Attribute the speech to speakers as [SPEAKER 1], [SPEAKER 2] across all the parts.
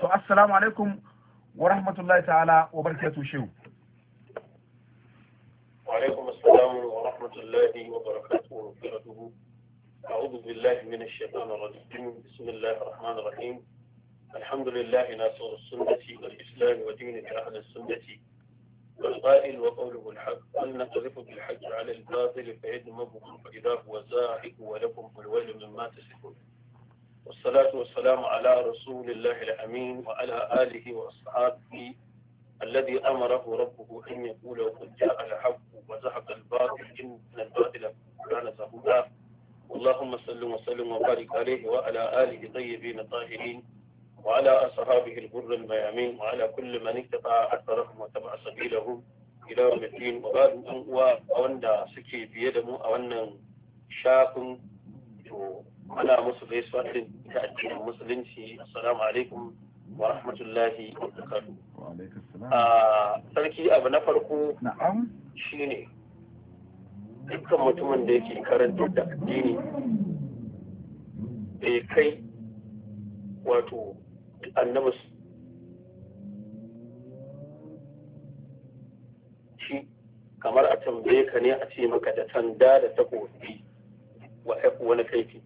[SPEAKER 1] so assalamu alaikum wa rahmatullahi ta'ala wa barakatuhu shehu wa alaikum assalam wa rahmatullahi wa barakatuhu أعوذ بالله من الشيطان الرجيم بسم الله الرحمن الرحيم الحمد لله ناصر السنة والإسلام ودين أهل السنة والقائل وقوله الحق أن نقذف بالحج على الباطل فيدمغه فإذا هو زاحق ولكم الويل مما تسكون والصلاة والسلام على رسول الله الأمين وعلى آله وأصحابه الذي أمره ربه أن يقول وقد جاء الحق وزهق الباطل إن الباطل كان زهودا اللهم صل وسلم وبارك عليه وعلى آله طيبين طاهرين وعلى أصحابه البر الميامين وعلى كل من اتبع أثرهم وتبع سبيلهم إلى يوم الدين وبعد أن أوندا سكي biye أوندا شاكم muna musu gaisuwa da addinin musulunci assalamu alaikum wa rahmatullahi wa barakatuh ah, sarki abu na farko shine dukkan mutumin da yake karanta da addini bai kai wato annabi shi kamar a tambaye ka ne a ce maka da tanda da takobi wa wani kaifi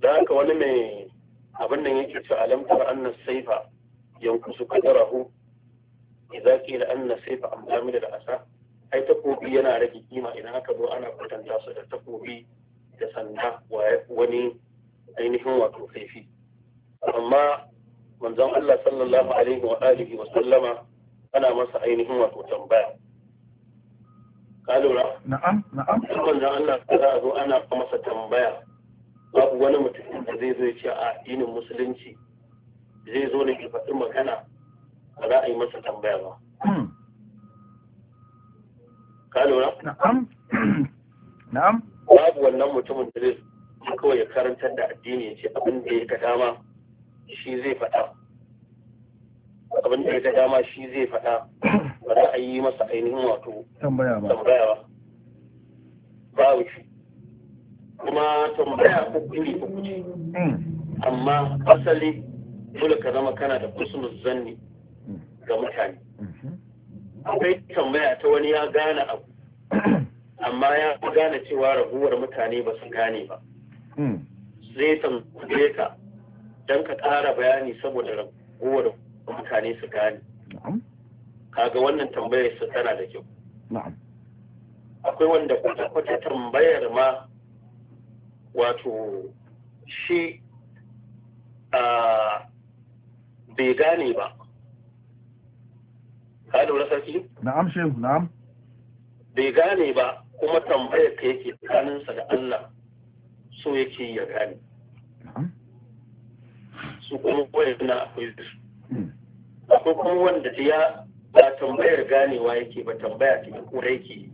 [SPEAKER 1] da haka wani mai abin nan yake cewa alamtar annas saifa yankusu kadarahu idza da anna saifa amdamil da asa ai takobi yana rage kima idan aka zo ana kwatanta su da takobi da sanda wani ainihin wato kaifi amma manzon Allah sallallahu alaihi wa alihi wa sallama ana masa ainihin wato tambaya ka lura na'am na'am kuma da Allah za a zo ana masa tambaya babu wani mutum da zai zo ya ce a addinin musulunci zai zo ne ke faɗi magana ba za a yi masa tambaya ba hmm. ka lura na'am na'am babu wannan mutumin da zai kawai ya karantar da addini ya ce abin da ya ka dama shi zai faɗa abin da ya dama shi zai faɗa ba za a yi masa ainihin wato tambaya ba babu wuce kuma tambaya ko kuni ko kuce hmm. amma asali dole ka zama kana da kusurin zanni ga mutane hmm. akwai tambaya ta wani ya gane abu hmm. amma ya gane cewa raguwar mutane ba su gane ba zai tambaye ka don ka ƙara bayani saboda raguwar mutane su gane kaga wannan tambayar su tana da kyau akwai wanda kwata-kwata tambayar ma wato shi bai gane ba ka lura sarki? na'am shehu na'am bai gane ba kuma tambayar ka yake tsakaninsa da Allah so yake ya gane su kuma wayan na akwai su akwai kuma wanda ya ba tambayar ganewa yake ba tambaya ta kura yake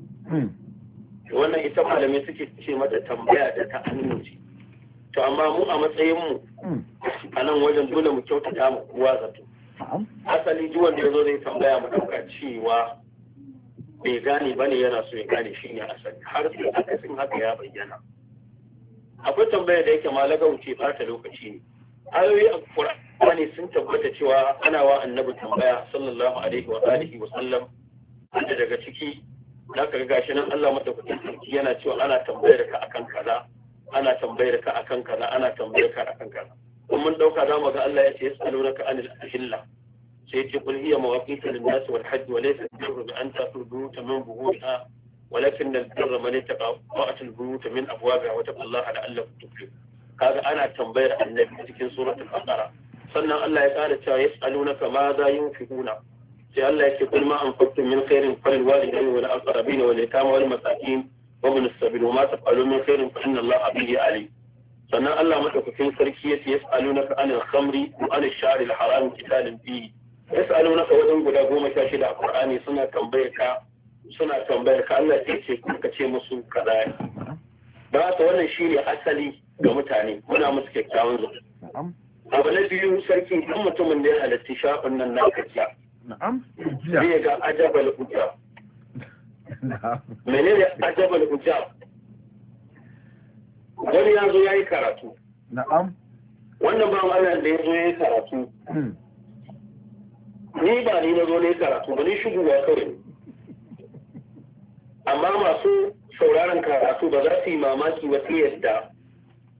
[SPEAKER 1] wannan ita malamai suke ce mata tambaya da ta annuci to amma mu a matsayin mu a nan wajen dole mu kyautata mu kowa zato asali duk wanda ya zo zai tambaya mu dauka cewa bai gane bane yana so ya gane shi ne asali har sai aka sun haka ya bayyana akwai tambaya da yake malaga wuce bata lokaci ne ayoyi a Qur'ani sun tabbata cewa ana wa annabi tambaya sallallahu alaihi wa alihi wa sallam wanda daga ciki zaka ga gashi nan Allah madaukakin sarki yana cewa ana tambayar ka akan kaza ana tambayar ka akan kaza ana tambayar ka akan kaza kun mun dauka za mu ga Allah ya ce yasalunaka anil ahilla sai yace qul hiya mawaqitu lin nas wal hajj wa laysa al-birru bi an ta'tu al-buyuta min buhuriha ولكن البر من اتقى وأتى البيوت من أبوابها واتقوا الله لعلكم تفلحون kaga ana tambayar annabi cikin suratul baqara sannan Allah ya ƙara cewa yas'alunaka ma za yunfiquna sai Allah yake kul ma anfaqtum min khairin falil walidayni wal aqrabin wal yatama wal masakin wa ibn as-sabil wa ma taf'alu min khairin fa inna Allah bihi alim sannan Allah madaukakin sarki yace yas'alunaka anil khamri wa anil sha'ri al haram qitalin fihi yas'alunaka wajen guda goma sha shida a Qur'ani suna tambayar ka suna tambayar ka Allah ya ce kuka ce musu kaza ba ta wannan shine asali ga mutane muna musu kyakkyawan zato abu na biyu sarki ɗan mutumin da ya halarci shafin nan na kaciya zai ga ajabal Mene menene ajabal ujab wani ya zo ya yi karatu na'am wannan ba ana da ya zo ya yi karatu hmm. ni ba ni na zo ne karatu ba ni shigowa kawai amma masu sauraron karatu ba za su yi mamaki wasu yadda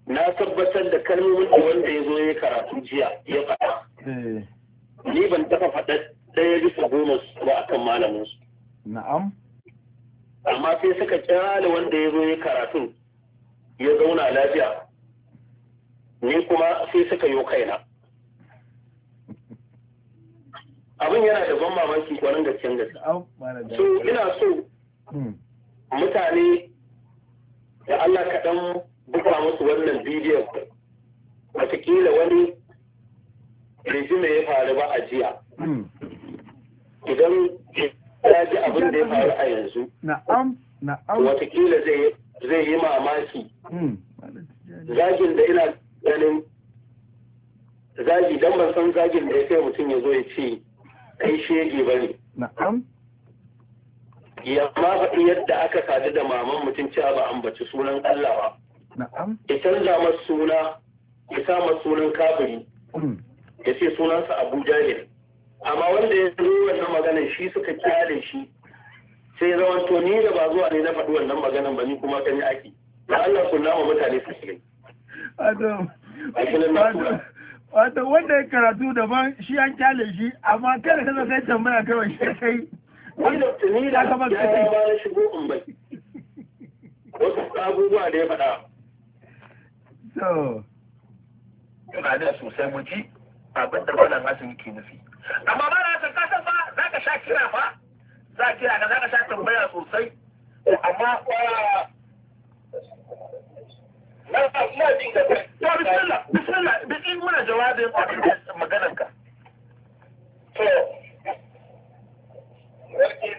[SPEAKER 1] na tabbatar da kalmomin da wanda ya zo ya karatu jiya ya faɗa. Eh. Ni ban taɓa faɗa ɗaya bisa goma ba a kan malamin su. Na'am. Amma sai suka kyale wanda ya zo ya karatu ya zauna lafiya. Ni kuma sai suka yo kaina. Abin yana da ban mamaki kwanan gaskiyan gaske. So ina so hmm. mutane da Allah kaɗan buga musu wannan bidiyon watakila wani rijime ya faru ba a jiya hmm. idan ya ji abin da ya faru a yanzu watakila zai yi mamaki hmm. zagin da ina ganin zagi don ban san zagin da ya kai mutum ya zo ya ce kai shege ba ne ya ma faɗi yadda aka sadu da maman mutum cewa ba ambaci sunan Allah ba ya canza masa suna ya sa masa sunan kafiri mm. ya ce sunansa abu jahil amma wanda ya zo wannan maganar shi suka kyale shi sai zaman to ni da ba zuwa ne na faɗi wannan maganar ba ni kuma kan yi aki da Allah ku nama mutane su shigai wato wanda ya karatu daban shi an kyale shi amma kada ka zai tambaya kawai shi kai ni da ni da ya ba na shigo in bai wasu abubuwa da ya faɗa Ina da sosai mu abin da wannan hasin ke nufi. Amma ba na san kasan ba za ka sha kira ba. Za ka kira ka za ka sha tambaya sosai. Amma eh, na ka. To bismillah bismillah muna jawabin abin da maganar ka. To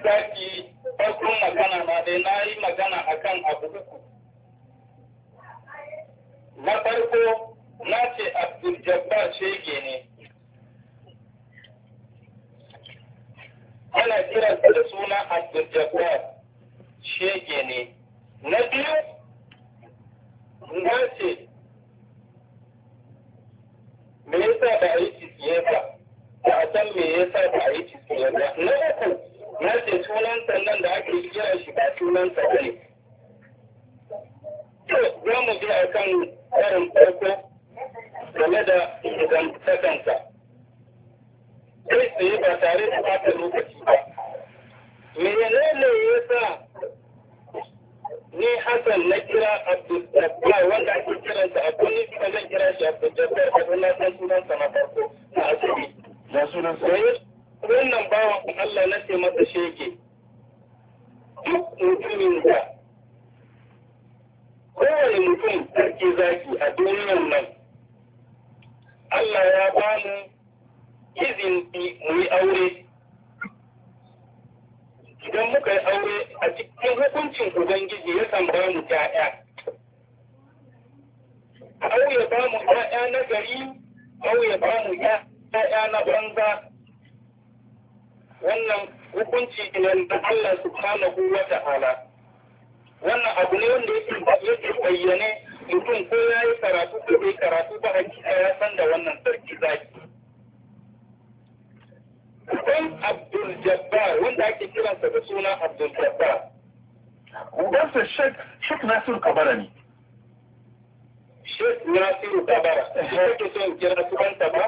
[SPEAKER 1] zaki magana ma dai na yi magana akan abu uku. na farko na ce abdul jabbar shege ne ana kira da suna abdul jabbar shege ne na biyu na ce me yasa ba a yi tisiye ba ba a san me yasa ba a yi cikiye ba na uku na ce sunan sannan da ake kira shi ba sunan sannan ne za mu bi a kan karin farko game da zantakansa. Kai tsaye ba tare da ɓata lokaci ba. Mene ne ya sa ni Hassan na kira Abdulsabbai wanda ake kiransa a kunni kuma zan kira shi Abdulsabbai a don na san sunansa na farko na asiri. Na sunansa. Wannan bawan Allah na ce masa shege. Duk mutumin da kowane mutum sarki zaki a duniyan nan Allah ya ba mu bi mu yi aure idan muka yi aure a cikin hukuncin ubangiji ya kan ba mu ya'ya au ya ba mu ya'ya na gari au bamu ba mu ya'ya na banza wannan hukunci ne na Allah subhanahu wa ta'ala wannan abu ne wanda yake bayyane mutum ko ya yi karatu ko bai karatu ba hakika ya san da wannan sarki zaki akwai abdul jabbar wanda ake kiransa da suna abdul jabbar ubansa shek shek nasir kabara ne shek nasir kabara eh, shi kake so in kira suwansa ba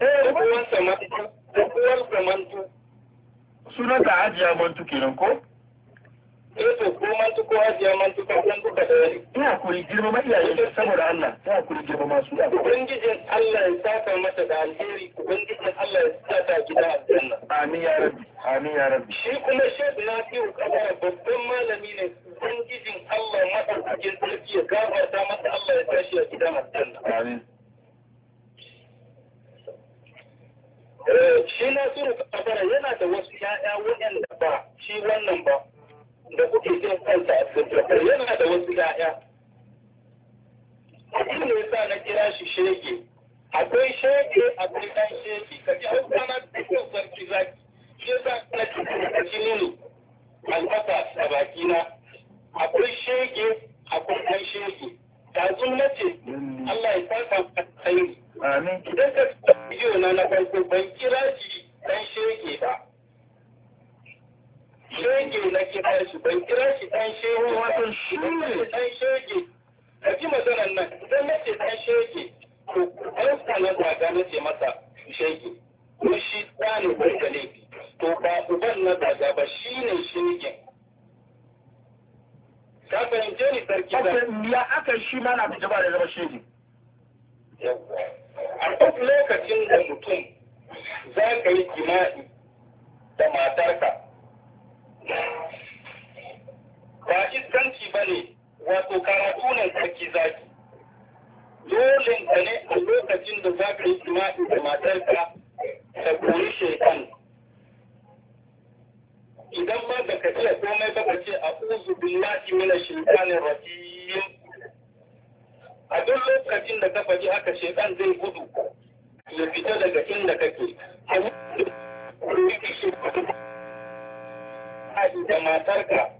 [SPEAKER 1] eh uwansa mantu uwansa mantu sunanta ajiya mantu kenan ko Yesu eh, ko mantu ko hajiya mantu ko kun duka da wani. Ina kuri girmama iyaye saboda Allah. Ina kuri girmama su. Ubangijin Allah ya saka mata da alheri. Ubangijin Allah ya saka gida aljanna. Amin ya rabbi. Amin ya rabbi. Shi kuma Sheikh Nafi'u Kabara babban malami ne. Ubangijin Allah madaukakin sarki ya gafarta masa Allah ya tashi a gida aljanna. Amin. Eh, shi Nasiru Kabara yana da wasu 'ya'ya waɗanda ba shi wannan ba. da kuke jin kansa a sirrin yana da wasu ya'ya abin da sa na kira shi shege akwai shege akwai dan shege ka ji hausa na dukkan sarki zaki shi yasa na cikin a cikin albasa a bakina akwai shege akwai dan shege yanzu na ce Allah ya saka a tsayi idan ka biyo na na farko ban kira shi dan shege ba shege na kira shi ban kira shi dan shehu wato shi ne dan shege ka ji maganar nan idan na ce dan shege to ɗansa na zaga na ce masa shege ko shi ɗani bai da to ba uban na daga ba shi ne shege ka fahimce ni sarki da ya aka shi ma na fita ba da zama shege a duk lokacin da mutum za ka yi jima'i da matarka wato karatu ne sarki zaki Dole ka ne a lokacin da za ka yi jima'i da matarka ka koyi shekan idan ba da ka komai ba ka ce a uzu billahi mina shaitanin rajim a duk lokacin da ka faɗi haka shekan zai gudu ya fita daga inda kake a da matarka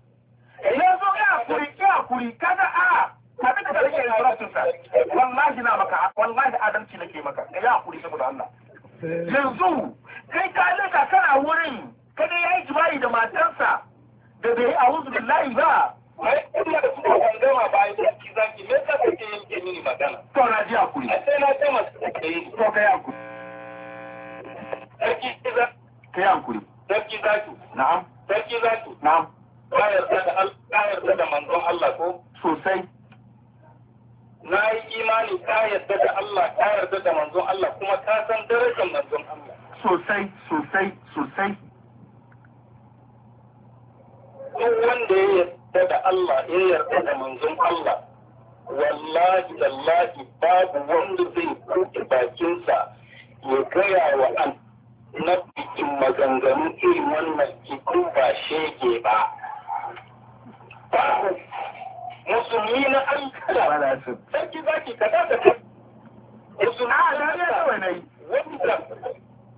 [SPEAKER 1] yanzu ya kuri ya hakuri kada a kada ka rike rawatinsa wallahi na maka wallahi adalci nake maka ya hakuri saboda Allah yanzu kai ka leka kana wurin kada yayi jima'i da matarsa da bai a'udhu billahi ba sarki zaki me magana na a sai na masu sarki zaki kai sarki zaki na'am sarki zaki na'am ka da manzon Allah ko sosai na yi imani ka yarda da Allah ka yarda da manzon Allah kuma ka san darajar manzon Allah
[SPEAKER 2] sosai sosai sosai duk wanda ya yarda da Allah ya yarda da manzon Allah wallahi
[SPEAKER 1] wallahi babu wanda zai buɗe bakinsa ya gaya wa an na bikin maganganu irin wannan ki ba shege ba babu musulmi na an kala sarki zaki ka da ka musulmi ah, na an wanda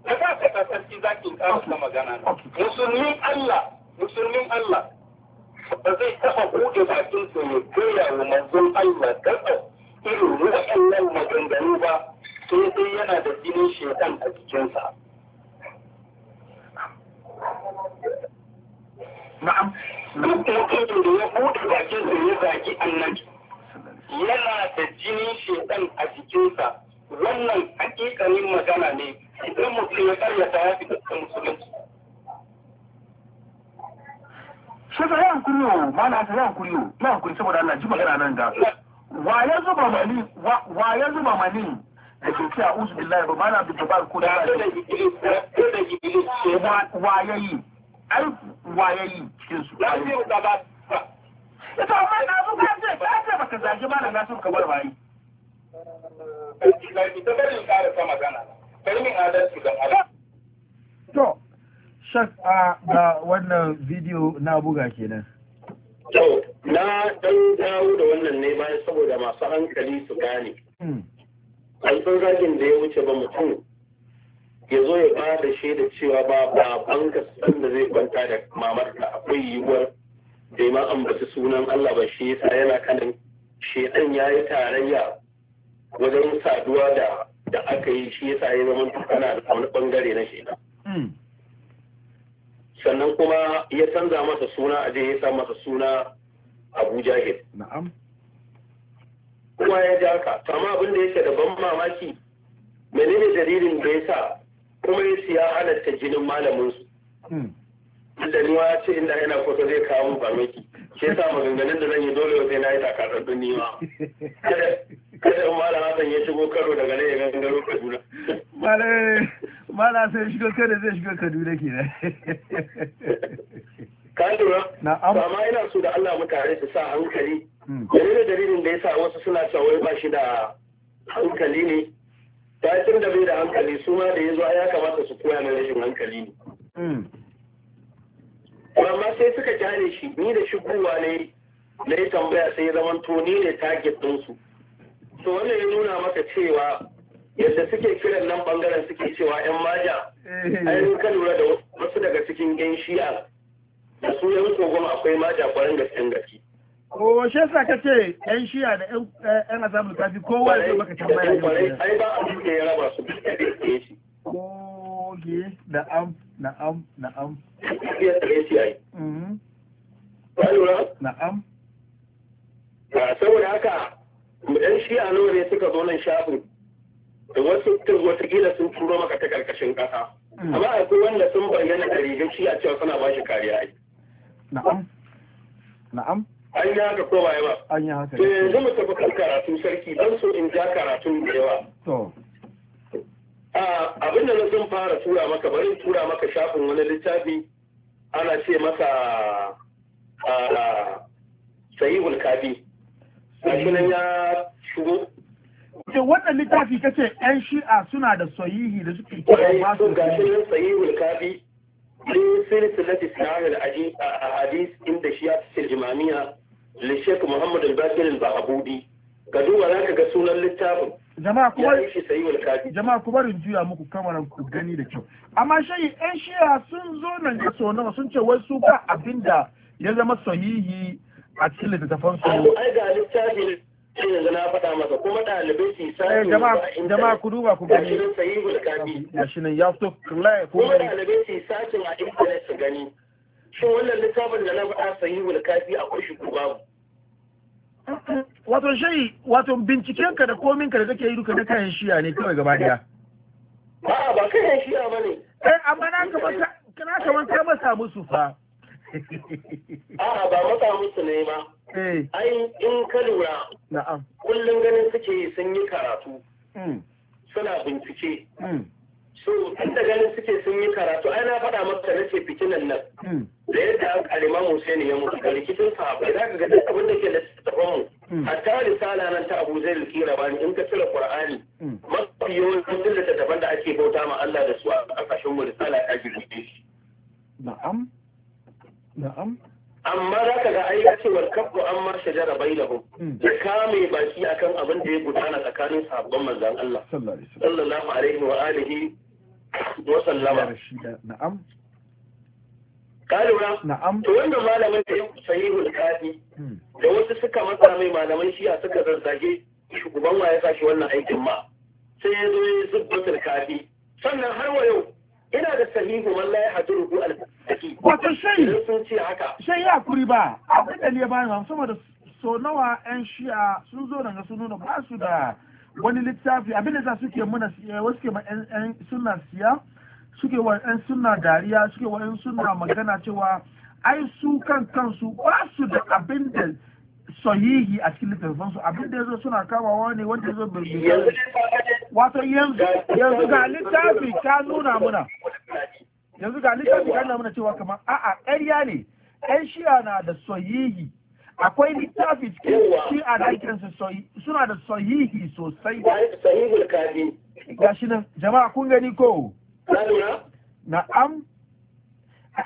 [SPEAKER 1] ka da ka sarki zaki ka da magana musulmin Allah musulmin Allah ba zai taɓa buɗe bakin su ya gaya wa manzon Allah gaɗa irin waɗannan maganganu ba sai dai yana da jinin shekan a jikinsa. Na'am. duk mutumin da ya buɗe bakin sa ya zaki annabi yana da jini shedan a jikinsa wannan hakikanin magana ne idan mutum ya karyata ya fi dukkan musulunci shaka ya hankuri yau na ta ya hankuri saboda Allah ji magana nan ga wa ya zuba mani zuba mani da ke ce a uzu billahi ba ma na abdul jabbar ko da ya yi wa ai waye yi cikin su ya ce ita amma na zo ka ce ka ce baka zage ba na so ka bar bayi ita bari in ƙara sa magana bari min adalci don to shak a da wannan bidiyo na buga kenan to na dan dawo da wannan ne bayan saboda masu hankali su gane hmm. ai sun zagin da ya wuce ba mutum ya zo ya ba da shaida cewa ba banka san da zai kwanta da mamarka akwai yiwuwar da ma ambaci sunan Allah ba shi yasa yana kanin shedan ya yi tarayya wajen saduwa da da aka yi shi yasa ya zama tukana da wani bangare na shi. Hmm. sannan kuma ya canza masa suna aje ya sa masa suna Abu Jahil
[SPEAKER 2] na'am kuma ya ji haka amma abin da yake da ban mamaki
[SPEAKER 1] menene dalilin da ya sa kuma yace ya halatta jinin malaminsu su hmm. da ni ya ce inda yana kwato zai kawo mu farmaki ke sa maganganun da zan yi dole sai na yi takardun ni kada in malam hasan ya shigo karo daga nan ya gangaro kaduna malam malam sai shigo kada zai shigo kaduna ke nan kandura ba ma ina so da Allah mutane su sa hankali yanzu hmm. da dalilin da ya sa wasu suna cewa wai ba shi da hankali ne tashin da bai da hankali su ma da ya zo ya kamata su koya na rashin hankali ne hmm. amma sai suka jare shi ni da shi kowa ne na yi tambaya sai zaman to ni ne target ɗinsu to wannan ya nuna maka cewa yadda suke kiran nan bangaren suke cewa yan maja hmm. ainihin ka lura da wasu daga cikin yan shi'a da su yan kogon akwai maja kwarin gaske gaske ko oh, shi yasa ka ce yan shiya da yan asabul kafi kowa da baka tambaya da ai ba abin da ya raba su duk da shi
[SPEAKER 2] oge da am na am na
[SPEAKER 1] am ya shi ai
[SPEAKER 2] mhm na am
[SPEAKER 1] saboda haka yan shiya nawa ne suka zo nan shafin da wasu watakila sun turo maka ta karkashin ƙasa. Mm. amma akwai wanda sun bayyana da rigar shiya cewa suna ba shi kariya ai
[SPEAKER 2] na'am na'am
[SPEAKER 1] an yi haka ko ba ba an yi haka to yanzu mu tafi karatu sarki dan so in ja karatu da yawa to abin da na zan fara tura maka bari tura maka shafin wani littafi ana ce maka sahihul kabi gashi nan ya shigo ce wannan littafi kace yan shi'a suna da sahihi da suke kira ba su gashi nan sahihul kabi ne silsilati sahih al-hadis inda shi'a fil jimamiya lishek muhammad al-bakir al-bahabudi ka duba za ka ga sunan littafin jama'a kuma jama'a kuma rin juya muku kamar ku gani da kyau amma shayi yan shiya sun zo nan ga so nawa sun ce wai su ba abinda ya zama sahihi a cikin littafin su ai ga littafin yanzu na faɗa masa kuma ɗalibai su sani eh, jama'a jama'a ku duba ku gani ya shi nan ya fito kuma ɗalibai su sacin a internet su gani shin wannan littafin da na faɗa sahihul kafi akwai shi ko babu wato shi wato bincikenka da kominka da kake yi duka na kayan shiya ne kawai gaba daya a'a ba kayan shiya bane eh amma na ba kana kamar ka masa musu fa a'a ba masa musu ne ba eh. ai in ka lura na'am kullum ganin suke sun yi karatu hmm. suna bincike hmm. su tun da ganin suke sun yi karatu ai na faɗa maka na ce fitinan nan hmm. da yadda aliman Hussaini ya mutu da rikicin sahabbai za ka ga duk abin da ke da tsaron mu hmm. hatta risala nan ta Abu Zaid al-Qirawani in ka cire Qur'ani hmm. mafi yawancin daban da ake bauta ma Allah da su a ƙarƙashin mu risala ta girgide shi
[SPEAKER 2] na'am na'am
[SPEAKER 1] amma za ka ga ai ya ce wal kafu amma shajara bainahum da kame baki akan abin da ya gudana tsakanin sahabban manzon Allah sallallahu alaihi wa alihi na'am ka lura
[SPEAKER 2] na'am to wannan
[SPEAKER 1] malamin da sahihul kafi hmm. da wasu suka masa mai malaman shiya suka zarzage shugaban wa ya sa shi wannan aikin ma sai ya zo ya zubbatul kafi sannan har wa yau ina da sahihu wallahi hadiru al-kafi wato sai sun ce haka sai ya kuri ba abin da ne ba sama da sau nawa yan shi'a sun zo daga sun nuna ba su da wani littafi abin da za suke muna eh, wasu ke ma yan suna siya suke wa yan suna dariya suke wa yan suna magana cewa ai su kan kansu ba su da abin da sahihi a cikin littafin su abin da yazo suna kawawa ne wanda yazo bai wato yanzu yanzu ga littafi ka nuna muna yanzu ga littafi ka nuna muna cewa kamar a'a ƙarya ne ƴan shiya na da sahihi akwai littafi cikin shi a daikinsu suna da sahihi sosai ga shi gashi nan jama'a kun gani ko na am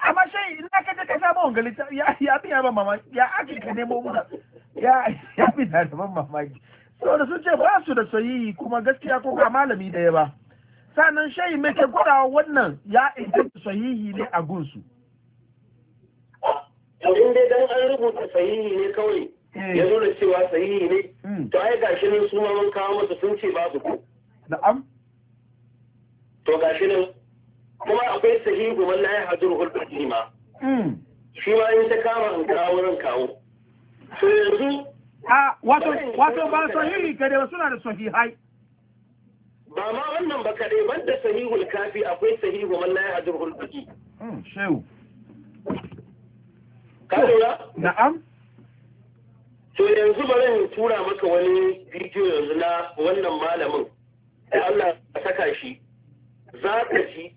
[SPEAKER 1] amma shai in ka je ka samu wanga littafi ya fi ba mama ya aka ka nemo muna ya ya fi da yaban mamaki da sun ce ba su da sahihi kuma gaskiya ko ga malami da ya ba sannan shai me ke gwadawa wannan ya inganta sahihi ne a gunsu to in dai dan an rubuta sahihi ne kawai eh. ya nuna cewa sahihi ne hmm. to ai gashi nan su ma mun kawo masa sun ce babu ku na'am to gashi nan kuma akwai sahihu wallahi la yahduru al ma hmm. shi ma in ta kama an kawo nan kawo to yanzu a wato wato ba sahihi kare ba suna da sahihai ba ma wannan ba kaɗai banda sahihul kafi akwai sahihu wallahi la yahduru al-baqi hmm, shehu Ka lura? Na'am. To yanzu bari in tura maka wani bidiyo yanzu na wannan malamin. Da Allah ya saka shi. Za ka ji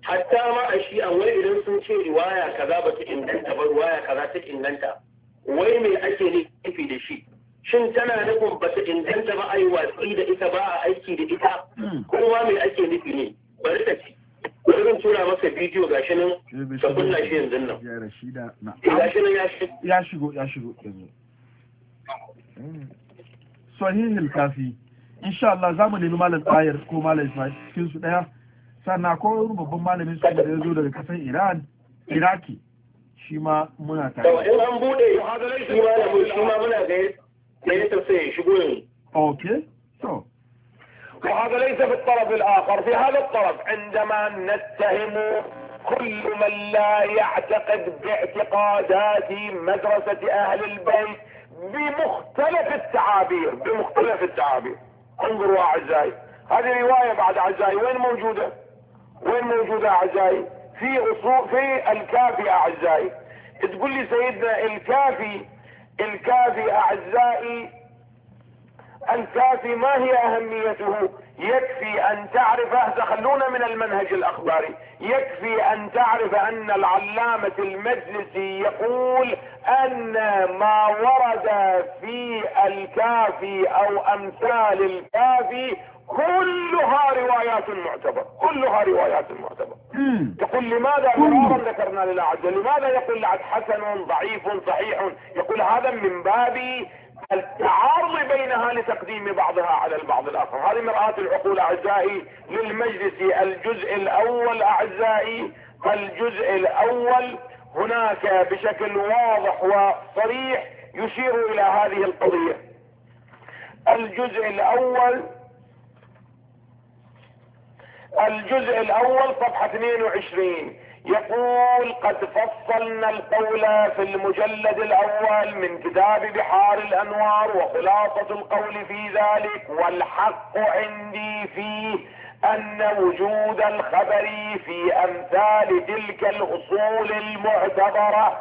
[SPEAKER 1] hatta ma a shi an wai idan sun ce riwaya kaza ba ta inganta ba riwaya kaza ta inganta. Wai me ake nufi da shi? Shin tana nufin ba ta inganta ba a yi watsi da ita ba a aiki da ita? Hmm. Kowa me ake nufi ne? Bari ka ci. bari zan tura masa bidiyo gashi nan eh, ka kunna shi yanzu nan gashi nan ya shigo ya shigo yanzu hmm. sahihul kafi insha Allah za mu nemi malam ayar ko malam Ismail cikin su daya sannan ko wani babban malamin su da ya zo daga kasan Iran Iraki shi ma muna tare in an bude shi malamin shi ma muna ga yadda sai shigo yanzu okay so وهذا ليس في الطرف الآخر في هذا الطرف عندما نتهم كل من لا يعتقد باعتقادات مدرسة أهل البيت بمختلف التعابير بمختلف التعابير انظروا أعزائي هذه رواية بعد أعزائي وين موجودة وين موجودة أعزائي في أصول في الكافي أعزائي تقول لي سيدنا الكافي الكافي أعزائي الكافي ما هي اهميته يكفي ان تعرف تخلونا من المنهج الاخباري يكفي ان تعرف ان العلامة المجلسي يقول ان ما ورد في الكافي او امثال الكافي كلها روايات معتبرة كلها روايات معتبرة تقول لماذا مرارا ذكرنا للعجل لماذا يقول لعد حسن ضعيف صحيح يقول هذا من باب التعارض بينها لتقديم بعضها على البعض الآخر هذه مرآة العقول أعزائي للمجلس الجزء الأول أعزائي الجزء الأول هناك بشكل واضح وصريح يشير إلى هذه القضية الجزء الأول الجزء الأول صفحة 22 يقول قد فصلنا القول في المجلد الاول من كتاب بحار الانوار وخلاصة القول في ذلك والحق عندي فيه ان وجود الخبر في امثال تلك الاصول المعتبرة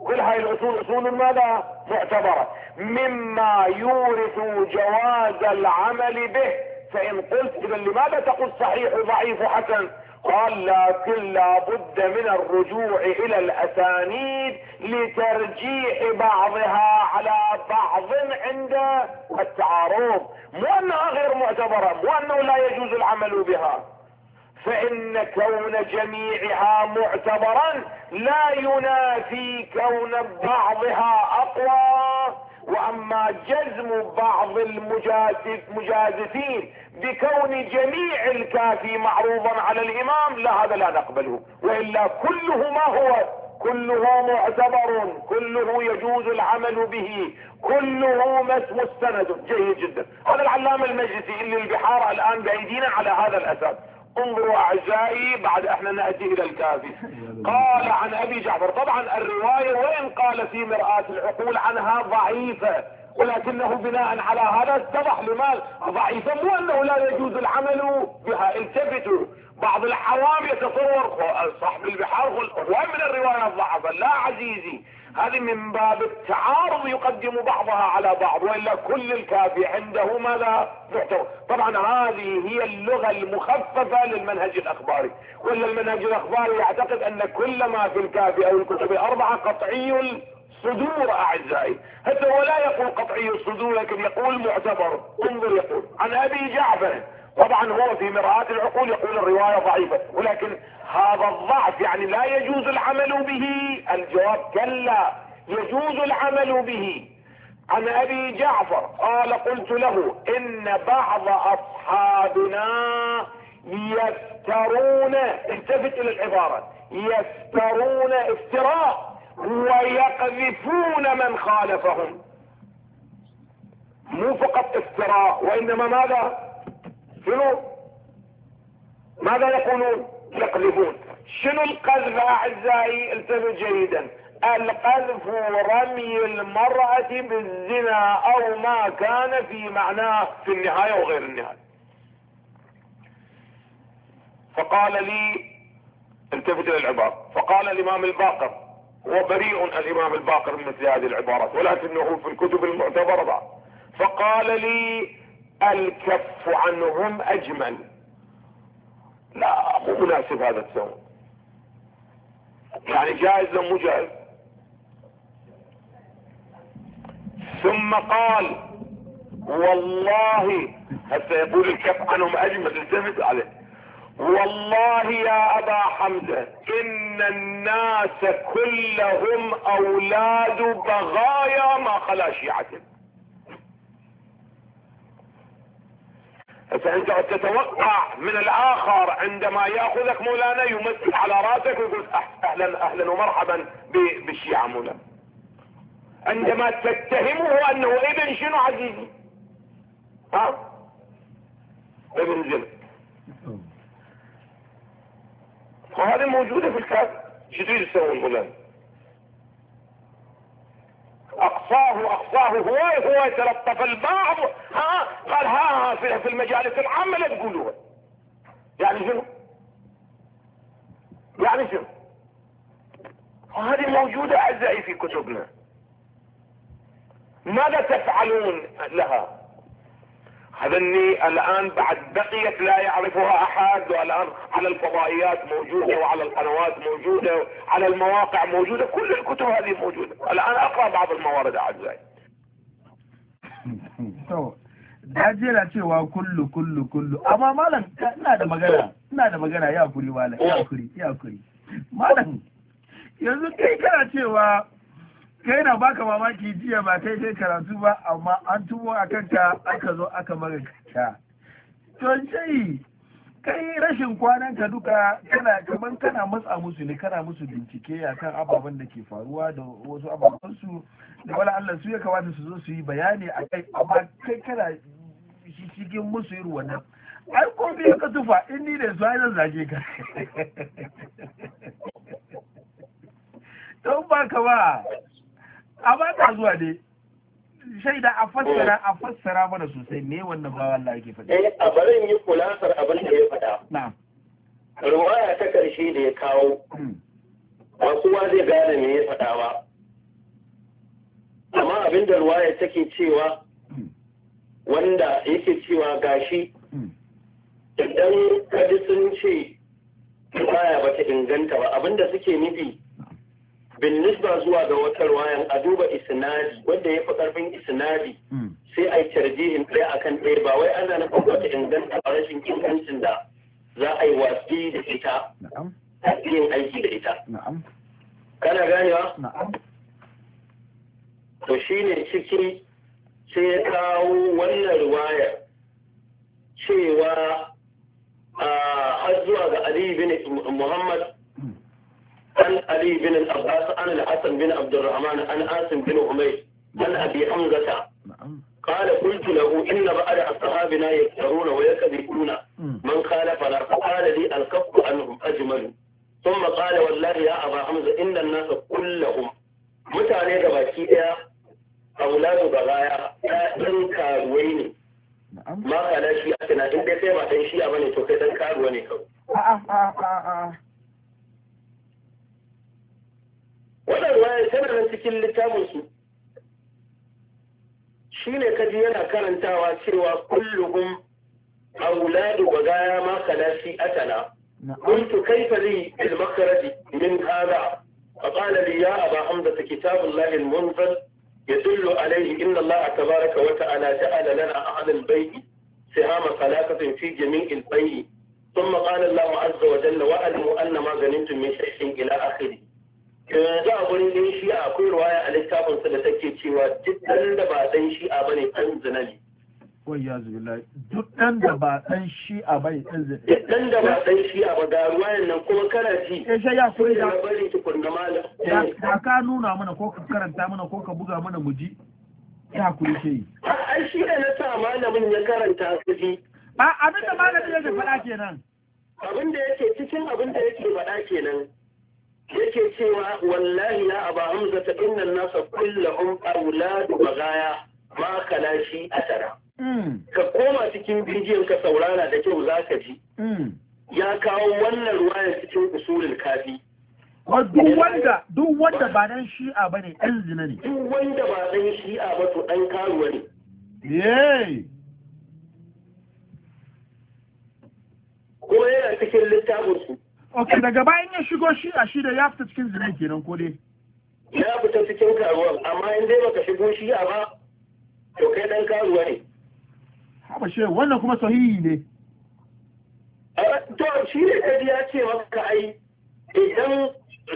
[SPEAKER 1] وكل هاي الاصول اصول ماذا معتبرة مما يورث جواز العمل به فان قلت اذا لماذا تقول صحيح وضعيف وحسن قال لكن لابد من الرجوع الى الاسانيد لترجيح بعضها على بعض عند التعارض مو انها غير معتبرة مو انه لا يجوز العمل بها فان كون جميعها معتبرا لا ينافي كون بعضها اقوى واما جزم بعض المجازفين بكون جميع الكافي معروضا على الامام لا هذا لا نقبله والا كله ما هو كله معتبر كله يجوز العمل به كله مستند جيد جدا هذا العلامه المجلسي اللي البحار الان بايدينا على هذا الاساس انظروا اعزائي بعد احنا نأتي الى الكافي قال عن ابي جعفر طبعا الرواية وان قال في مرآة العقول عنها ضعيفة ولكنه بناء على هذا اتضح لمال ضعيفة مو انه لا يجوز العمل بها التفتوا بعض الحوام يتصور صاحب البحار هو من الرواية الضعفة لا عزيزي هذه من باب التعارض يقدم بعضها على بعض والا كل الكافي عنده ما لا محتوى طبعا هذه هي اللغه المخففه للمنهج الاخباري ولا المنهج الاخباري يعتقد ان كل ما في الكافي او الكتب الاربعه قطعي صدور اعزائي حتى هو لا يقول قطعي الصدور لكن يقول معتبر انظر يقول عن ابي جعفر طبعا هو في مرآة العقول يقول الرواية ضعيفة ولكن هذا الضعف يعني لا يجوز العمل به الجواب كلا يجوز العمل به عن ابي جعفر قال قلت له ان بعض اصحابنا يفترون التفت الى العبارة يفترون افتراء ويقذفون من خالفهم مو فقط افتراء وانما ماذا شنو ماذا يقولون يقذفون شنو القذف أعزائي التفت جيدا القذف رمي المرأة بالزنا أو ما كان في معناه في النهاية وغير النهاية فقال لي التفت إلى العبارة فقال الإمام الباقر هو بريء الإمام الباقر من مثل هذه العبارات ولكنه في الكتب المعتبرة فقال لي الكف عنهم أجمل لا مو مناسب هذا الثوب يعني جائز لو مو جائز ثم قال والله هسه يقول الكف عنهم اجمل التفت عليه والله يا ابا حمزه ان الناس كلهم اولاد بغايا ما خلا شيعه فانت تتوقع من الاخر عندما ياخذك مولانا يمثل على راسك ويقول أه-، اهلا اهلا ومرحبا بالشيعة مولانا عندما تتهمه انه ابن شنو عزيزي ها ابن زين نعم. وهذه موجودة في الكاتب. شو تريد تسوي مولانا اقصاه اقصاه هو هو يتلطف البعض ها قال ها, ها في المجالس العامة لا تقولوها يعني شنو يعني شنو وهذه موجودة اعزائي في كتبنا ماذا تفعلون لها هذني الان بعد بقيت لا يعرفها احد والان على الفضائيات موجودة وعلى القنوات موجودة على المواقع موجودة كل الكتب هذه موجودة الان اقرأ بعض الموارد اعزائي Najeriya cewa kullu kullu kullu amma malam ina da magana ina da magana ya kuri malam ya kuri ya kuri malam yanzu kai kana cewa kai na baka mamaki jiya ba kai kai karatu ba amma an tubo a kanka aka zo aka mara kanka to sai kai rashin kwanan ka duka kana kaman kana matsa musu ne kana musu bincike a kan ababen da ke faruwa da wasu ababen su da wala Allah su ya kamata su zo su yi bayani a kai amma kai kana cikin musu yi wannan ai ko biyu ka tufa in ni da su zan zage ka don baka ba a ta zuwa dai shaida a fassara a fassara mana sosai me wannan bawa Allah yake faɗi eh a barin yi kulasar abin da ya faɗa na'am ruwaya ta karshe da ya kawo hmm. ba kowa zai gane me ya faɗa ba amma abin da ruwaya take cewa hmm. wanda yake cewa gashi hmm. idan kadi sun ce ruwaya ba ta inganta ba abinda suke nufi bin nisba zuwa ga wata ruwayan a duba isnadi wanda ya fi karfin isnadi hmm. sai a yi tarjihin ɗaya akan ɗaya ba wai ana na kwakwata inganta rashin ingancin da za a yi watsi da ita a yin aiki da ita kana ganewa to shine ciki sai ya kawo wannan ruwayar cewa ah, har zuwa ga Ali bin Muhammad عن علي بن العباس عن الحسن بن عبد الرحمن عن عاصم بن عمير عن ابي حمزه قال قلت له ان بعض اصحابنا يكثرون ويكذبون من خالفنا فقال لي الكف عنهم اجمل ثم قال والله يا ابا حمزه ان الناس كلهم mutane da baki daya auladu ga baya ɗan karuwai ne ma kana shi a tunanin dai kai ba dan shi a bane to kai dan karuwa ne kawai waɗanda ya sanarwa cikin littafinsu shi ne kaji yana karantawa cewa kullum a wuladu ga gaya maka nashi atala mutu kaifa zai min haza a ƙanari ya a ba'am da kitabun lahin munzal ya dullo a laihi inda Allah a tabaraka wata ala ja'ala lana a hannun bai'i sai hama salakatun fi jami'in ilbai'i sun maƙanin Allah mu'azza wa jalla wa'alimu an na maganin tumin shaikin ila akhiri yanzu a wurin ɗan shi akwai ruwaya a littafinsa da take cewa duk ɗan da ba ɗan shi a bane ɗan zina ne. Wayya zubilai duk ɗan da ba ɗan shi a bane ɗan zina. Duk ɗan da ba ɗan a ba ga ruwayan nan kuma kana ji. Eh sai ya kuri da. Bari tukunna Da ka nuna mana ko ka karanta mana ko ka buga mana muji. Ya kuri ke yi. shi da na sa malamin ya karanta su ji. A abin da malamin ya faɗa kenan. Abin da yake cikin abin da yake faɗa kenan. yake cewa wallahi ya aba hamza ta inna nasa kullahum auladu bagaya ma kalashi shi tara. Hmm. ka koma cikin bidiyon ka saurara da kyau zaka ji hmm. ya kawo wannan ruwaya cikin usulul kafi duk wanda duk wanda ba dan shi'a bane dan zina ne duk wanda ba dan shi'a ba to dan karuwa ne yay ko yana cikin littafin su ok daga bayan ya shigo shi a shi da ya fita cikin zinai kenan ko dai ya fita cikin karuwar, amma in dai baka shigo shi a ba to kai dan karuwa ne haba shi wannan kuma sahihi ne to shi ne kaji ya ce maka ai idan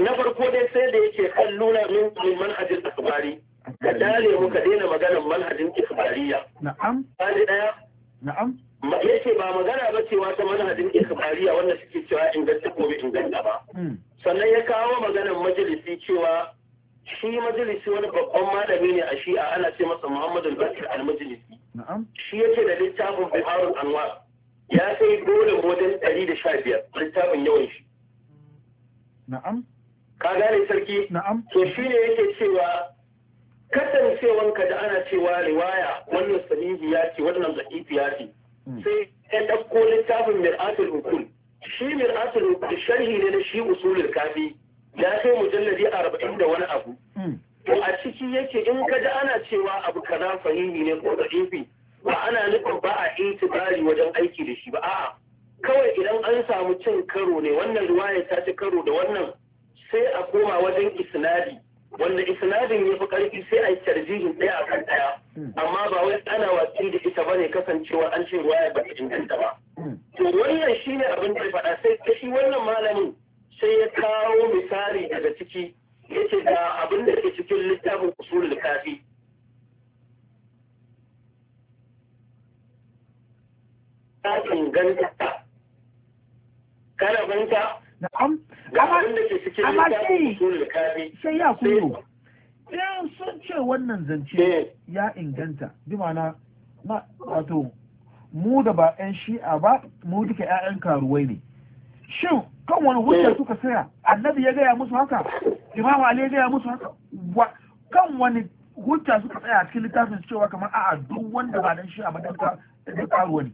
[SPEAKER 1] na farko dai sai da yake kan nuna min manhajin akbari ka dale mu ka daina maganar manhajin ikbariya na'am ɗaya na'am yake ba magana ba cewa ta manhajin ikhbariya wanda suke cewa inganta ko bai inganta ba hmm. sannan ya kawo maganar majalisi cewa shi majalisi wani babban malami ne a shi'a ana ce masa muhammadu bakir al-majalisi shi yake da littafin biharun anwar ya kai dole wajen ɗari da sha biyar littafin yawan shi na'am ka gane sarki na'am to shi ne yake cewa kasancewanka da ana cewa riwaya wannan sahihi ya ce wannan zakifi ya ce Hmm. sai ya ɗauko littafin mir'atul ukul shi mir'atul ukul sharhi ne na shi usulul kafi ya kai mujalladi arba'in da wani abu hmm. to a ciki yake in ka ji ana cewa abu kaza fahimi ne ko da'ifi ba ana nufin ba a itibari wajen aiki da shi ba a'a kawai idan an samu cin karo ne wannan riwaya ta ci karo da wannan sai a koma wajen isnadi wanda isnadin ya fi karfi sai a yi tarjihin ɗaya a kan ɗaya amma ba wai ana watsi da ita ba ne kasancewa an ce ruwaya ba ta inganta ba to wannan shi ne abin da ya faɗa sai ta shi wannan malamin sai ya kawo misali daga ciki ya ce ga abin da ke cikin littafin usulul kafi ta inganta kana banta na'am amma sai ya kuyo in sun ce wannan zance eh. ya inganta bi ma'ana wato mu da ba 'yan shi'a ba mu duka 'ya'yan karuwai ne shin kan wani hujja suka eh. tsaya annabi ya gaya musu haka imam ali ya gaya musu haka kan wani hujja suka tsaya cikin littafin cewa kamar a'a duk wanda ba dan shi'a ba dan karuwa ne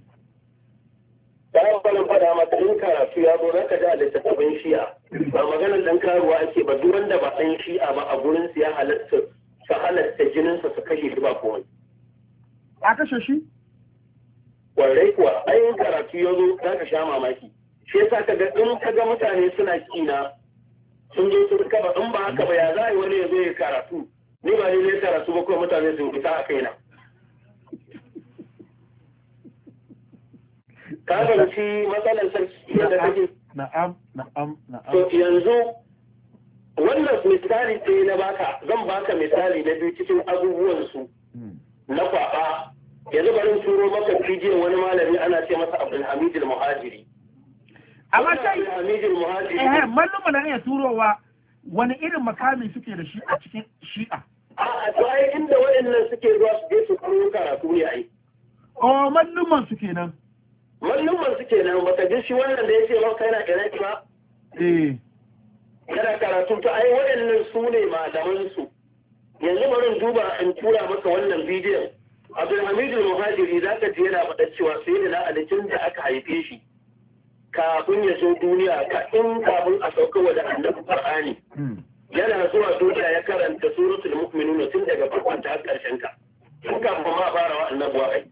[SPEAKER 1] bayan balan faɗa maka in karatu ya zo zaka ji a littattafan shi'a ba maganar dan karuwa ake ba duk wanda ba san shi'a ba a gurin su ya halatta su halatta jininsa su kashe shi ba kowai. A kashe shi? Kwarai kuwa ayin karatu ya zo zaka sha mamaki. Shi yasa ka ga in ka ga mutane suna kina sun zo su sun ba, in ba haka ba ya za a yi wani ya zo ya karatu. Ni ba ni ne karatu ba kuma mutane sun fita a kaina. ka ganci matsalar sarki yadda take na'am
[SPEAKER 2] na'am na'am to
[SPEAKER 1] yanzu wannan misali ɗaya na baka zan baka misali na biyu cikin abubuwan su hmm. na kwaba yanzu barin turo maka bidiyon wani malami ana ce masa Abdulhamid al-Muhajiri amma sai eh malluma na iya turowa wani irin makami suke da shi a cikin shi'a a to ai inda waɗannan suke zuwa su je su koyo karatu ne ai o oh, malluman su kenan Mallum'ansu su kenan baka ji shi wannan da ya ce maka yana iraki ba Kada eh. karatu ta ai waɗannan su ne malamansu. yanzu bari duba in tura maka wannan bidiyon Abdulhamidu Muhajiri za ka ji yana faɗa cewa sai da na alikin da aka haife shi kafin ya zo duniya kafin kafin a sauka wa da annabi Qur'ani hmm. yana zuwa duniya ya karanta suratul na tun daga farkon ta har karshen ka kafin ma fara wa annabi wa'ai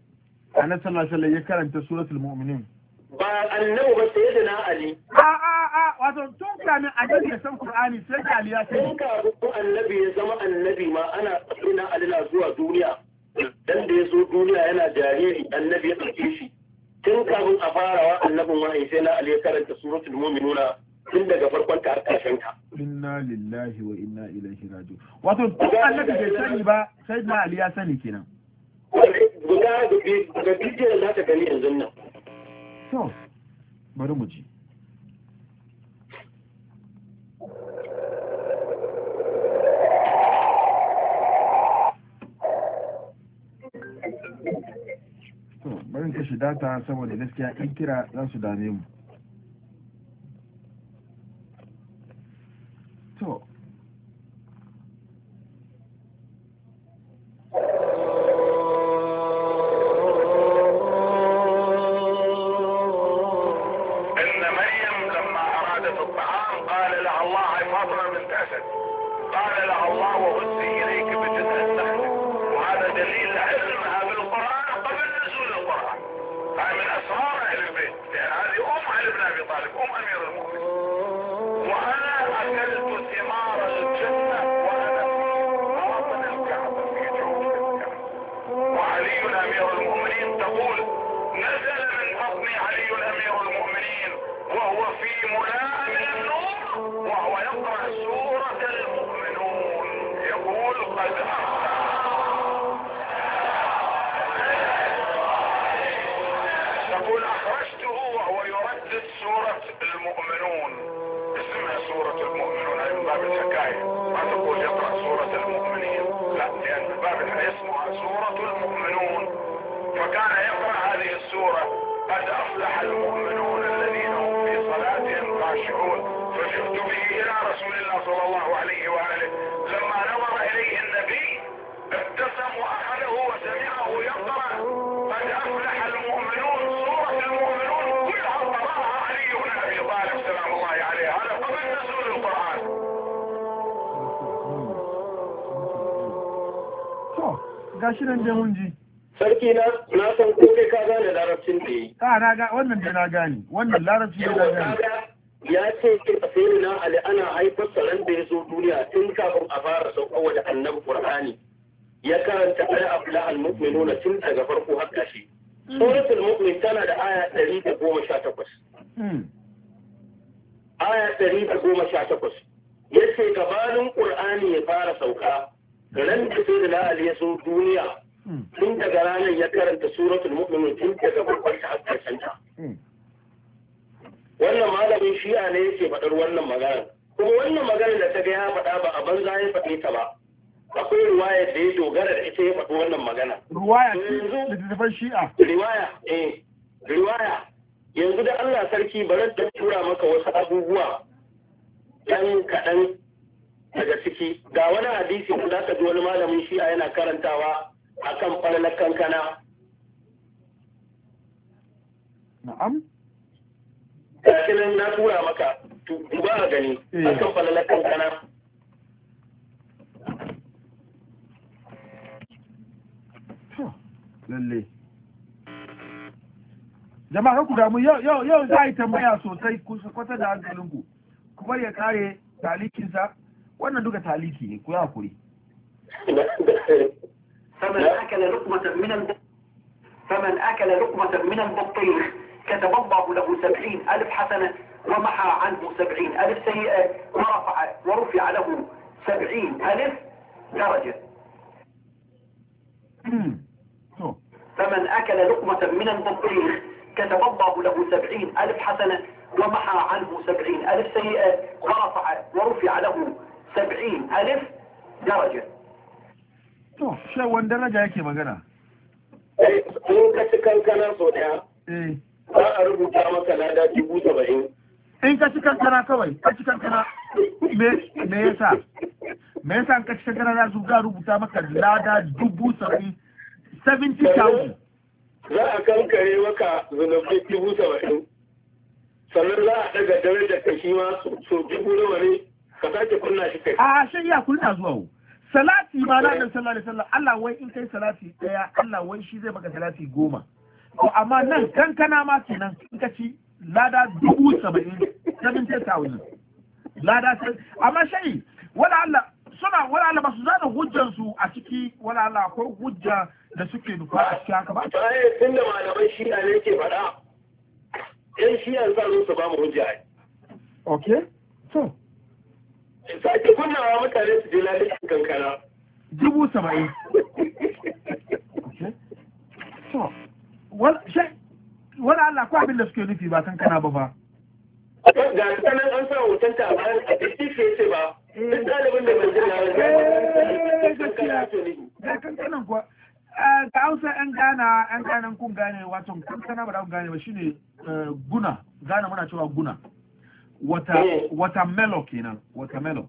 [SPEAKER 1] annabi sallallahu alaihi wasallam ya karanta suratul mu'minun ba annabi ba sai da na ali a a a wato tun kamin annabi ya san qur'ani sai da ali ya san tun kafin annabi ya zama annabi ma ana ina ali na zuwa duniya dan da ya zo duniya yana jariri annabi ya ɗauke shi tun kafin a farawa annabin wahayi sai na ali ya karanta suratul mu'minuna tun daga farkon ta har ƙarshen ta inna lillahi wa inna ilaihi raji'un wato tun annabi bai sani ba sai na ali ya sani kenan guda za ta gani nan bari mu ji barin kashe data saboda gaskiya in kira za su dame mu shi shi'a yana karantawa a kan falalar kankana na'am kakinan na tura maka ba a gani eh. a kan falalar kankana lalle jama'a ku damu yau yau za a yi tambaya sosai ku kwata da hankalinku ku bari ya kare talikinsa wannan duka taliki ne ku yi hakuri فمن أكل لقمة من فمن أكل لقمة من البطيخ كتب الله له سبعين ألف حسنة ومحى عنه سبعين ألف سيئة ورفع, ورفع له سبعين ألف درجة فمن أكل لقمة من البطيخ كتب الله له سبعين ألف حسنة ومحى عنه سبعين ألف سيئة ورفع, ورفع له سبعين ألف درجة to shi wani daraja yake magana eh, in ka ci kankana so daya eh. za a rubuta maka lada dubu saba'in in ka ci kankana kawai ka ci kankana me sa? me yasa in ka ci kankana za su ga rubuta maka lada dubu saba'in seventy thousand za a kankare maka zunubi dubu saba'in sannan za a daga darajar ka shi ma so dubu nawa ne ka sake kunna shi kai a shi ya kunna zuwa salati ma na da sallah da sallah Allah wai in kai salati daya Allah wai shi zai maka salati goma to amma nan kankana ma kenan in ka ci lada dubu saba'in sabin ta tawuni lada sai amma shayi wala Allah suna wala Allah ba su zana hujjar su a ciki wala Allah akwai hujja da suke nufa a cikin haka ba eh tunda malamai shi ne ke faɗa yan shi'a za su ba mu hujja okay so sake kunnawa mutane su je lalacin kankana dubu saba'in wani Allah ko abin da suke nufi ba kankana ba ba ga sanan an sa hoton ta bayan a cikin ce ba eh. duk ɗalibin da bai jira ba eh, ga kankanan kuwa eh, ga hausa yan gana yan ganan kun gane wato kankana ba da kun gane ba shine guna gana muna cewa guna wata eh. watermelon kenan watermelon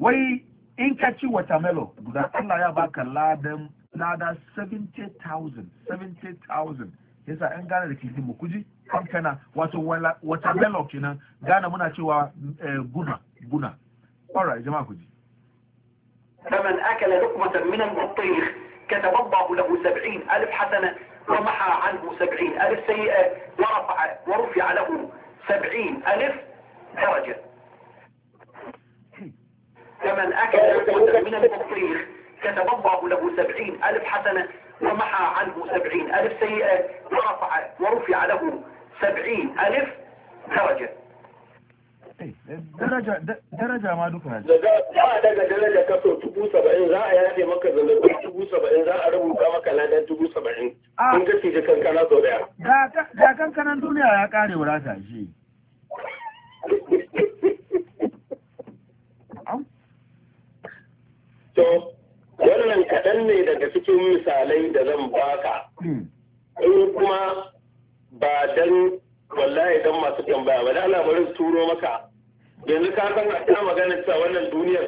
[SPEAKER 1] wai in ka ci watermelon guda Allah ya baka ladan lada 70,000 70,000 yasa an gane da ke mu kuji kankana wato watermelon kenan gane muna cewa eh, guna guna alright jama'a kuji فمن أكل لقمة من البطيخ كتب الله له سبعين ألف حسنة ومحى عنه سبعين ألف سيئة ورفع, ورفع له سبعين ألف درجة فمن أكل جزءا من التفريخ كتب له سبعين ألف حسنة ومحى عنه سبعين ألف سيئة ورفع, ورفع له سبعين ألف درجة إيه، درجة درجة ما دوكنا لا درجة درجة كسو تبو سبعين ذا يا أخي مكة ذا تبو سبعين ذا أربو كما كلا دا تبو سبعين انت آه. تيجي كان كان ذا ذا كان كان الدنيا يا كاري ولا تاجي To, wannan kaɗan ne daga cikin misalai da zan baka. Hmm. In kuma ba dan wallahi dan masu tambaya ba, da labarin turo maka. Yanzu ka san a ta magana cewa wannan duniyar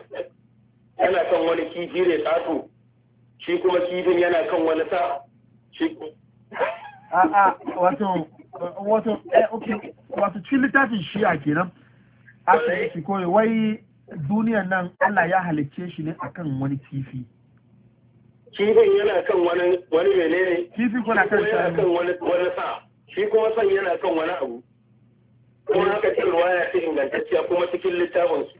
[SPEAKER 1] yana kan wani kifi ne tsato, shi kuma kifin yana kan wani sa. A'a, wato, wato, eh, okay. wato cikin littafin shi'a kenan a yi shi koyi wai duniyan nan Allah ya halicce shi ne akan wani kifi kifin yana kan wani wani menene kifin kuma kan wani wani sa shi kuma san yana kan wani abu kuma haka cikin ruwaya ce ingantacciya kuma cikin littafin su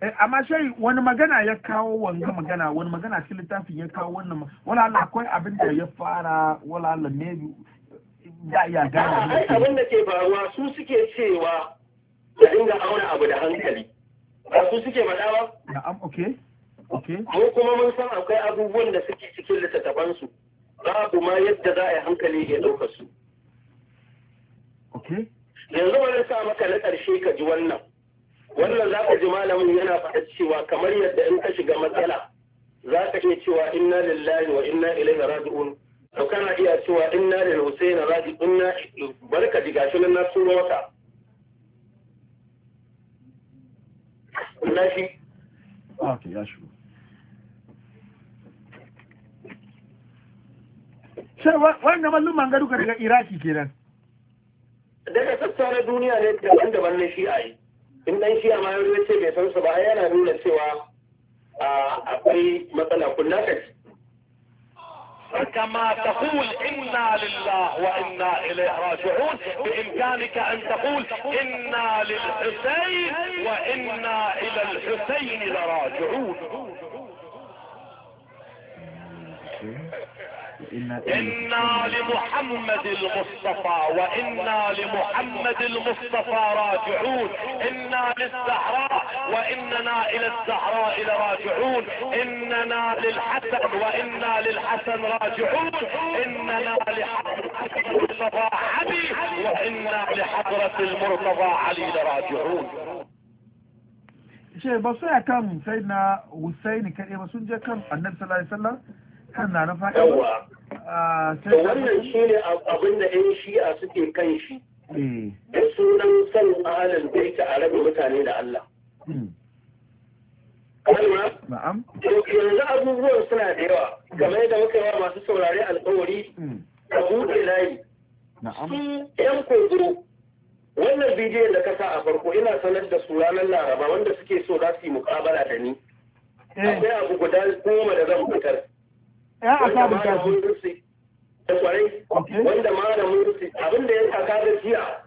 [SPEAKER 1] eh, amma shai wani magana ya kawo wanga magana wani magana cikin littafin ya kawo wannan wala Allah akwai abin da ya fara wala Allah ne ya iya gane abin da ke faruwa su suke cewa da dinga auna abu da hankali ba su suke faɗa ba na'am okay okay mu kuma mun san akwai abubuwan da suke cikin littattafan su babu ma yadda za a yi hankali ya ɗauka su okay yanzu wani sa maka na ƙarshe ka ji wannan wannan za ka ji malamin yana faɗa cewa kamar yadda in ka shiga matsala za ka iya cewa inna lillahi wa inna ilaihi raji'un to kana iya cewa inna lil husayn radi inna barka diga shi nan na turo maka nashi okay ya shigo sai wannan mallum ga duka daga iraki kenan daga sassa duniya ne da wanda na shi ai in dan shi amma yau ce bai san su ba yana nuna cewa akwai matsala kullaka كما تقول انا لله وانا اليه راجعون بامكانك ان تقول انا للحسين وانا الى الحسين لراجعون
[SPEAKER 2] إنا لمحمد المصطفى وإنا لمحمد المصطفى
[SPEAKER 1] راجعون إنا للزهراء واننا الى الزهراء لراجعون اننا للحسن وانا للحسن راجعون اننا لحضرة المرتضى علي وانا لحضرة المرتضى علي لراجعون شيء بصير كم سيدنا حسين كان ايه بس نجي كم النبي صلى الله عليه وسلم كان نعرف آه، ايه هو wannan shi ne abin da شيء shi’a suke kan shi’ yan sunan san alal da yake Na'am. Yanzu abubuwan suna da yawa, game yadda muka masu saurari alkawari hmm. a buɗe layi. Na'am. ‘yan koduro, wannan bidiyon da kasa a farko ina sanar da su ranar Laraba wanda suke so za su yi muƙabala da ni. Eh. Akwai abu guda goma da zan fitar. Ya eh, a sabunta su. Wanda eh, abinda ya saka da jiya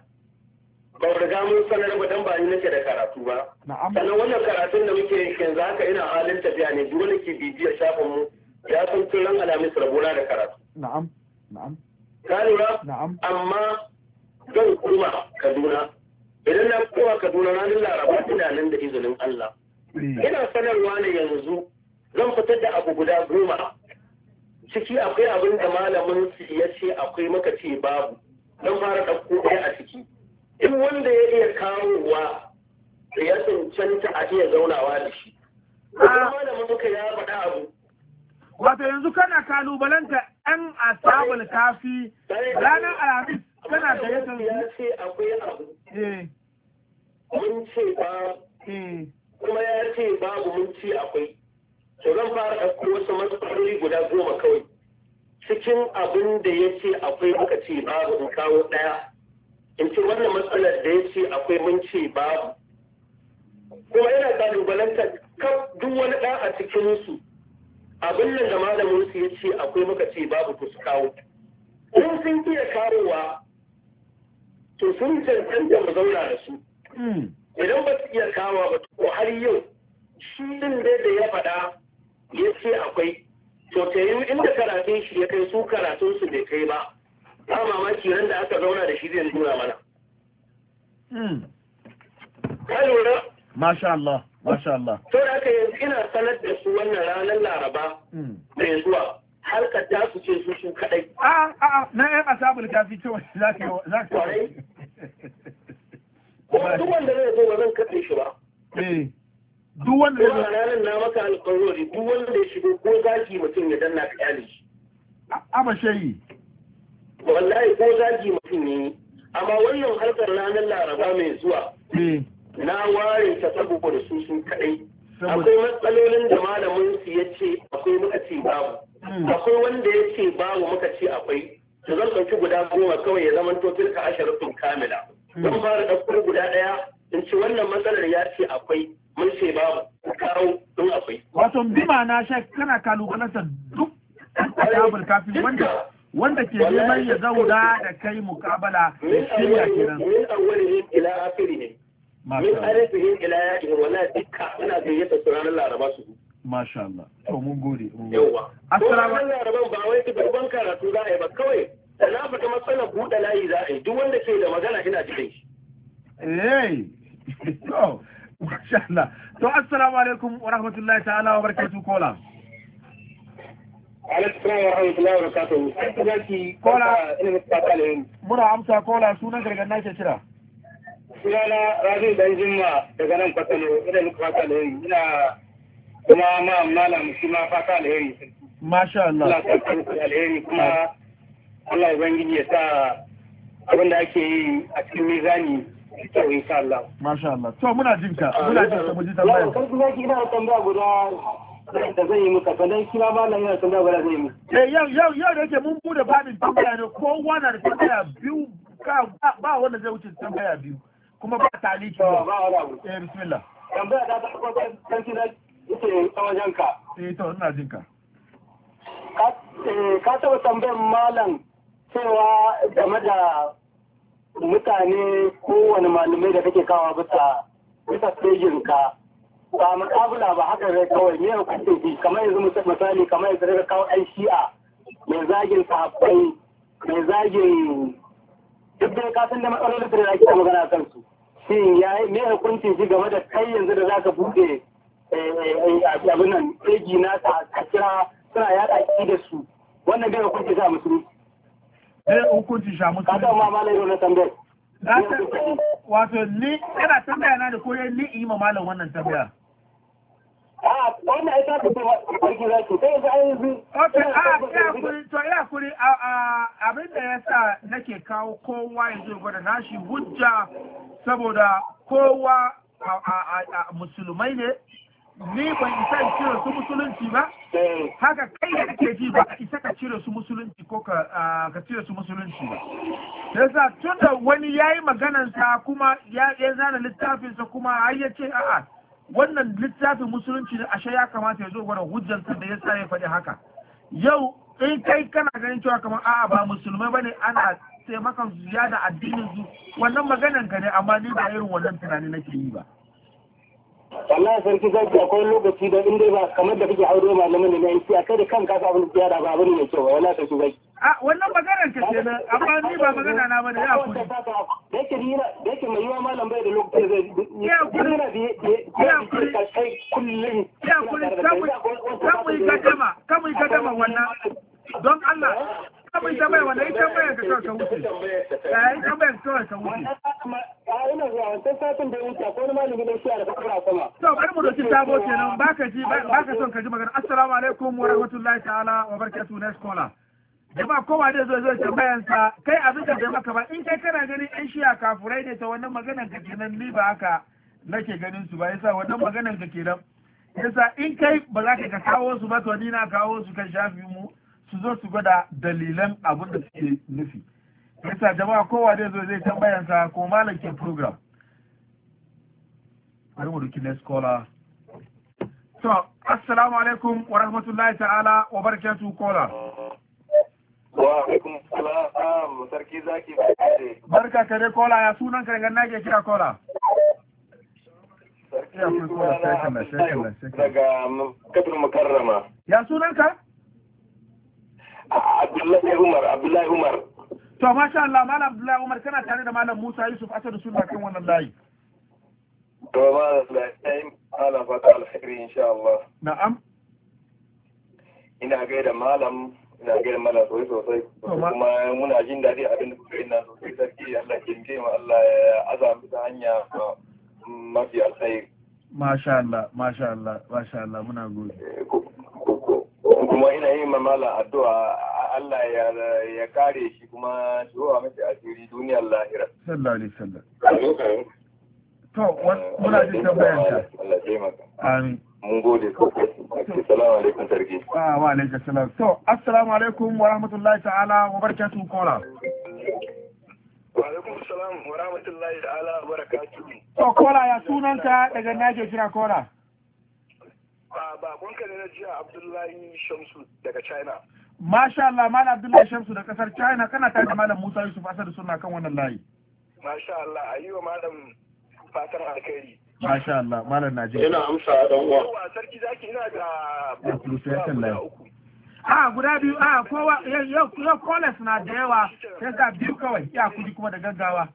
[SPEAKER 1] ba riga mun sanar ba dan ba ni nake da karatu ba sannan wannan karatun da muke yanzu haka ina halin tafiya ne dole nake bibiyar shafin mu ya san tun alamis rabona da karatu
[SPEAKER 2] na'am na'am ka lura na'am
[SPEAKER 1] amma zan kuma Kaduna idan na kowa Kaduna na Laraba ina nan da izinin Allah eh. ina sanarwa ne yanzu zan fitar da abu guda goma ciki akwai abin da malamin ya ce akwai maka babu don fara ɗauko ɗaya a ciki in wanda ya iya kawowa ya cancanta a iya zaunawa da shi malamin ah. muka ya faɗa abu wato yanzu kana kalubalanta yan asabul kafi ranar alhamis kana da sanzu ya ce akwai abu eh. mun ce ba eh. kuma ya ce babu mun ce akwai to zan fara ɗauko wasu matsaloli guda goma kawai cikin abin da ya ce akwai muka ce babu in kawo ɗaya in ce wannan matsalar da ya ce akwai mun ce babu kuma yana kalubalantar kaf duk wani ɗan a su. abin nan da malamin su ya ce akwai muka ce babu ku su kawo in sun iya karowa to sun cancanta mu zauna da su hmm. idan ba su iya kawo ba to har yau shi din dai da ya faɗa ya ce akwai to ta yi inda karatun shi ya kai su karatun su bai kai ba ba mamaki ran da aka zauna da shi zai nuna mana hmm. ka lura masha Allah masha Allah to da aka yanzu ina sanar da su wannan ranar Laraba hmm. mai zuwa harkar ta su ce su su kadai a a na yan asabul kafi to za ka za ka ko duk wanda zai zo ba zan kace shi ba eh, duk wanda ya ranar na maka alƙawari duk wanda ya shigo ko zaki mutum ya danna ka yale shi a ba shayi wallahi ko zagi mutum ne? amma wannan harkar ranar laraba mai zuwa eh. na ware ta saboda su sun kaɗai akwai matsalolin da malamin su ya ce akwai muka ce babu hmm. akwai wanda ya ce babu muka ce akwai da zan ɗauki guda goma kawai ya zama ka tilka asharatun kamila hmm. zan fara ɗaukar guda ɗaya in ce wannan matsalar ya ce akwai mun ce babu kawo sun akwai wato bima na shek kana kalubalantar duk ɗan kafin wanda wanda ke neman ya zauna da kai mukabala da shirya kenan min awwalihim ila akhirihim min arifihim ila wala dukka ina laraba su
[SPEAKER 2] masha Allah to mun gode yawa
[SPEAKER 1] assalamu alaikum laraban ba wai dubban karatu za a yi ba kawai da na fita matsalar buɗe layi za a yi duk wanda ke da magana ina cikin shi eh to masha Allah to assalamu alaikum wa rahmatullahi ta'ala wa barakatuh kola Muna amsa kola sunan kira. Sunana Rabi Danjima daga nan Kwatano, ina muku fata alheri, ina kuma ma malam fata alheri. Masha Allah. Allah ta alheri kuma Allah Ubangiji ya sa abin da ake yi a cikin mizani kyau insha Allah. Masha Allah. To muna jinka, muna jinka mu ji tambaya. Yau, kan kuma ina tambaya guda da zai yi muka sannan shi ma malam yana tambaya ba zai yi muka eh yau yau yau da yake mun bude babin tambaya ne kowa na da tambaya biyu ba wanda zai wuce tambaya biyu kuma ba taliki ba ba wala eh bismillah tambaya da ta ko kan kina yake tsawon janka eh to ina jin ka ka eh, taɓa tambayar malam cewa game da mutane kowane malamai da kake kawo bisa bisa pejin ka ba muƙabula ba haka zai kawai me ce shi kamar yanzu misali kamar yanzu daga kawo ai shi'a mai zagin sahabbai mai zagin duk da kasan da matsalolin da ake magana kan su shi ya me hukuncin shi game da kai yanzu da zaka buɗe eh, eh, abin nan ɗegi na ta kira suna yaɗa ki da su wannan dai hukunci sa musulunci. Bai hukunci sa musulunci. Ka ma malai na tambayar. wato ni yana tambaya na da koyar ni in yi ma malam wannan tambaya wannan a ya sa nake kawo kowa ya zai gwada nashi hujja saboda kowa musulmai ne ni ban isa in cire su musulunci ba eh. haka kai da kake ji ba isa ka cire su musulunci ko ka cire su musulunci ba yasa tunda wani yayi maganansa kuma ya zana littafinsa kuma har ya ce a'a wannan littafin musulunci da ashe ya kamata ya zo gwada hujjar da ya sa ya faɗi haka yau in kai kana ganin cewa kamar a'a ba musulmai bane ana taimakan zuya da addinin su wannan maganan ka ne amma ni da irin wannan tunani nake yi ba wallahi sarki zaki akwai lokaci da inda ba kamar da kake aure malamin ne na yanki a kai da kanka ka abin da ya da ba abin ne kyau wallahi sarki zaki a wannan maganar ka ce nan amma ni ba magana na bane ya kudi da yake ni da yake mai yawa malam bai da lokacin zai ya kudi na bi ya kudi kai kullun ya kudi kamu kamu gadama kamu gadama wannan don Allah kamu ta bai wannan ita bai ka kawo ka wuce ya ita bai ka kawo ka wuce a ina zuwa wannan satin da wuce ko malami ne shi a da kafara sama to bari mu doki sabo kenan baka ji baka son ka ji magana assalamu alaikum wa rahmatullahi ta'ala wa barakatuh next caller jama'a kowa da zai zai tambayan sa kai abin da bai maka ba in kai kana ganin yan shiya kafurai ne ta wannan maganan ka kenan ni ba haka nake ganin su ba yasa wannan maganan ka kenan yasa in kai ba za ka kawo su ba to ni na kawo su kan shafi mu su zo su gwada dalilan abin da suke nufi yasa jama'a kowa da zai zai tambayan sa ko ke program bari mu duki next caller to assalamu alaikum wa rahmatullahi ta'ala wa barakatuh caller sarki zaki barka ka dai kola ya sunan ka daga nake kira kola daga katul mukarrama ya sunan ka abdullahi umar abdullahi umar to masha Allah malam abdullahi umar kana tare da malam musa yusuf asadu sunna kan wannan layi to malam da yayin ala fata alheri insha Allah na'am ina gaida malam ina ganin mana sosai sosai kuma muna jin daɗi abin da kuka yi na sosai sarki Allah ke ma Allah ya azami ta hanya mafi alkhairi
[SPEAKER 2] masha Allah masha Allah masha Allah muna gode
[SPEAKER 1] eh, kuma ina yin mamala addu'a Allah ya kare shi kuma zuwa mafi asiri duniyar lahira sallallahu alaihi wasallam to muna jin tambayanka Allah ya taimaka amin mun gode sosai assalamu alaikum sarki ah wa alaikum salam to assalamu alaikum wa rahmatullahi ta'ala wa barakatuh kola wa alaikum salam wa rahmatullahi ta'ala wa barakatuh to kola ya sunanka daga nake kira kola babanka ne na jiya abdullahi shamsu daga china masha Allah malam abdullahi shamsu da kasar china kana tare da malam musa yusuf asadu suna kan wannan layi masha Allah a yi malam fatan alkhairi Masha Allah, Malam Najeriya. Ina amsa dan uwa. Sarki zaki ina da appreciation live. Ah, guda biyu, ah, kowa yau kolas na da yawa, sai ga biyu kawai, ya kuji kuma da gaggawa.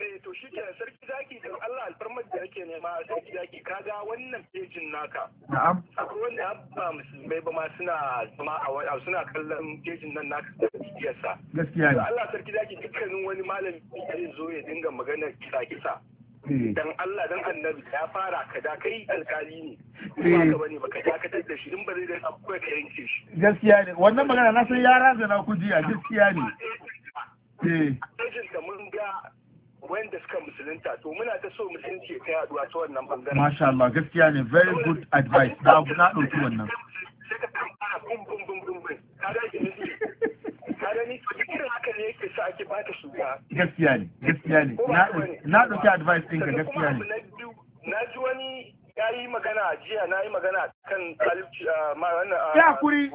[SPEAKER 1] eh to shi kenan sarki zaki da Allah alfarmar da ake nema sarki zaki ga wannan pejin naka na'am akwai wanda ba musulmai ba ma suna zama a suna kallon pejin nan naka da bibiyarsa gaskiya ne Allah sarki zaki dukkanin wani malami ya zo ya dinga magana kisa kisa Hmm. dan Allah dan annabi ya fara ka da kai alkali ne hmm. ba ka bane baka dakatar da shi in ba zai da akwai ka yanke shi
[SPEAKER 3] gaskiya ne wannan magana na san yara
[SPEAKER 1] da na kujiya gaskiya ne eh da mun ga wanda suka musulunta to muna ta so musulunci ta yaduwa ta wannan bangaren masha Allah gaskiya ne very good advice na na dauki wannan sai ka fara bum bum bum bum ka da gani irin haka ne yake sa ake bata shuga gaskiya ne gaskiya ne na ɗauki advice ɗinka gaskiya ne na ji wani ya magana jiya na yi magana kan talibci ya kuri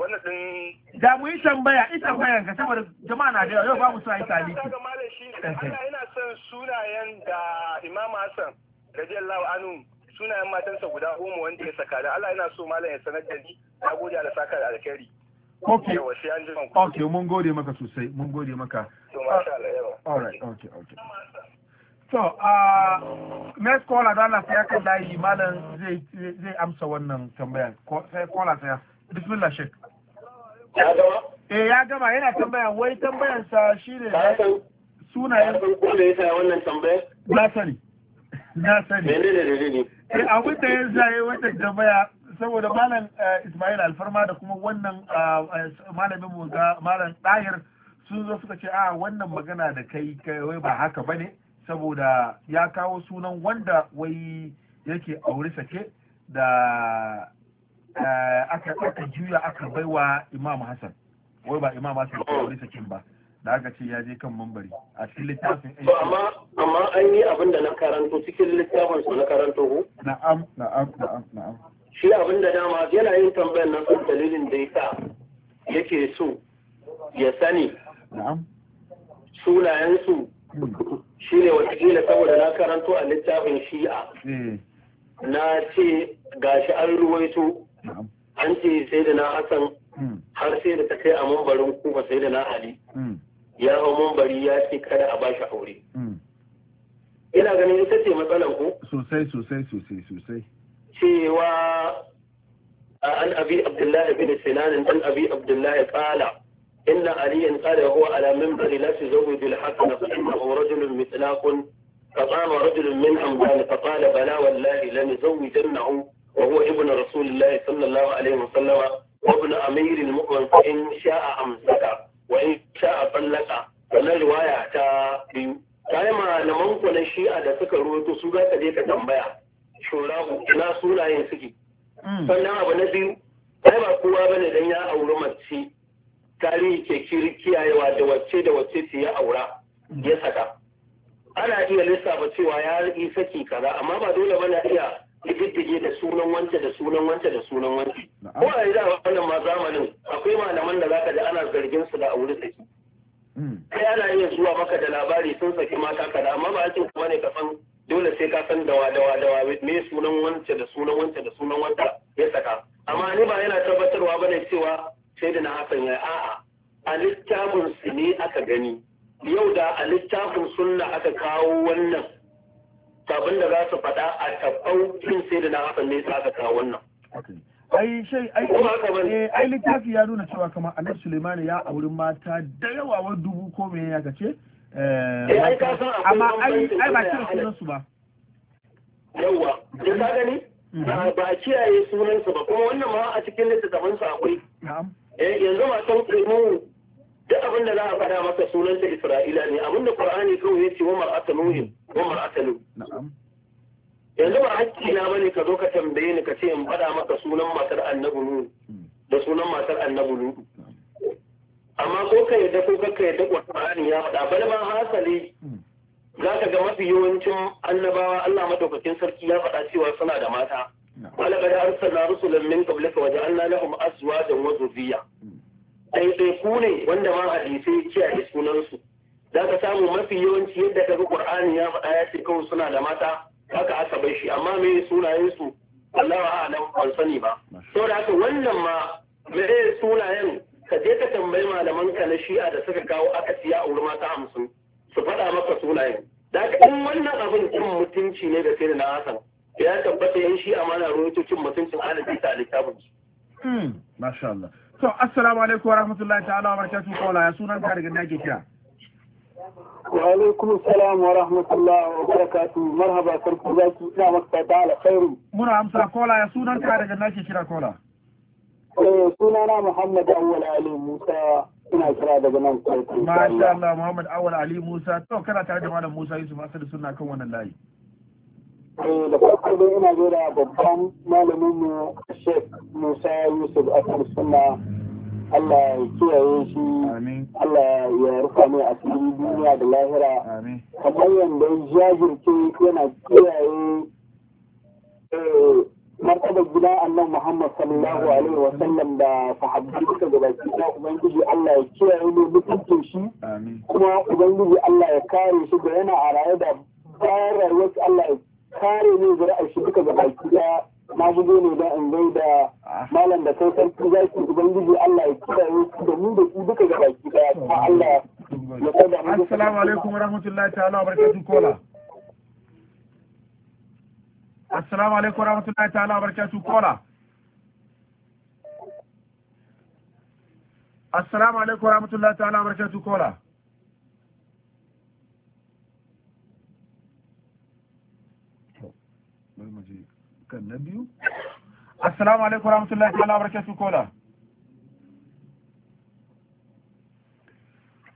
[SPEAKER 1] da mu yi tambaya yi tambayan ka saboda jama'a na da yau ba mu so a yi Allah yana son sunayen da imam hassan radiyallahu anhu sunayen matansa guda goma wanda ya saka da Allah yana so malam ya sanar da ni na gode da saka da alkhairi Okay. Okay, mun gode maka sosai, mun gode maka. Ah, all right, okay, okay. So, ah, next caller don Allah ya kan layi malam zai amsa wannan tambaya Sai caller sai. Bismillah Sheikh. Ya gama? Eh ya gama yana tambaya wai tambayan sa shine sunayen ko yasa wannan tambaya. Na sani. Na sani. ne da ne? Eh abin da ya zai wata tambaya saboda malam eh, Ismail Alfarma da kuma wannan eh, eh, malamin mu ga malam Dahir sun zo suka ce a wannan magana da kai wai ba haka bane saboda ya kawo sunan wanda wai yake aure sake da aka aka juya aka baiwa Imam Hassan wai ba Imam Hassan aure sakin ba da aka ce ya je kan mambari a cikin littafin amma amma an yi abin da na karanto cikin littafin su na karanto
[SPEAKER 2] na'am na'am na'am na'am
[SPEAKER 1] shi abin da dama yana yin tambayar nan kan dalilin da ya
[SPEAKER 2] yake so ya sani
[SPEAKER 1] sunayensu shi ne watakila saboda na karanto a littafin shi'a eh. na ce gashi an ruwaito an ce sai da na hasan hmm. har sai da ta kai a mambarin kuma sai da na ali hmm. ya hau mambari ya ce kada a bashi aure hmm. ina ganin ita ce matsalan ko sosai sosai sosai sosai cewa an abi abdullahi bin sinanin dan abdullahi kala inna aliyan kala huwa ala min bari nafi zaube bil haka na fahimta ko rajulun mitlaqun فقام رجل منهم قال فقال بلى والله لنزوجنه وهو ابن رسول الله صلى الله عليه وسلم وابن امير المؤمن فان شاء امسك وان شاء فلك ولا روايه تا بيو كاي ما لمن كنا شيعه da suka ruwato su ga kaje ka tambaya shurahu ina sunayen suke hmm. sannan abu na biyu ai ba kowa bane dan ya auri mace tarihi ke kiyayewa da wacce da wacce ce ya aura ya saka ana iya lissafa cewa ya yi saki kaza amma ba dole bane iya diddige da sunan wance da sunan wance da sunan wance ko a yi da wannan ma zamanin akwai malaman da zaka ji ana zargin su da auri saki kai hmm. ana iya zuwa maka da labari sun saki mata kaza amma ba a cin kuma ne ka san dole sai ka san dawa dawa dawa me sunan wance da sunan wance da sunan wanta ya saka amma ni ba yana tabbatarwa bane cewa sai da na hakan ya a'a a littafin su ne aka gani yau da a littafin sunna aka kawo wannan sabon da za su faɗa a tabbau kin sai da na hakan ne sa aka kawo wannan ai shai ai eh, ai littafi ya nuna cewa kamar annabi Sulaiman ya auri mata da yawa wa dubu ko me ya gace Eh, eh, amma ai ba kira sunansu ba yawwa da ka gani mm-hmm. ba a kiyaye sunansu ba kuma wannan ma a cikin littattafansu akwai eh, yanzu matan ƙimu duk abin da za a faɗa masa sunanta isra'ila ne abin da qur'ani kawai ya ce wa mar'ata nuhin mm-hmm. wa mar'ata nuh yanzu ba hakki na bane ka zo ka tambaye ni ka ce in faɗa maka sunan matar annabi nuh mm. da sunan matar annabi nuh amma ko ka yadda ko ka yadda Qur'ani ya faɗa bal ma hasali za ka ga mafi yawancin annabawa Allah madaukakin sarki ya faɗa cewa suna da mata min ولقد أرسلنا رسلا من قبلك wa لهم dai dai ku ne wanda ma a kiyaye sunansu za ka samu mafi yawanci yadda kaga Qur'ani ya faɗa ya ce kawai suna da mata haka aka bai shi amma me su Allah wa a'lam ban sani ba saboda aka wannan ma me sunayen ka je ka tambayi malaman ka na shi'a da suka kawo aka siya a wurin mata hamsin su faɗa maka sunayen da in wannan abin cin mutunci ne da sai na hasan ya tabbata yan shi'a ma na rubutu cin mutuncin alibi ta littafin su. Hmm, masha Allah to assalamu alaikum wa rahmatullahi ta'ala wa barakatuhu kola ya sunan ka daga nake kira. wa alaikum salam wa rahmatullahi wa barakatuhu marhaba sarki zaki ina maka ta ala khairu. muna amsa kola ya sunan ka daga nake kira kola. Eh sunana Muhammad Awwal Ali Musa ina kira daga nan kwarfi. Masha Allah Muhammad Awwal Ali Musa to kana tare da Malam Musa Yusuf Asad suna kan wannan layi. Eh da farko dai ina da babban malamin mu Sheikh Musa Yusuf Asad suna Allah ya kiyaye shi Allah ya rufa mai asiri duniya da lahira kamar yadda ya jajirce yana kiyaye eh, martabar gidan annan Muhammad sallallahu alaihi wa sallam da sahabbai suka gabaci da ubangiji Allah ya kiyaye mu mutuncin shi kuma ubangiji Allah ya kare shi da yana a raye da bayan rayuwar Allah ya kare ne a shi duka gabaci da na gudu ne da in zai da malam da kai sarki zaki ubangiji Allah ya kiyaye shi da mu da ku duka gabaki da kuma Allah ya kada mu assalamu alaikum warahmatullahi ta'ala wa barakatuh kola assalamu alaikum warahmatullahi ta'ala barakatuh kola assalamu alaikum warahmatullahi ta'ala barakatuh kola kan na biyu assalamu alaikum warahmatullahi ta'ala barakatuh kola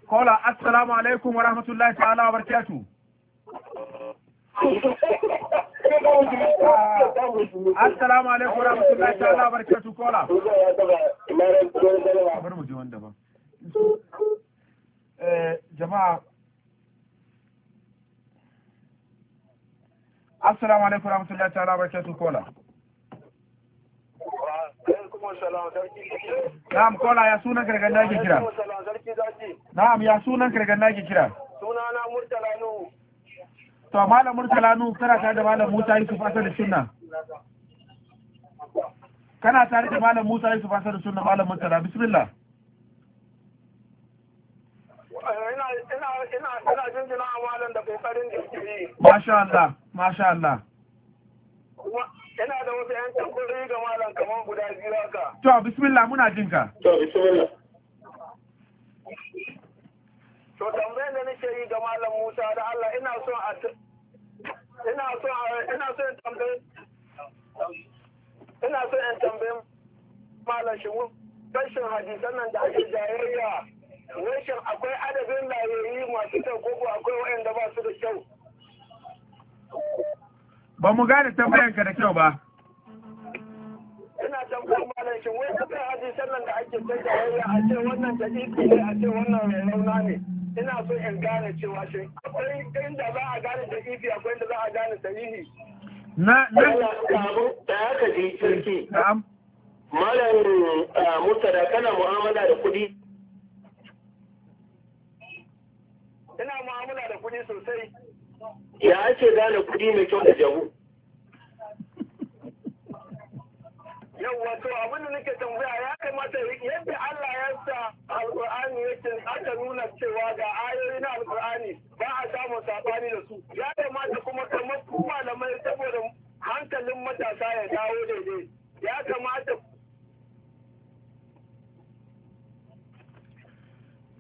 [SPEAKER 1] kola assalamu alaikum warahmatullahi ta'ala barakatuh assalamu alaikum wa warahmatullahi ta'ala barakatu kola bar mu ji wanda ba eh, jama'a assalamu alaikum warahmatullahi ta'ala barakatu kola Na'am kola ya sunan garganda ke kira. Na'am ya sunan garganda ke kira. Sunana Murtala Nuhu. to malam murtala nu kana tare da malam musa yusuf asar sunna kana tare da malam musa yusuf da sunna malam murtala bismillah ina jinjina malam da kokarin jinkiri masha Allah masha Allah ina da wasu yan tambayoyi ga malam kamar guda biyu ka. to bismillah muna jinka to bismillah to tambayar da nake yi ga malam Musa da Allah ina son a ina so ina so in tambaye malam shi rashin hadisan nan da ake jayayya rashin akwai adadin layoyi masu kyau ko akwai waɗanda ba su da kyau ba mu gane tambayanka da kyau ba ina tambayar malam shi wai hadisan nan da ake jayayya a ce wannan da ne a ce wannan rauna ne ina so in gane cewa shi akwai inda za a gane da ifi akwai inda za a gane sahihi na na da aka ji sarki na'am malam eh, murtada kana mu'amala da kuɗi ina mu'amala da kuɗi sosai ya ake gane kuɗi mai kyau da jahu yawwa to abin da nake tambaya ya kamata yadda Allah ya sa alkur'ani yake aka nuna cewa ga ayoyi na alkur'ani ba a samun sabani da su ya kamata kuma kamar ku malamai saboda hankalin matasa ya dawo daidai ya kamata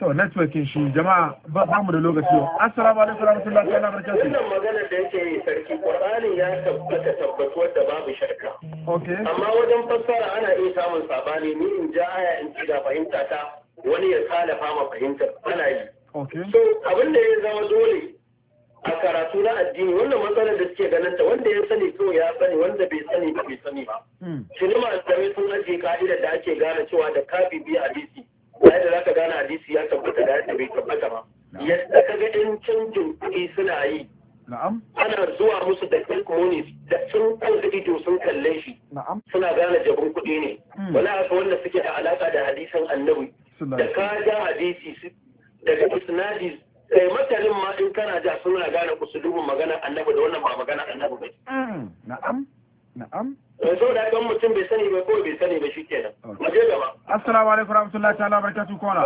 [SPEAKER 1] to networking shi jama'a ba mu da lokaci assalamu alaikum warahmatullahi ta'ala barakatuh magana da yake sarki qur'ani ya tabbata tabbatuwar da babu shakka okay amma wajen fassara ana iya samun sabani ni in ja aya in ci da fahimta ta wani ya salafa ma fahimtar ana yi okay so abin da ya zama dole a karatu na addini wannan matsalar da suke ganin ta wanda ya sani ko ya sani wanda bai sani ba bai sani ba hmm. sinima da sun ajiye ka'idar da ake gane cewa da ka a bisi yayin da zaka gane hadisi ya tabbata da yadda bai tabbata ba yadda ka ga ɗan canjin kuɗi suna yi ana zuwa musu da kalmoni da sun kan da ido sun kalle shi suna gane jabin kuɗi ne hmm. wala haka wanda suke da alaka da hadisan annabi da ka hadisi daga isnadi sai matalin ma in kana ja suna gane kusurubin magana annabi da wannan ba magana annabi ba hmm. na'am na'am Eh, saboda haka mutum bai sani ba kawai bai sani ba shi kenan mu je gaba assalamu alaikum warahmatullahi ta'ala barakatuh kona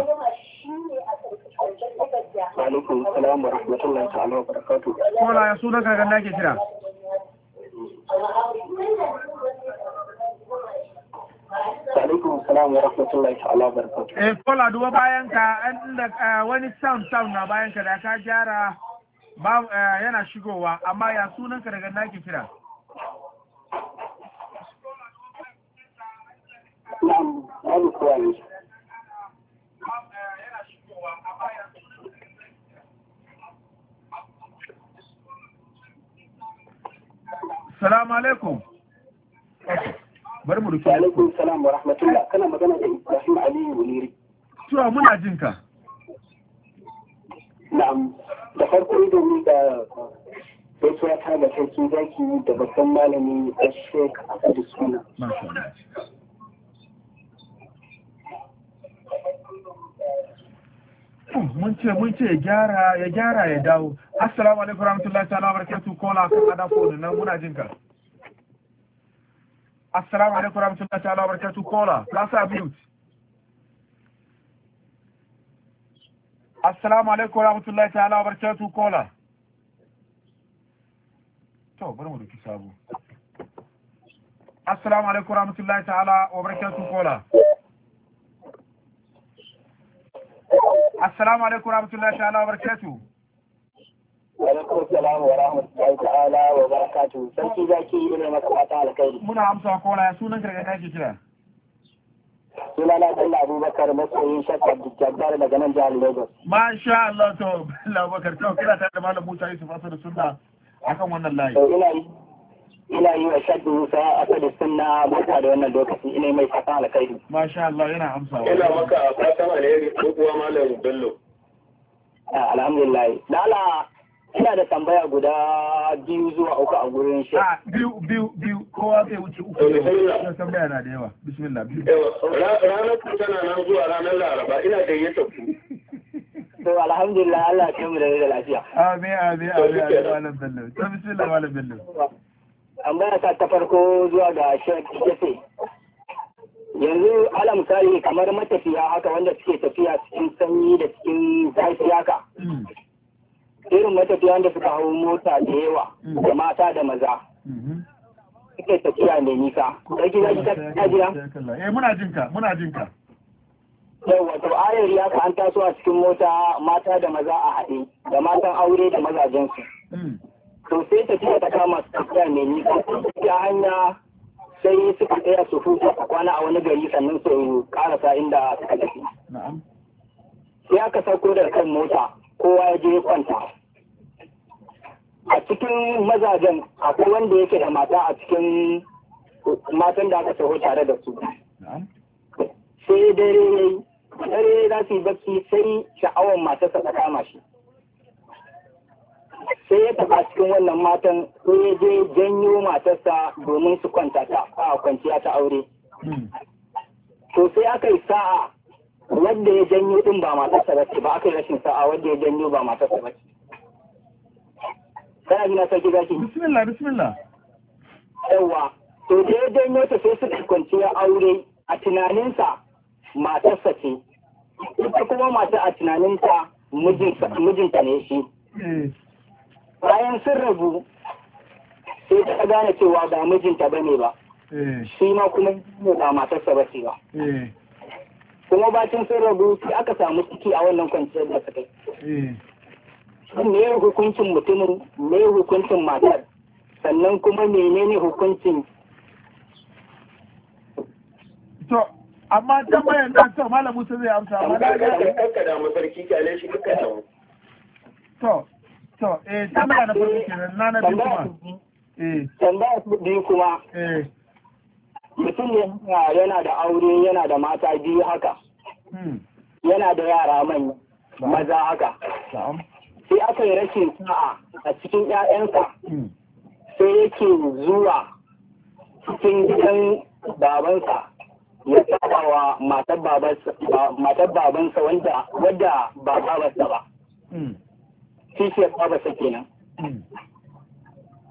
[SPEAKER 1] alaikum salam wa rahmatullahi ta'ala wa barakatuh kona ya sunan ka ganda ke kira alaikum salam wa rahmatullahi ta'ala wa barakatuh eh kola duba bayan ka eh, wani sound sound na bayan ka da ka gyara eh, yana shigowa amma ya sunan ka daga nake kira Na'am, babu Salamu alaikum. Bari mu rufe. Alaikum salam wa rahmatullah. Kana magana da Ibrahim Aliyu Muniri. Tuwa muna jin ka. Na'am. Da farko ni da gaisuwa ta da sarki zaki da babban malami a Sheikh Abdul Sunna.
[SPEAKER 2] Masha Allah.
[SPEAKER 1] alaikum mun ce mun ce gyara ya gyara ya dawo assalamu alaikum rahmatullahi ta'ala barakatuh kola kan ada phone nan muna jin ka assalamu alaikum rahmatullahi ta'ala barakatuh kola ka sa mute assalamu alaikum rahmatullahi ta'ala barakatuh kola to bari mu duki sabo assalamu alaikum rahmatullahi ta'ala wa barakatuh kola assalamu alaikum rahmatullahi ta'ala wa barakatuh Walaikun salam wa rahmatullahi ta'ala wa barakatu. Sarki zaki yi ne maka fata alkhairi. Muna amsa kola ya sunan ka daga ke kira. Suna na Bello Abubakar masoyin shakka Jabbar daga nan jihar Lagos. Masha Allah to Allah Abubakar to kira ta da Malam Musa Yusuf Asadu Sunna akan wannan layi. Ina yi ina yi wa shaddu sa a sadu suna barka da wannan lokaci ina mai fatan alkhairi
[SPEAKER 2] masha Allah yana amsa ina maka
[SPEAKER 1] fatan alheri ko kuwa malam Bello ah, alhamdulillah lala ina da tambaya guda biyu zuwa uku a gurin shi ah, biyu biyu biyu kowa zai wuce uku ne tambaya na da yawa bismillah biyu ranar ku tana nan zuwa ranar laraba ina da ku alhamdulillah Allah ya kai mu da lafiya
[SPEAKER 2] amin amin amin malam Bello to bismillah malam Bello
[SPEAKER 1] tambaya ta ta farko zuwa ga shek jefe yanzu ala misali kamar matafiya haka wanda suke tafiya cikin sanyi da cikin zafi haka mm. irin matafiya wanda suka hau mota da yawa mm. da mata da maza mm-hmm. suke tafiya mai nisa da gida gida gida eh muna jinka muna jinka yawa to ayar ya ka an taso a cikin mota mata da maza a haɗe da matan aure da mazajensu mm. to sai ce ta kama su tafiya mai nisa sun hanya sai suka tsaya su huta a kwana a wani gari sannan su karasa inda suka tafi sai aka sauko da kan mota kowa ya je kwanta a cikin mazajen akwai wanda yake da mata a cikin matan da aka taho tare da su sai dare dare za su yi bacci sai sha'awar matarsa ta kama shi sai ya taba cikin wannan matan sai ya je janyo matarsa domin su kwanta ta a kwanciya ta aure hmm. to sai aka yi sa'a wanda ya janyo din ba matarsa ba ce ba aka yi rashin sa'a wanda ya janyo ba matarsa ba ce kana gina sarki zaki bismillah bismillah Yawwa, to da ya janyo ta sai suka kwanciya aure a tunaninsa matarsa ce ita kuma mata a tunaninta mijinta ne shi eh. bayan sun rabu sai ta gane cewa ba mijinta ba ne eh. ba shi ma kuma ba matarsa ba ce ba eh. kuma bacin sun rabu sai aka samu ciki a wannan kwanciyar da suka yi eh. me hukuncin mutumin me hukuncin matar sannan kuma menene hukuncin to amma tambayar da ta malamu sai zai amsa amma da ga ka da masarki kyale shi duka to To, eh, tambaya na farko biyu kuma. Tambaya eh. biyu kuma. Eh. Mutum ne ah, yana da aure, yana da mata biyu haka. Hmm. Yana da yara manya, maza haka. Sai aka yi rashin sa'a a cikin 'ya'yansa. Hmm. Sai yake zuwa cikin gidan babansa ya saba wa matar babansa wanda ba babarsa ba. Hmm. kishiyar babarsa kenan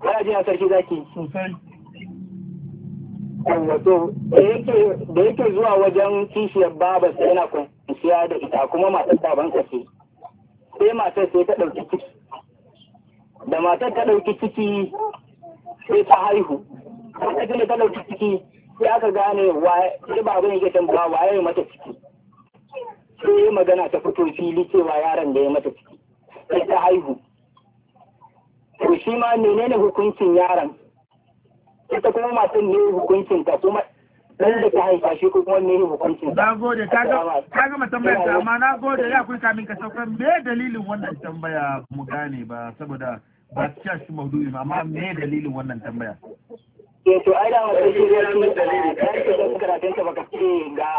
[SPEAKER 1] kana jina sarki zaki sosai wato da yake zuwa wajen kishiyar babarsa yana kwanciya da ita kuma matar babansa ce sai matar sai ta ɗauki ciki da matar ta ɗauki ciki sai ta haihu lokacin da ta ɗauki ciki sai aka gane sai baban yake tambawa waye mata ciki sai magana ta fito fili cewa yaron da ya mata ciki sai ta haihu to shi ma menene hukuncin yaron ita kuma matan ne hukuncin ta kuma ɗan da ta haifa shi ko kuma ne hukuncin ta nagode gode kaga ma tambayar ta amma nagode ya kun kamin ka saukar me dalilin wannan tambaya mu gane ba saboda ba ta shi maudu'i amma me dalilin wannan tambaya eh to ai da wata da ne shi da ke da karatun ka baka ce ga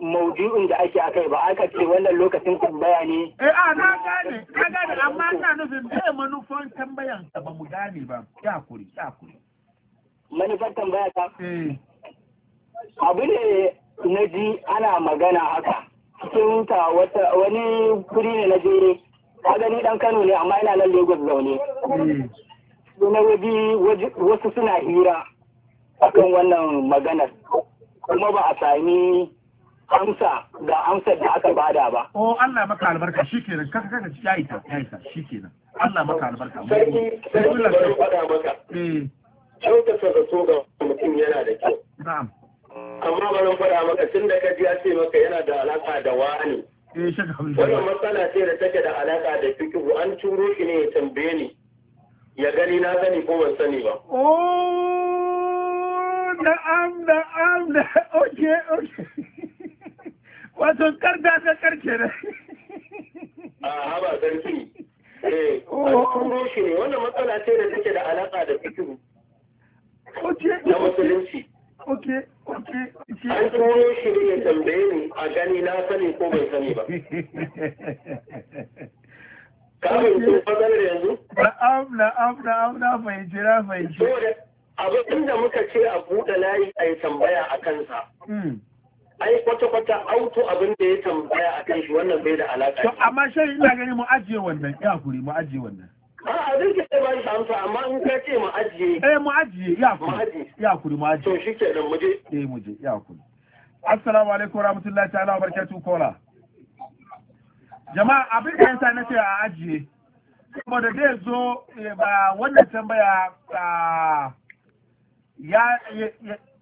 [SPEAKER 1] maudu'in da ake akai ba aka ce wannan lokacin tambaya ne eh a ah, na gane na gane amma ina nufin bai manufan tambayan ba mu gane ba ya kuri ya kuri manufar tambaya ta eh. abu ne na ji ana magana haka cikin ta wani kuri ne na je ka gani dan Kano ne amma ina nan Lagos zaune eh. na wabi wasu suna hira akan wannan maganar kuma ba a sami amsa ga amsar da aka bada ba. Oh Allah maka albarka shi kenan kaka kaka ya ita ya ita shi kenan Allah maka albarka. Sarki sarki bari faɗa maka. Eh. Kyautata so ga mutum yana da kyau. Na'am. Amma zan faɗa maka tun da kaji ya ce maka yana da alaƙa da wani.
[SPEAKER 2] Eh shaka hamdu. Wannan
[SPEAKER 1] matsala ce da take da alaƙa da fikihu an turo shi ne ya tambaye ni. Ya gani na sani ko ban sani ba. Oh amda amda amda oke oke wato kar da ka karke da a haba sarki eh oh. an shi ne wannan matsala ce da take da alaka da fikiru oke na musulunci oke oke an turo shi ne ya tambaye ni a gani na sani ko bai sani ba kamun tun fadar yanzu na'am na'am na'am na fahimci na fahimci abin da muka ce a buɗe layi a yi tambaya a kansa hmm. ai kwata-kwata auto abin da ya tambaya a kan shi wannan bai da alaƙa to amma shi ina gani mu ajiye wannan ya kuri mu ajiye wannan a abin da ya ba shi amsa amma in ka ce mu ajiye eh mu ajiye ya kuri ya kuri mu ajiye to shi ke nan muje eh muje ya kuri assalamu alaikum warahmatullahi ta'ala wa barakatuh kola jama'a abin da yasa nace a ajiye saboda zai zo eh, ba wannan tambaya ah, ya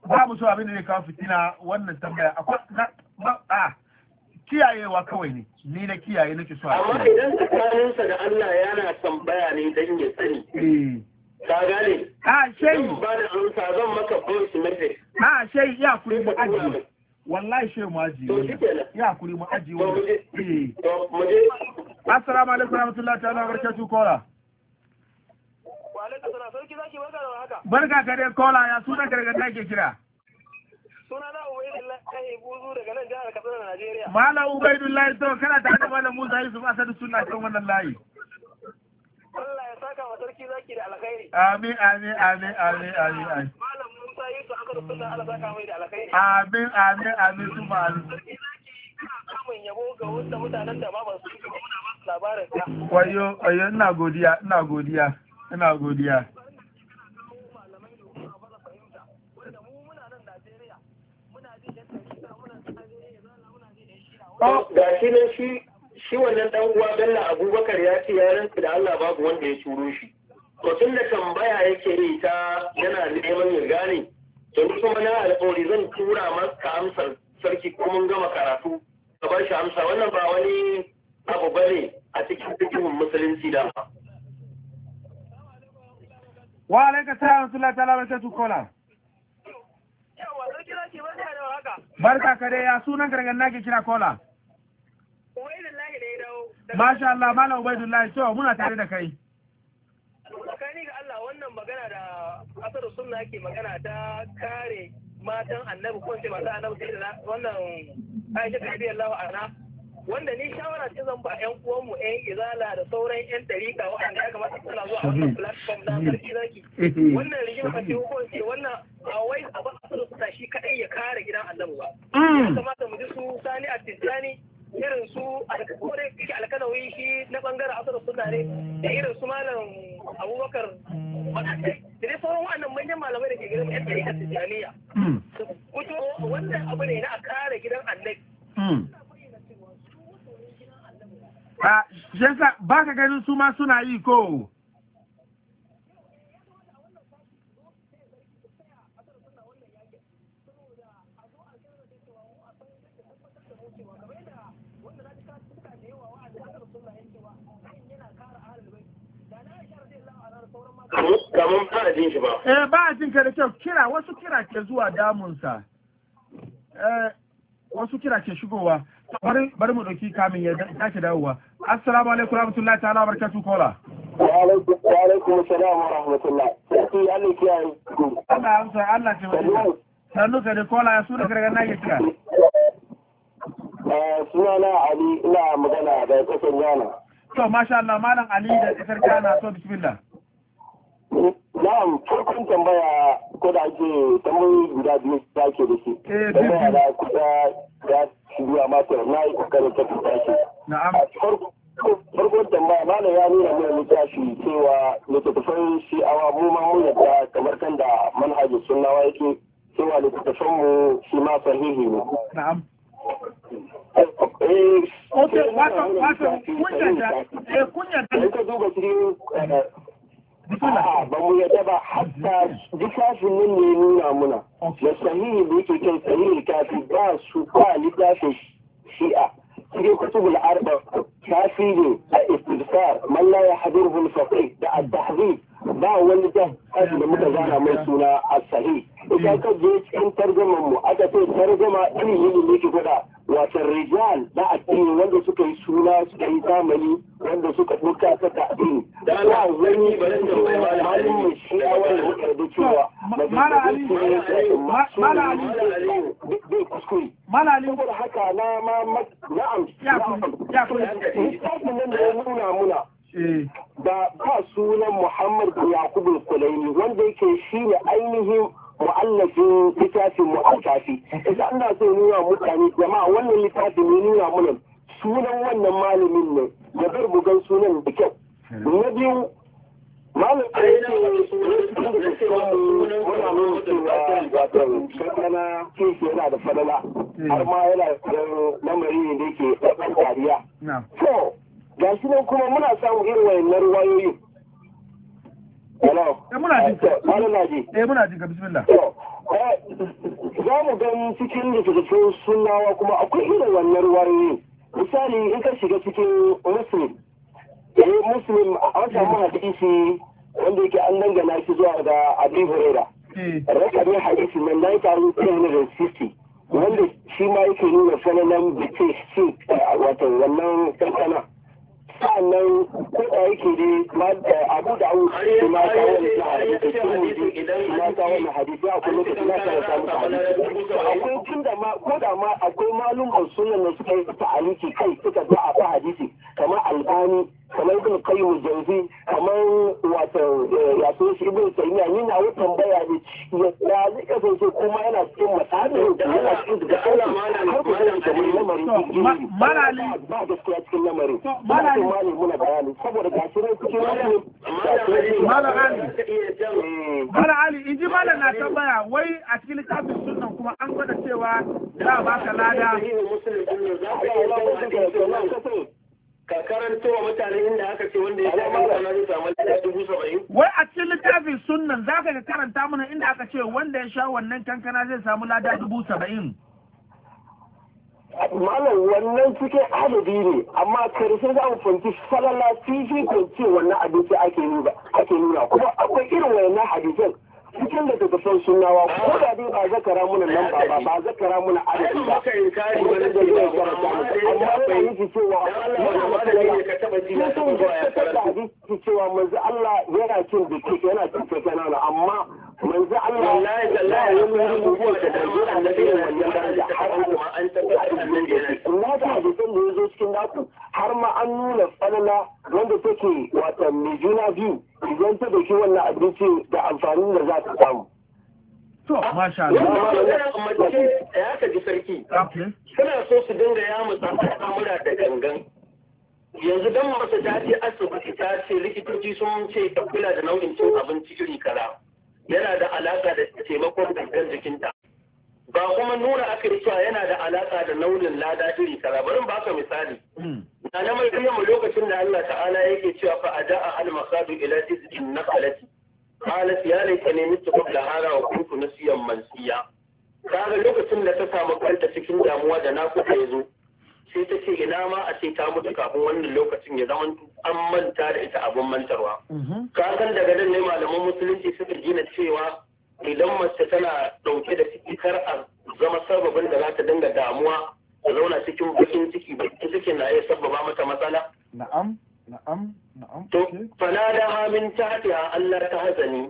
[SPEAKER 1] ba mu so abin da zai kawo fitina wannan tambaya akwai a kiyayewa kawai ne ni na kiyaye nake so amma idan tsakaninsa da Allah yana tambaya ne dan ya sani eh. ka gane a shehi ba da amsa zan maka voice message a shehi ya kuri mu aji wallahi shehi mu aji ya kuri mu aji wannan eh assalamu alaikum warahmatullahi ta'ala barakatuh kola barka ka dai kola ya suna sunan gargada ke kira Suna na ubaidullahi buzu daga nan jihar katsina najeriya malam ubaidullahi to kana tare da malam musa yusuf asadu suna kan wannan layi Allah ya saka wa sarki zaki da alkhairi. Amin amin amin amin amin Malam Musa Yusuf aka rubuta Allah saka mai da alkhairi. Amin amin amin su. kuma amin. Kamun yabo ga wanda mutanen da ba ba su muna ba labarin ka. Wayo ayo ina godiya ina godiya. ina godiya oh, ga shi ne shi shi wannan dan uwa Bello Abubakar ya ce ya rantsa da Allah babu wanda ya turo shi to da tambaya yake yi ta yana neman ya gane to ni kuma na alƙawari zan tura maka amsar sarki ko mun gama karatu ka bar shi amsa wannan ba wani abu bane a cikin cikin musulunci da wa alaika salam sallallahu ta'ala barakatu kola barka ka dai ya sunan gargan nake kira kola Masha Allah, Malam Ubaidullahi, to muna tare da kai. Tsakani ga Allah wannan magana da asar sunna ke magana ta kare matan annabi ko ce masu annabi sai da wannan Aisha radiyallahu anha wanda ni shawara ce zan ba yan uwanmu yan izala da sauran yan dariƙa waɗanda ya kamata suna zuwa wannan mhm. platform na karshe mhm. zaki mhm. wannan rigima ce ce wannan a wai a ba su da shi kaɗai ya kare gidan Allah ba mm. ya kamata mu ji su sani a tijjani irin su alkore kike alkalawi shi na bangaren asar suna ne da irin su malam abubakar wadanda da dai sauran wannan manyan malamai da ke gidan yan tarika tijjaniya mm. su kuto wannan abu ne na a kare gidan Allah. ba ka ganin su ma suna yi ko ba. Eh ba a jinka da kyau kira wasu kira ke zuwa damunsa. Eh, wasu kira ke shigowa. bari mu ɗauki kamin ya tashi dawowa assalamu alaikum rahmatullahi ta'ala wa barakatu kola wa alaikum salam wa Allah Allah amsa Allah wani sannu ka da kola ya su da gargan nake eh, suna na Ali ina magana da to masha Allah malam Ali da kasar Ghana to bismillah eh, Na'am farkon tambaya ko da ake tambayoyi guda biyu da ake da shi. Eh, tambaya da kusa da shi biya mata na yi kokarin ta shi. Na'am. Farkon tambaya mana ya nuna mana shi cewa littattafan shi awa mu ma mu yadda kamar kan da manhajin sunnawa yake cewa littattafan mu shi ma sahihi ne. Na'am. Eh, wato, wato, kunya eh, duba cikin ba mu yadda ba hatta littafin mun ne nuna muna da sahihi da yake kan sahihi kafi ba su ba littafin shi'a cikin kutubul arba kafi ne a istisar man la yahdurhu al da at-tahdhib ba wani da kashi da muka zana mai suna a sahi idan hmm. ka je cikin targaman mu aka ce targama irin yin ne ke gwada wata rijal na addini wanda suka yi suna suka yi zamani wanda suka duka ta ta'adi da ba wani ba da cewa malali saboda haka ya kuma ya ya kuma ya kuma ya kuma ya kuma ya kuma ya kuma ya da eh. ba sunan Muhammad Yakubu Kulaini wanda yake shi ne ainihin mu'allafin littafin mu'allafi idan ana so nuna mutane jama'a wannan littafin ne nuna mana sunan wannan malamin ne da bar mu gan sunan da kyau na biyu malam ainihin muna nuna cewa wato shakana yana da fadala eh. har ma yana da lamari ne da yake ɗaukar so ga shi nan kuma muna samun irin wayannan wayoyi Eh muna jin eh, eh, muna jin ka bismillah. Eh, za mu gan cikin rikitattun sunawa kuma akwai irin wannan wayoyi. Misali in ka shiga cikin Muslim. Eh Muslim an samu hadisi wanda yake an dangana shi zuwa ga Abi Huraira. Rakamin hadisi nan 9360 wanda shi ma yake nuna sananan bitin shi wato wannan kankana. sannan ko da yake ne eh, abu da awu shi ma ta wani hadisi a kuma ta na ta samu akwai tun da ma ko da ma akwai malumar sunan da suka yi ta'aliki kai suka ga a hadisi kamar albani kamar ibn qayyim jawzi kamar wato eh, ya so shi ibn taymiya ni na wutan ne ya tsali kasance kuma yana cikin matsalolin da yana cikin da Allah malam malam malam malam malam malam malam malam malam malam malam malam malam malam bayani saboda eh, Ali in ji na tambaya wai a cikin littafin sunan kuma an gwada cewa za a baka ka ya lada wai a cikin littafin sunan za ka karanta mana inda aka ce wanda ya sha wannan kankana zai samu lada dubu saba'in malam wannan cikin adadi ne amma karshe za mu fahimci salala fifi kan ce wannan abinci ake nuna ake nuna kuma akwai irin wannan hadisan cikin da daga son sunawa ko da dai ba zakara muna nan ba ba ba zakara muna adadi ba kuma da zai karanta amma ba yi ji cewa wannan matsalar ka taba ji na sun ga ta da hadisi cewa manzo Allah yana cin biki yana cin kekana amma manzo Allah wallahi wallahi yin mun abubuwan da kan zuwa annabi ne wannan da har ma an tabbatar annabi ne kuma da hadisin da yazo cikin daku, har ma an nuna falala wanda take wata mai juna biyu idan ta dauki wannan abinci da amfanin da za ta samu To, masha Allah. ya ka ji sarki. Suna so su dinga ya musa al'amura da gangan. Yanzu dan masa ta ce asibiti ta ce likitoci sun ce ta kula da nau'in cin abinci iri kaza. yana da alaka da taimakon gangan jikinta ba kuma nuna aka yi cewa yana da alaka da launin lada iri kaza bari ba ka misali hmm. na na mai mu lokacin da Allah ta'ala yake cewa fa a a al masadu ila izin naqalati qalat ya laita ne mutu qabla hara wa kuntu siyan mansiya kaga lokacin da ta samu kanta cikin damuwa da na kuka zo. sai ta ce ina ma a ce ta mutu kafin wannan lokacin ya zama an manta da ita abin mantarwa
[SPEAKER 2] mhm. ka san daga
[SPEAKER 1] nan ne malaman musulunci suka gina cewa idan mace tana ɗauke da ciki kar a zama sababin da za ta dinga damuwa a zauna cikin bakin ciki bakin cikin na iya sababa mata matsala
[SPEAKER 2] na'am na'am na'am
[SPEAKER 1] to fanada hamin tahtiha Allah ta hazani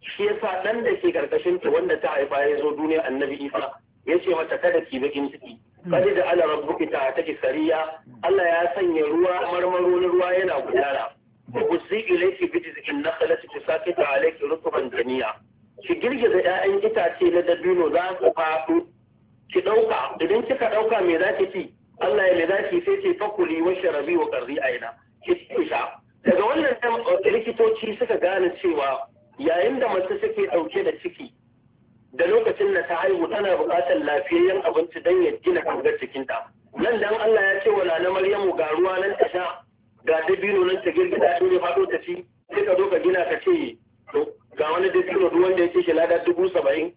[SPEAKER 1] shi yasa dan da ke karkashin ta wanda ta haifa ya zo duniya annabi Isa ya ce mata kada ki bakin ciki kadi hmm. da ala rabbuki ta take sariya Allah ya sanya ruwa marmaro na ruwa yana gudana hmm. wa usi ilayki bi jiz'in nakhlati tusakita alayki rutuban janiya ki girgiza 'ya'yan itace na dabino za ku faɗo ki ɗauka idan kika ɗauka me za ki ci Allah ya me za ki sai ce fakuli wa sharabi wa qarri aina ki ci sha daga wannan eh, likitoci suka gane cewa yayin da mace take ɗauke da ciki da lokacin na ta haihu tana buƙatar lafiyayyen abinci don ya gina gangar jikinta nan dan Allah ya ce wa na Maryamu ga ruwa nan ta sha ga dabino nan ta girgida shi ne faɗo ta ci sai ka zo ka gina ka ce ga wani dabino duk wanda yake shi lada dubu saba'in.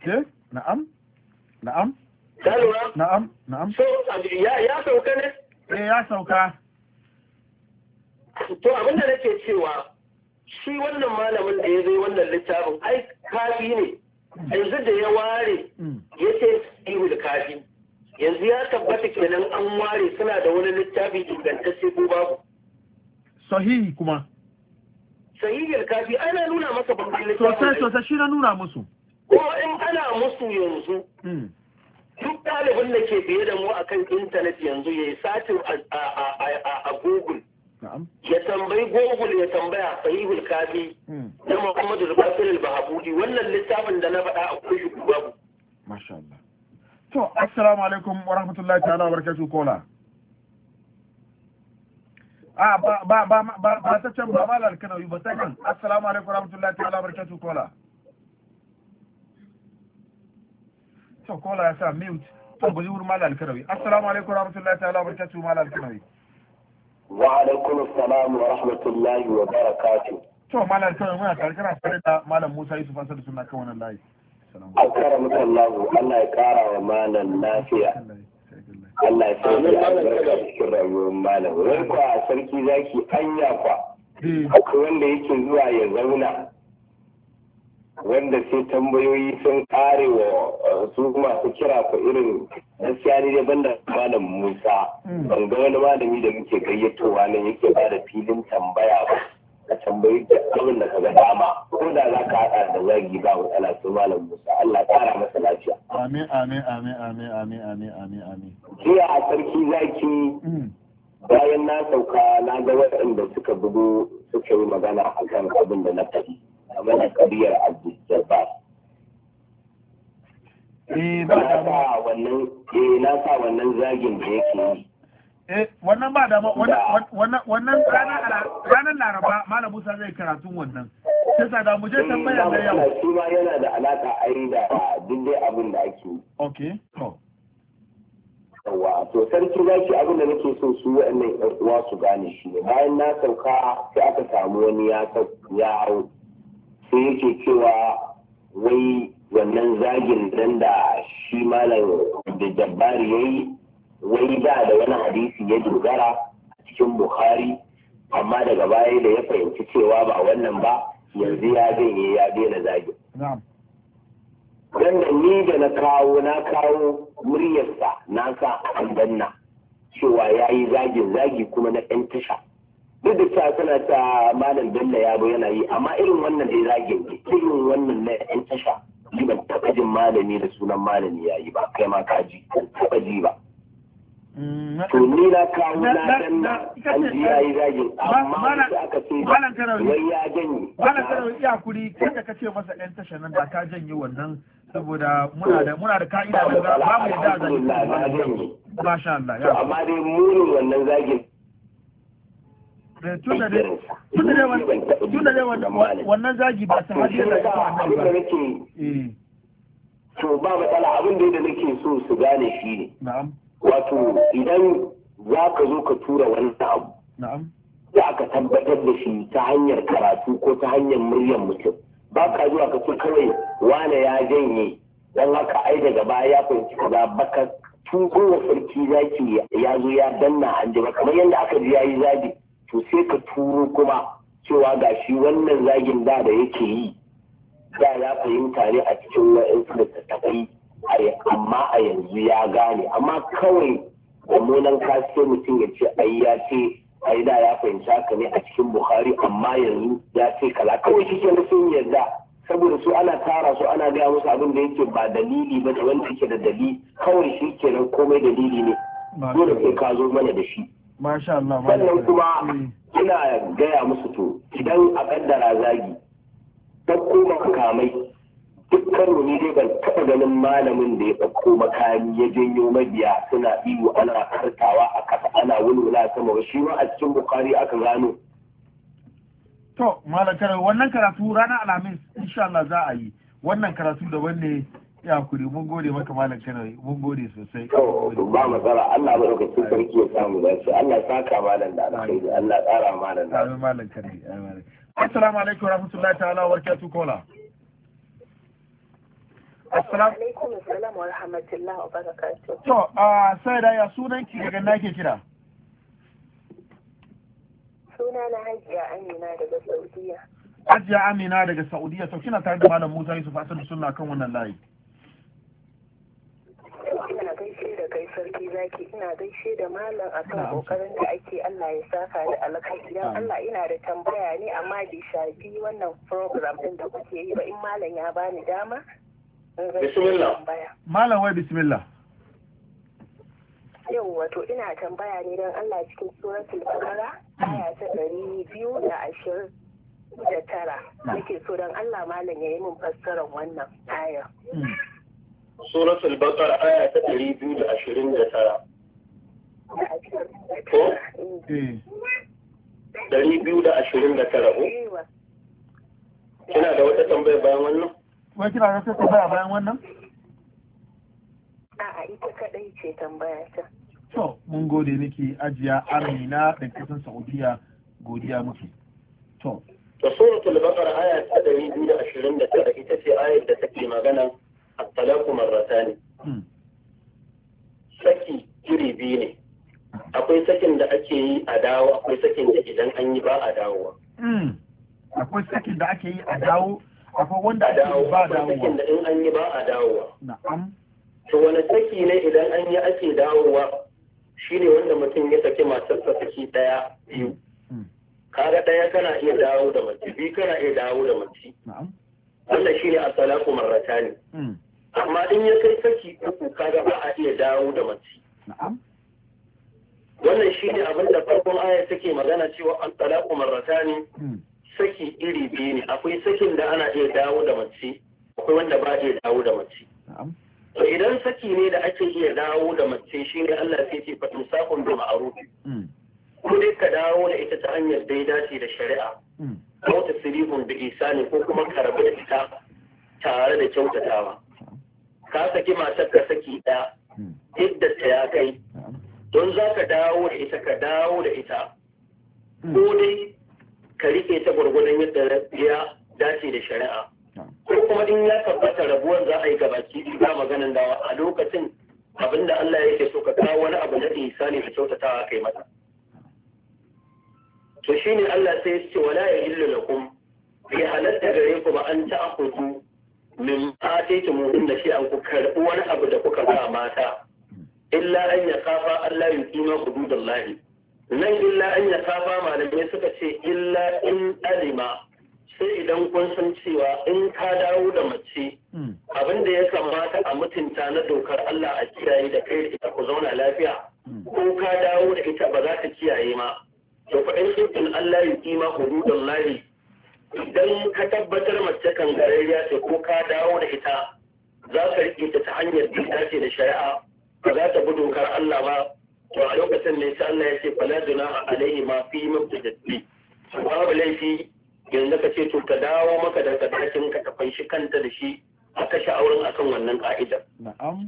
[SPEAKER 2] Ke? Na'am? Na'am? Ka lura? Na'am? Na'am? So, ya
[SPEAKER 1] sauka ne? Eh, ya sauka. To, abinda nake cewa shi wannan malamin da ya zai wannan littafin ai kafi ne yanzu da ya ware mm. ya ce ihul kafi yanzu ya tabbata kenan an ware suna da wani littafi ingantacce ko babu sahihi kuma sahihi kafi ana nuna masa babban littafi sosai sosai shi na nuna musu ko in ana musu yanzu mm. duk ɗalibin da ke biye da mu akan intanet yanzu ya yi satin a google ya tambayi google ya tambaya sahihul kafi na muhammadu zubairu al-bahabudi wannan littafin da na faɗa akwai shi babu masha Allah to assalamu alaikum wa rahmatullahi ta'ala wa barakatuh kola a ba ba ba ba ba ta can ba malar kana yi ba ta kan assalamu alaikum wa rahmatullahi ta'ala wa barakatuh kola to kola ya sa mute to ba zai wurin malar kana yi assalamu alaikum wa rahmatullahi ta'ala wa barakatuh malar kana yi wa alaikum assalam wa rahmatullahi wa barakatu. to malam sai muna karkara tare da malam Musa Yusuf an sadu suna kawanan wannan layi akaramu Allah Allah ya kara wa malam lafiya Allah ya sauke albarka cikin rayuwar malam wai kwa sarki zaki anya kwa eh. akwai wanda yake zuwa ya zauna wanda sai tambayoyi sun kare wa eh, su masu kira ku irin gaskiya ne banda malam Musa ban ga wani malami da muke gayyatowa nan yake ba da filin tambaya ba ka tambayi da abin da ka ga dama ko da za ka haɗa da zagi ba matsala su malam musa allah ƙara masa lafiya
[SPEAKER 2] amin amin amin amin amin amin amin amin
[SPEAKER 1] jiya a sarki zaki mm. bayan na sauka na ga waɗanda suka bugu suka yi magana a kan abin da na faɗi a mana kabiyar abdul eh, eh, na sa wannan zagin da yake yi Eh, wannan ba dama wannan ranar laraba malam musa zai karatun wannan sai sa da muje tambaya na yau shi ma yana da alaka ai da duk dai abin da ake okay to wa to ga zaki abin da nake so su wa'annan yan uwa su gane shi ne bayan na sauka sai aka samu wani ya ya hau sai yake cewa wai wannan zagin dan da shi malam da jabbari yayi wai da da wani hadisi ya dogara a cikin bukhari amma daga baya da ya fahimci cewa ba wannan ba yanzu ya zai ya daina zagi dan ni da na kawo na kawo muryarsa na sa an danna cewa ya yi zagin zagi kuma na ɗan tasha duk da cewa suna ta malam bello ya bo yana yi amma irin wannan dai zagin irin wannan na ɗan tasha ni ban taɓa jin malami da sunan malami ya yi ba kai ma ka ji ko taɓa ji ba Mm, to ni na kawo na na an ji yayi zagin amma da aka ce wai ya janye malam karawi iya kuri kada ka ce masa ɗan tashar nan da ka janye wannan saboda muna da muna da ka'ida da ba mu yadda zagin ba sha Allah ya amma dai mu ne wannan zagin eh, tun da dai wannan zagi ba su hajiyar da kuma annabi ba eh. to ba matsala abin da nake so su gane shi ne wato idan za ka zo ka tura wani abu da ka tabbatar da shi ta hanyar karatu ko ta hanyar muryar mutum ba ka zuwa ka ce kawai wane ya janye don haka ai daga baya ya fahimci kaza baka tuko wa sarki zaki ya zo ya danna an ji kamar yadda aka ji ya yi zagi to sai ka turo kuma cewa ga shi wannan zagin da da yake yi da ya fahimta ne a cikin su da ta amma a yanzu ya gane amma kawai mummunan kasiyo mutum ya ce ai ya ce ai da ya fahimci haka ne a cikin buhari amma yanzu ya ce kala kawai shi kenan sun yarda saboda su ana tara su ana gaya musu abin da yake ba dalili ba da wanda yake da dalili kawai shi ke nan komai dalili ne dole sai ka zo mana da shi
[SPEAKER 2] Sannan kuma
[SPEAKER 1] mm. ina gaya musu to idan a kaddara zagi ta koma makamai dukkan rumi dai ban taɓa ganin malamin da ya ɗauko makami ya janyo mabiya suna iyo ana kartawa a ƙasa ana wulwula sama ba shi ma a cikin bukari aka gano. To, Malam Kare, wannan karatu ranar Alhamis, insha Allah za a yi. Wannan karatu da wanne ya kuri mun gode maka Malam Kare, mun gode sosai. Ba matsala, Allah ba ka cikin sarki ya samu shi Allah ya saka malam da alhamis Allah ya tsara malam da. alhamis Malam Kare, Assalamu alaikum warahmatullahi ta'ala wa barakatuh kola. Assalamu alaikum wa rahmatullah wa barakatuh. To, sai da ya sunan ki daga nake kira. Suna na Hajiya Amina daga Saudiya. Hajiya Amina daga Saudiya, to kina tare da Malam Musa Yusuf Hassan Sunna, kan wannan layi. Ina gaishe da kai sarki zaki, ina gaishe da malam a kan kokarin da ake Allah ya saka da alkai. Idan Allah ina da tambaya ne amma bai shafi wannan program din da kuke yi ba in malam ya bani dama. bismillah malam wai bismillah yau wato ina tambaya ne don Allah cikin suratul baqara aya ta ɗari biyu da ashirin da tara nake so don Allah malam ya yi min fassarar wannan aya hmm. suratul baqara aya ta ɗari biyu da ashirin da tara ko eh. ɗari biyu da ashirin da tara ko kina da wata tambaya bayan wannan wai kina da sai tambaya bayan wannan a'a ita kadai ce tambaya ta to mun gode miki ajiya amina da kasan saudiya godiya muke to da suratul baqara aya ta 229 ita ce ayar da take magana at-talaqu marratan hmm. saki iri biyu ne akwai sakin da ake yi a dawo akwai sakin da idan an yi ba a dawowa hmm. akwai sakin da ake yi a dawo akwai wanda ake ba dawowa da in an yi ba a dawowa na'am to wani saki ne idan an yi ake dawowa shine wanda mutum ya saki masu saki daya biyu mm. kaga daya kana iya dawo da mace biyu kana iya dawo da mace wannan shine asalaku marratani mm. amma in ya kai saki uku kaga ba a iya dawo da mace wannan shine abin da farkon aya take magana cewa an talaku marratani mm. saki iri biyu ne akwai sakin da ana iya dawo da mace akwai wanda ba iya dawo da mace to idan saki ne da ake iya dawo da mace shine Allah sai ce fa sakon bi ma'ruf mm. ko dai ka dawo da ita ta hanyar da ya dace da shari'a mm. ko ta sirihun da isani ko kuma ka da ita tare da kyautatawa ka saki matar ka saki ɗaya mm. ta ya kai don za ka dawo da ita ka dawo da ita ko dai ka rike ta gwargwadon yadda ya dace da shari'a ko kuma in ya tabbata rabuwar za a yi gabaki ba maganan dawa a lokacin abin da Allah yake so ka kawo wani abu na ihsani da kyautatawa kai mata to shine Allah sai ya ce wala yahillu lakum bi halatta gare ku ba an ta'khudhu min mu inda shi an ku karbi wani abu da kuka ba mata hmm. illa an ya kafa Allah ya kima hududallahi nan illa an ya saba malamai suka ce illa in alima sai idan kun san cewa in ka dawo da mace hmm. abin da ya kamata a mutunta na dokar Allah a kiyaye da kai ita ku zauna lafiya hmm. ko ka dawo da ita ba za ka kiyaye ma to fa in Allah ya kima hududun lahi idan ka tabbatar mace kan garariya ce ko ka dawo da ita za ka rike ta hanyar da ta da shari'a ba za ta bi dokar Allah ba to a lokacin ne sai Allah ya ce fala junaha alaihi ma fi mubtadi babu laifi yanzu ka ce to ka dawo maka da sadakin ka tafai shi kanta da shi a sha auren akan wannan ka'ida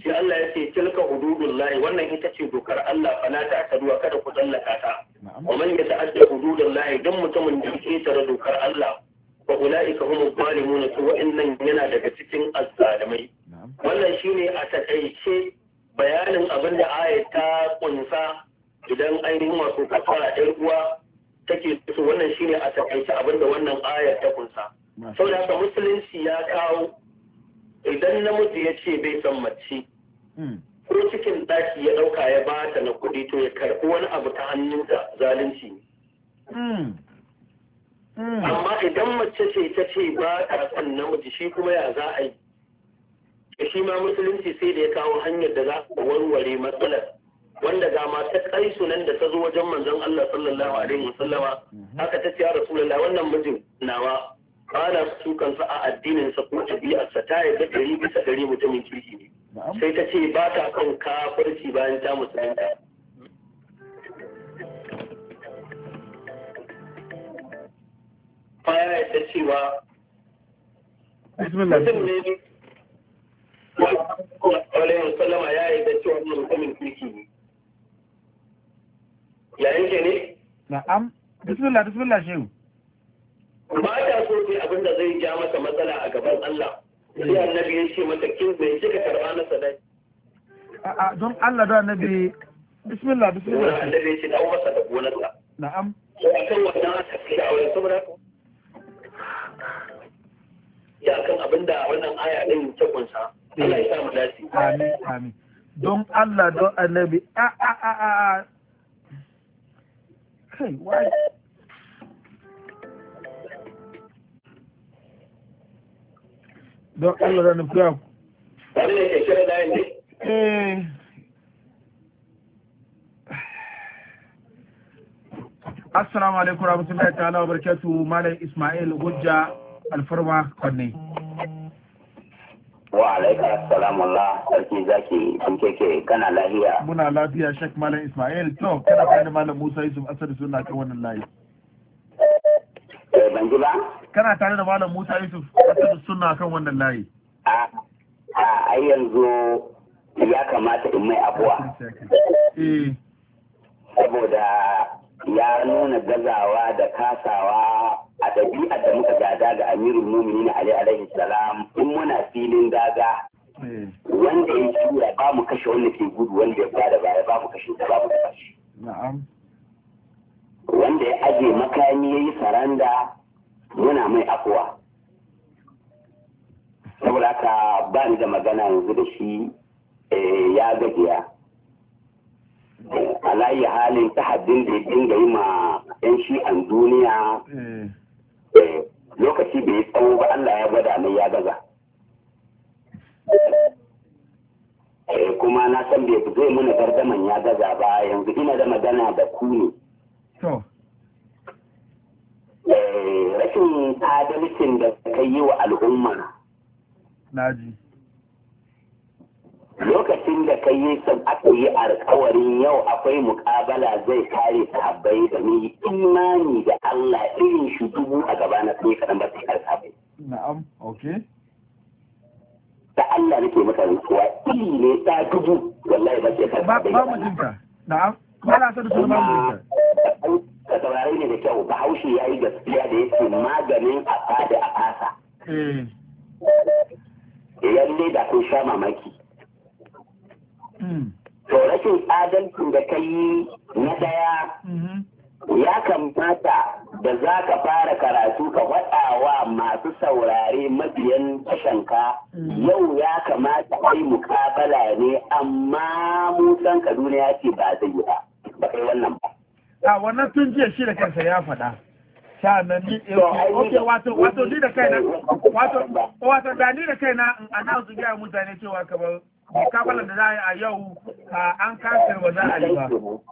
[SPEAKER 1] sai Allah ya ce tilka hududullahi wannan ita ce dokar Allah fala ta taduwa kada ku tsallaka ta wa man yata'adda hududullahi dan mutumin da yake tare dokar Allah wa ulaika humuz zalimun to wa'annan yana daga cikin azzalimai wannan shine a takaice bayanin abin da aya ta kunsa idan ainihin wasu kafara ɗan uwa take so wannan shine a takaice abin da wannan aya ta kunsa saboda haka musulunci ya kawo idan namiji ya ce bai san mace hmm. ko cikin ɗaki ya ɗauka ya ba ta na kuɗi to ya karɓi wani abu ta hannunta zalunci ne hmm. Hmm. amma idan mace ce ta ce ba ta son namiji shi kuma ya za a yi da shi ma musulunci sai da ya kawo hanyar da za a warware matsalar wanda ga ta kaisu nan da ta zo wajen manzon Allah sallallahu alaihi wasallama haka ta ce rasulullahi wannan mijin nawa ana su kansa a addinin sa ko sa ta yadda ɗari bisa ɗari mutumin kirki ne sai ta ce ba ta kan kafirci bayan ta musulunta fara ta cewa bismillah ne na'am bismillah bismillah shehu ba ta so ne abin da zai ja masa matsala a gaban Allah sai annabi ya ce mata kin bai kika karba na sadaki a'a don Allah da annabi bismillah bismillah annabi ya ce masa da gonarsa na'am wannan saboda ya kan wannan aya din ta kunsa amin amin don Allah don annabi a a a a kai wai don Allah don annabi ku
[SPEAKER 2] wani ne ke da yin ne
[SPEAKER 1] eh. Assalamu alaikum warahmatullahi ta'ala wa barakatuhu Malam Ismail Hujja Alfarma Kwanne. wa alaika Allah! sarki zaki kun keke kana lafiya muna lafiya shek malam ismail to kana bayani malam musa yusuf asar suna kan wannan layi eh ban ji ba kana tare da malam musa yusuf asar suna kan wannan layi a a yanzu ya kamata in mai abuwa eh. saboda ya nuna gazawa da kasawa a ɗabi'ar da muka gada ga amirul mumini na ali alaihi salam in muna filin daga eh. wanda ya shura ba mu kashe wanda ke gudu wanda ya bada baya ba mu kashe da ba mu kashe wanda ya aje makami ya yi saranda muna mai afuwa saboda haka ba ni da magana yanzu da shi eh, ya gajiya eh, alayi halin ta haddin da ya dinga yi ma 'yan shi'an duniya Eh, lokaci bai yi tsawo ba Allah ya gwada mai ya gaza eh, kuma na san bai zai mana gardaman ya gaza ba yanzu ina da magana da ku ne eh, rashin adalcin da ka yi wa al'umma abin da ka yi sun aka yi alkawarin yau akwai mukabala zai kare sahabbai da ni imani da Allah irin shi dubu a gaba na sai kaɗan ba sai sahabbai. Na'am, okay. Da Allah nake maka rantsuwa iri ne ta dubu wallahi ba sai sahabbai. Ba mu jinka. Na'am. Ba na san su ba mu jinka. Ka saurare ne da kyau Bahaushe ya yi gaskiya da yake maganin a fada a fasa. Eh. Yalle da kun sha mamaki. to rashin adalcin da ka yi na daya ya kamata da za ka fara karatu ka faɗa wa masu saurare mabiyan tashanka yau ya kamata ai mukabala ne amma mu san kaduna ya ce ba zai yi ba ba kai wannan ba a wannan tun jiya shi da kansa ya faɗa sa'annan ni eh, ok wato wato ni da kaina eh, wato wato da ni da kaina an announce ga mutane cewa kamar mukabalar da za a yau an kasar ba za a yi ba.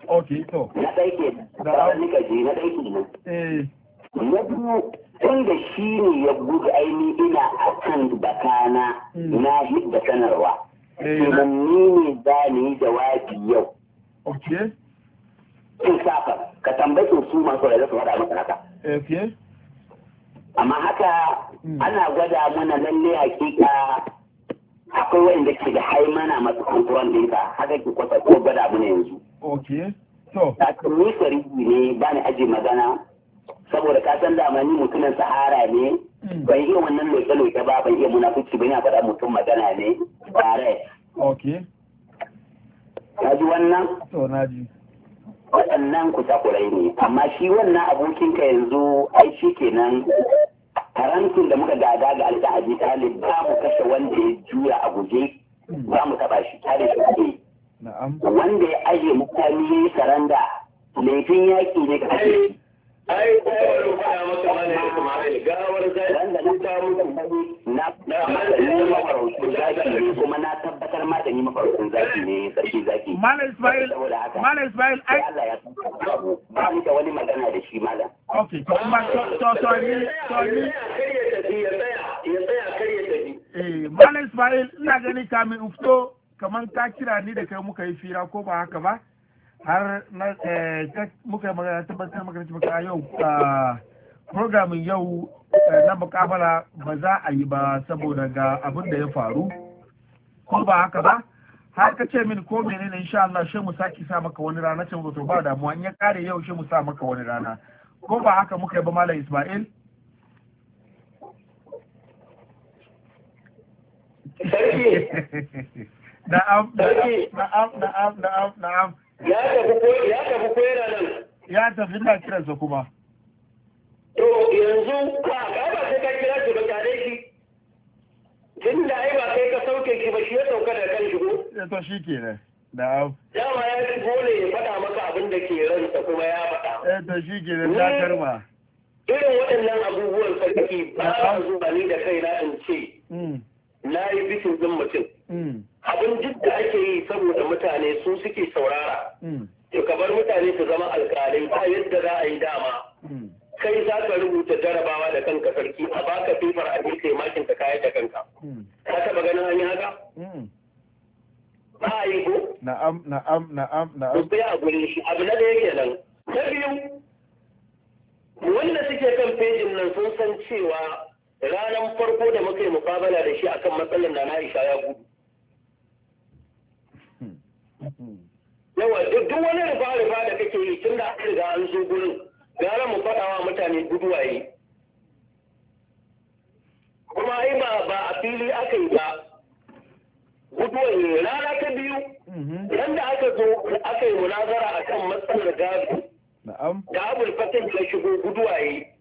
[SPEAKER 1] Ok, to. Na ɗai ke da nika je na ɗai ne. Eh. Na biyu tunda shi ne ya gudu aini ina a kan bakana hmm. na hidda sanarwa. Eh, Tumanni ne za ni yi jawabi yau. Ok. Cin safa, ka tambayi su masu da su faɗa maka haka. Ok. Amma haka hmm. ana gwada mana lalle hakika akwai wanda ke da haimana masu kankuran dinka haka ke kwasa ko gwada abu ne yanzu. Ok. To. Ta ni sarigi ne ba ni aji magana saboda ka san dama ni mutumin sahara ne hmm. ban iya wannan loke-loke ba ban iya munafuci ba ina faɗa mutum magana ne tare. Ok. Ka ji wannan? To na ji. Waɗannan kurai ne amma shi wannan abokinka yanzu aiki kenan karantin da muka gada ga alta abi talib ba mu kashe wanda ya juya a guje ba mu taɓa shi shi wanda ya aje mutane ya saranda laifin yaƙi ne ka shi ai na ni mafarautun zaki ne kuma na tabbatar ma da ni mafaraucin zaki ne sarki zaki malam ismail malam ismail ai Allah ya ba ni da wani magana da shi malam okay to kuma to to to ni to ni ya tsaya malam ismail ina gani kamin in fito kamar ka kira ni da kai muka yi fira ko ba haka ba har na eh muka magana tabbatar maka cewa yau ah, programin yau Eh, na mukabala ba za a yi ba saboda ga abin da ya faru ko ba haka ba har ka ce min ko ne insha Allah shi mu saki sa maka wani rana ce to ba damuwa in ya kare yau shi mu sa maka wani rana ko ba haka muka yi ba malam Ismail na'am na'am na'am na'am na'am ya tafi ko ya tafi ko yana nan ya tafi na kiransa kuma to yanzu ka ga ba sai ka kira shi ba tare shi tun da ai ba sai ka sauke shi ba shi ya sauka da kan shi ko ya to shi ke nan na'am dama ya ci dole ya faɗa maka abin da ke ransa kuma ya faɗa eh to shi ke nan ta karma irin waɗannan abubuwan sarki ba a zuwa ni da kaina in ce mm. na yi bikin ɗin mutum mm. abin duk da ake yi saboda mutane su suke saurara mm. to ka bar mutane su zama alƙalai ba yadda za a yi dama kai za ka rubuta jarabawa da kanka sarki a baka fifar a kai makin ka kayan da kanka hmm. ka taba ganin an yi haka hmm. ba a yi ko
[SPEAKER 2] na'am na'am na'am na'am ku a gurin shi abu na da yake nan
[SPEAKER 1] na biyu wanda suke kan fejin nan sun san cewa ranar farko da muka yi mukabala da shi akan matsalar na Na'isha ya gudu hmm. yawa duk wani rufa-rufa da kake yi tun da an riga an zo gurin gara mu faɗa wa mutane guduwaye kuma ai ba ba a fili aka yi ba guduwaye rana ta biyu yadda mhm. aka zo aka yi munazara a kan matsalar gabi da abul fatin shigo guduwaye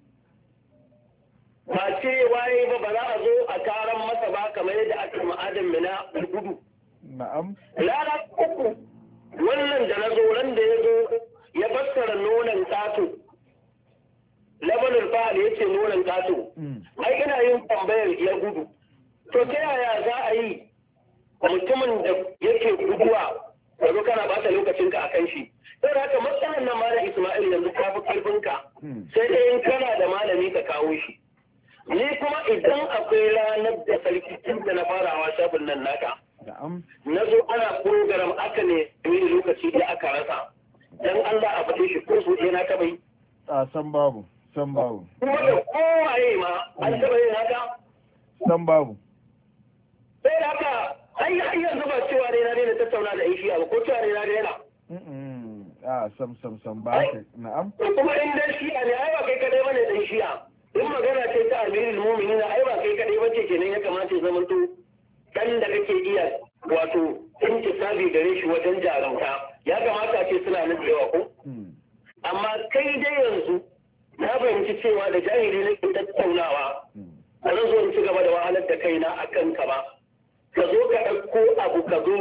[SPEAKER 1] ba ce waye ba ba za a zo a taron masa ba kamar yadda aka ma'adin mina gudu rana uku wannan da na zo ran da ya zo ya fassara nonon tatu lamarin fa'al ya ce nonon taso hmm. ai ina yin tambayar ya gudu to ta yaya za a yi mutumin da yake guduwa yanzu kana bata lokacinka a kan shi sai haka matsalar nan malam Isma'il yanzu ka fi karfinka hmm. sai dai in kana da malami ka kawo shi
[SPEAKER 2] ni kuma idan
[SPEAKER 1] akwai ranar da sarki tun da na farawa shafin nan naka na zo ana program aka ne ne lokaci da aka rasa dan Allah a faɗe shi ko su na taɓa yi
[SPEAKER 2] a san babu san babu kuma da
[SPEAKER 1] kowa ne ma an taba yin haka san babu sai da haka an yi yanzu ba cewa ne na daina tattauna da ishi abu ko cewa ne na daina
[SPEAKER 2] a ah, sam sam sam ba ka na'am kuma in dan shi'a ne ai ba kai
[SPEAKER 1] kadai bane dan shi'a in magana ce ta amirul mu'minin ai ba kai kadai ce kenan ya kamata ya zamanto ɗan da kake iya wato in intisabi gare shi wajen jarumta ya kamata ce suna nan da yawa ko mm. amma kai dai yanzu na fahimci cewa da jahili ke tattaunawa ba zan zo in ci gaba da wahalar da kaina a kanka ba ka zo ka ɗauko abu ka zo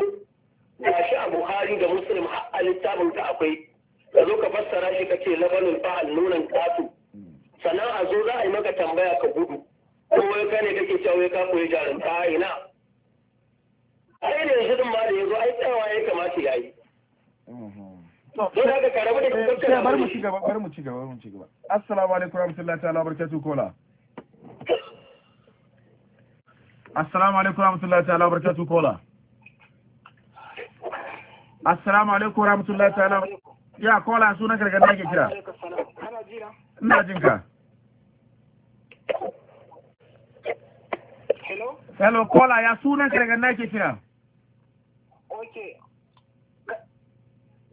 [SPEAKER 1] ga shi a buhari da muslim a littafin ka akwai ka zo ka fassara shi ka ce labanin fa'al nunan katu sannan a zo za a yi maka tambaya ka gudu ko wai ka ne kake cewa ka koyi jarumta ina ai da yanzu ma da yazo ai tsayawa ya kamata yayi
[SPEAKER 3] mm-hmm. Eh, eh, bar mu cigaba
[SPEAKER 1] bar mu cigaba bar mu cigaba. gaba assalamu alaikum warahmatullahi ta'ala barakatuh kola assalamu alaikum warahmatullahi ta'ala barakatuh kola assalamu alaikum warahmatullahi ta'ala ya kola sunan gargada yake kira ina jin ka hello hello kola ya sunan gargada yake kira okay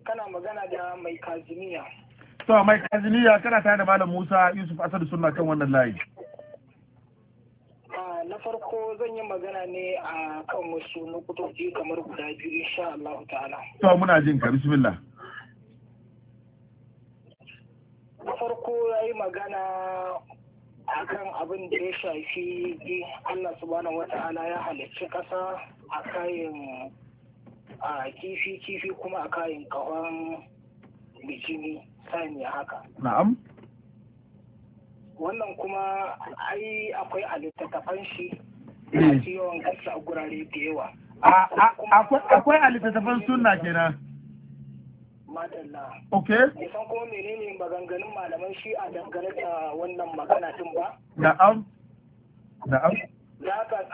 [SPEAKER 1] kana magana da mai kazimiya to mai kazimiya kana tare da malam Musa Yusuf Asadu suna kan wannan layi na farko zan yi magana ne a kan wasu nukutoji kamar guda biyu insha Allah ta'ala to muna jin ka bismillah na farko yayi magana akan abin da ya shafi Allah subhanahu ta'ala) ya halicci kasa a kayan a kifi kifi kuma a kayan kawan bikini saniya haka na'am wannan kuma ai akwai a shi eh. a ciwon gasa a gurare da yawa akwai a suna kenan madalla ok san kuma menene maganganun malaman shi a dangane da wannan magana tun ba na'am na'am da haka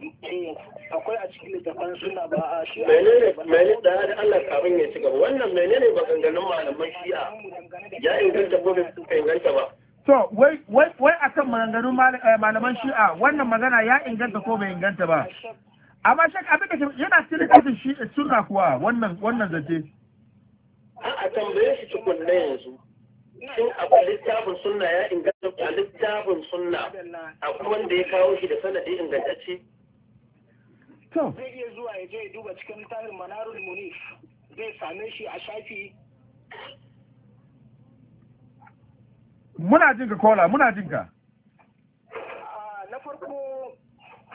[SPEAKER 1] akwai a cikin littafin suna ba a shi menene da da Allah kafin ya ci gaba wannan menene ganganin malaman shi'a ya inganta ko bai inganta ba to wai wai wai akan maganganun eh, malaman shi'a wannan magana ya inganta ko bai inganta ba amma shek abin da yana cikin littafin shi'a eh, suna kuwa wannan wannan zance a tambaye shi tukunna yanzu shin akwai littafin sunna ya inganta a littafin sunna akwai wanda ya kawo shi da sanadi ingantacce zai iya zuwa ya je ya duba cikin littafin manarul munif zai same shi a shafi muna jin ka kola muna jin ka na farko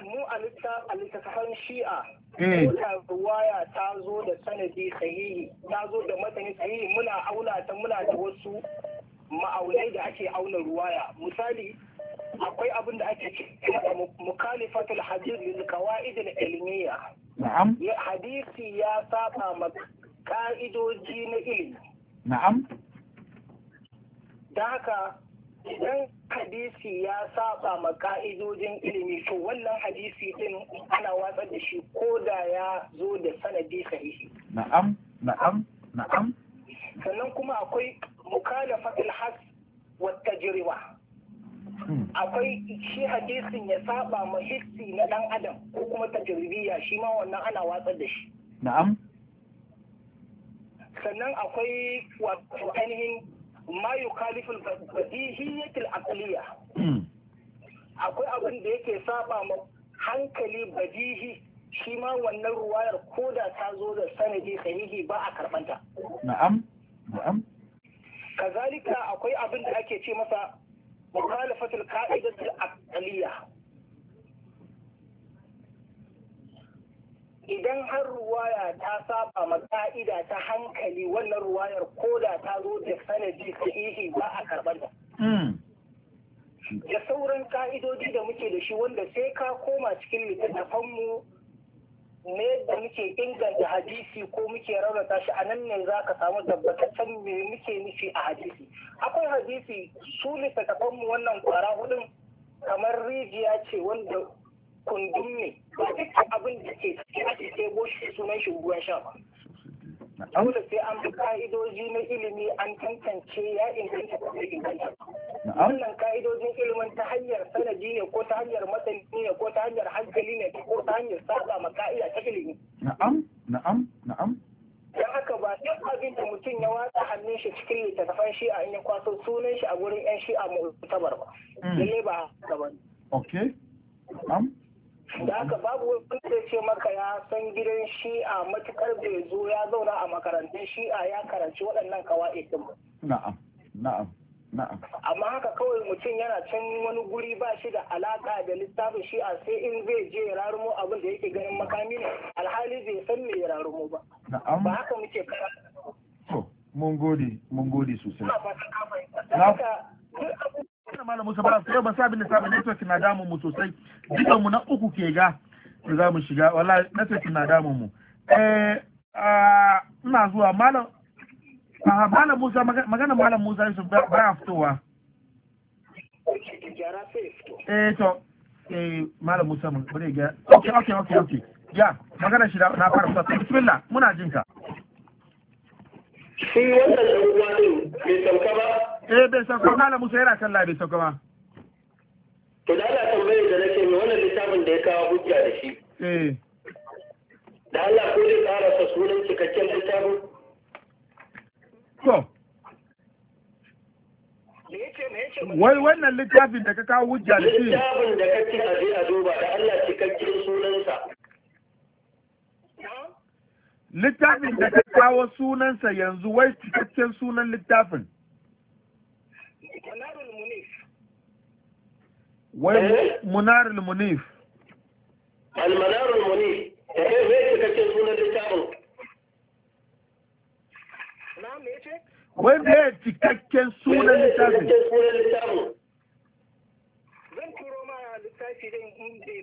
[SPEAKER 1] mu a littattafan shi'a eh. Wata ruwaya ta zo da sanadi sahihi ta zo da matani sahihi muna auna ta muna da wasu ma'aunai da ake auna ruwaya misali akwai abin da ake cewa mukhalifatul hadith lil qawaid al ilmiya na'am hadisi ya saba ma ka'idoji na ilimi na'am da haka idan hadisi ya saba ma ka'idojin ilimi to wannan hadisi din ana watsar da shi ko da ya zo da sanadi sahihi
[SPEAKER 2] na'am na'am na'am
[SPEAKER 1] sannan kuma akwai mukhalafatul haq wa tajriba akwai shi hadisin ya saba ma hissi na dan adam ko kuma tajribiya shi ma wannan ana watsar da shi na'am sannan akwai wato ainihin ma yukhaliful badihiyatil aqliya hmm. akwai abin da yake saba ma hankali badihi shi ma wannan ruwayar ko da ta zo da sanadi sahihi ba a karbanta
[SPEAKER 2] na'am na'am
[SPEAKER 1] kazalika akwai abin da ake ce masa مخالفة القاعدة العقلية idan har ruwaya ta saba ma ka'ida ta hankali wannan ruwayar koda ta zo da sanadi sahihi ba a karɓar ta. Da sauran ka'idodi da muke da shi wanda sai ka koma cikin littattafanmu me da muke inganta hadisi ko muke raunata shi a nan ne za ka samu tabbataccen me muke nufi a hadisi akwai hadisi su mu wannan kwara hudun kamar rijiya ce wanda kundin ne ba duk abin da ke cikin ake tebo shi sunan shi ruwan sha ba Dole sai an bi ka'idoji na ilimi an tantance ya inganta ko inganta. Wannan ka'idojin ilimin ta hanyar sanadi ne ko ta hanyar masani ne ko ta hanyar hankali ne ko ta hanyar saba ma ka'ida ta ilimi. Na'am,
[SPEAKER 2] na'am, na'am.
[SPEAKER 1] don haka ba duk abin da mutum ya watsa hannun shi cikin littattafan shi'a in ya kwaso sunan shi a wurin 'yan shi'a mu tabar ba. Hmm. Lalle ba haka ba.
[SPEAKER 2] Okay. Um.
[SPEAKER 1] da haka babu wanda zai ce maka ya san gidan shi'a matukar bai zo ya zauna a makarantun shi'a ya karanci waɗannan ɗin ba
[SPEAKER 2] na'am na'am na'am
[SPEAKER 1] amma haka kawai mutum yana can wani guri ba shi da alaƙa da littafin shi'a sai in zai je ya rarumo abin da yake ganin makami ne alhali bai san me ya rarumo ba Na'am! ba haka muke To, mun gode mun gode sosai na malam Musa Baraf yau ban sa abin da saba network na damun mu sosai dukan mu na uku ke ga na za mu shiga wallahi network na damun mu eh ah, ina zuwa malam ah, malam Musa magana malam Musa Yusuf baya fitowa eh to eh malam Musa mun bare ga okay okay okay okay ya magana shi na fara fitowa bismillah muna jinka shi wannan dan ne bai sauka ba eh bai sauka malam musa yana sallah bai sauka ba to da Allah tambaye da nake mai wannan littafin da ya kawo hujja da shi eh da Allah ko zai tsara sa sunan cikakken littafin to wai wannan littafin da ka kawo hujja da shi littafin da kake a je a duba da Allah cikakken sunansa littafin da ka kawo sunansa yanzu wai cikakken sunan littafin munarul munif wai eh? munarul munif almanarul munif eh, eh me kake sunan littafin na me ce wai me cikakken sunan littafin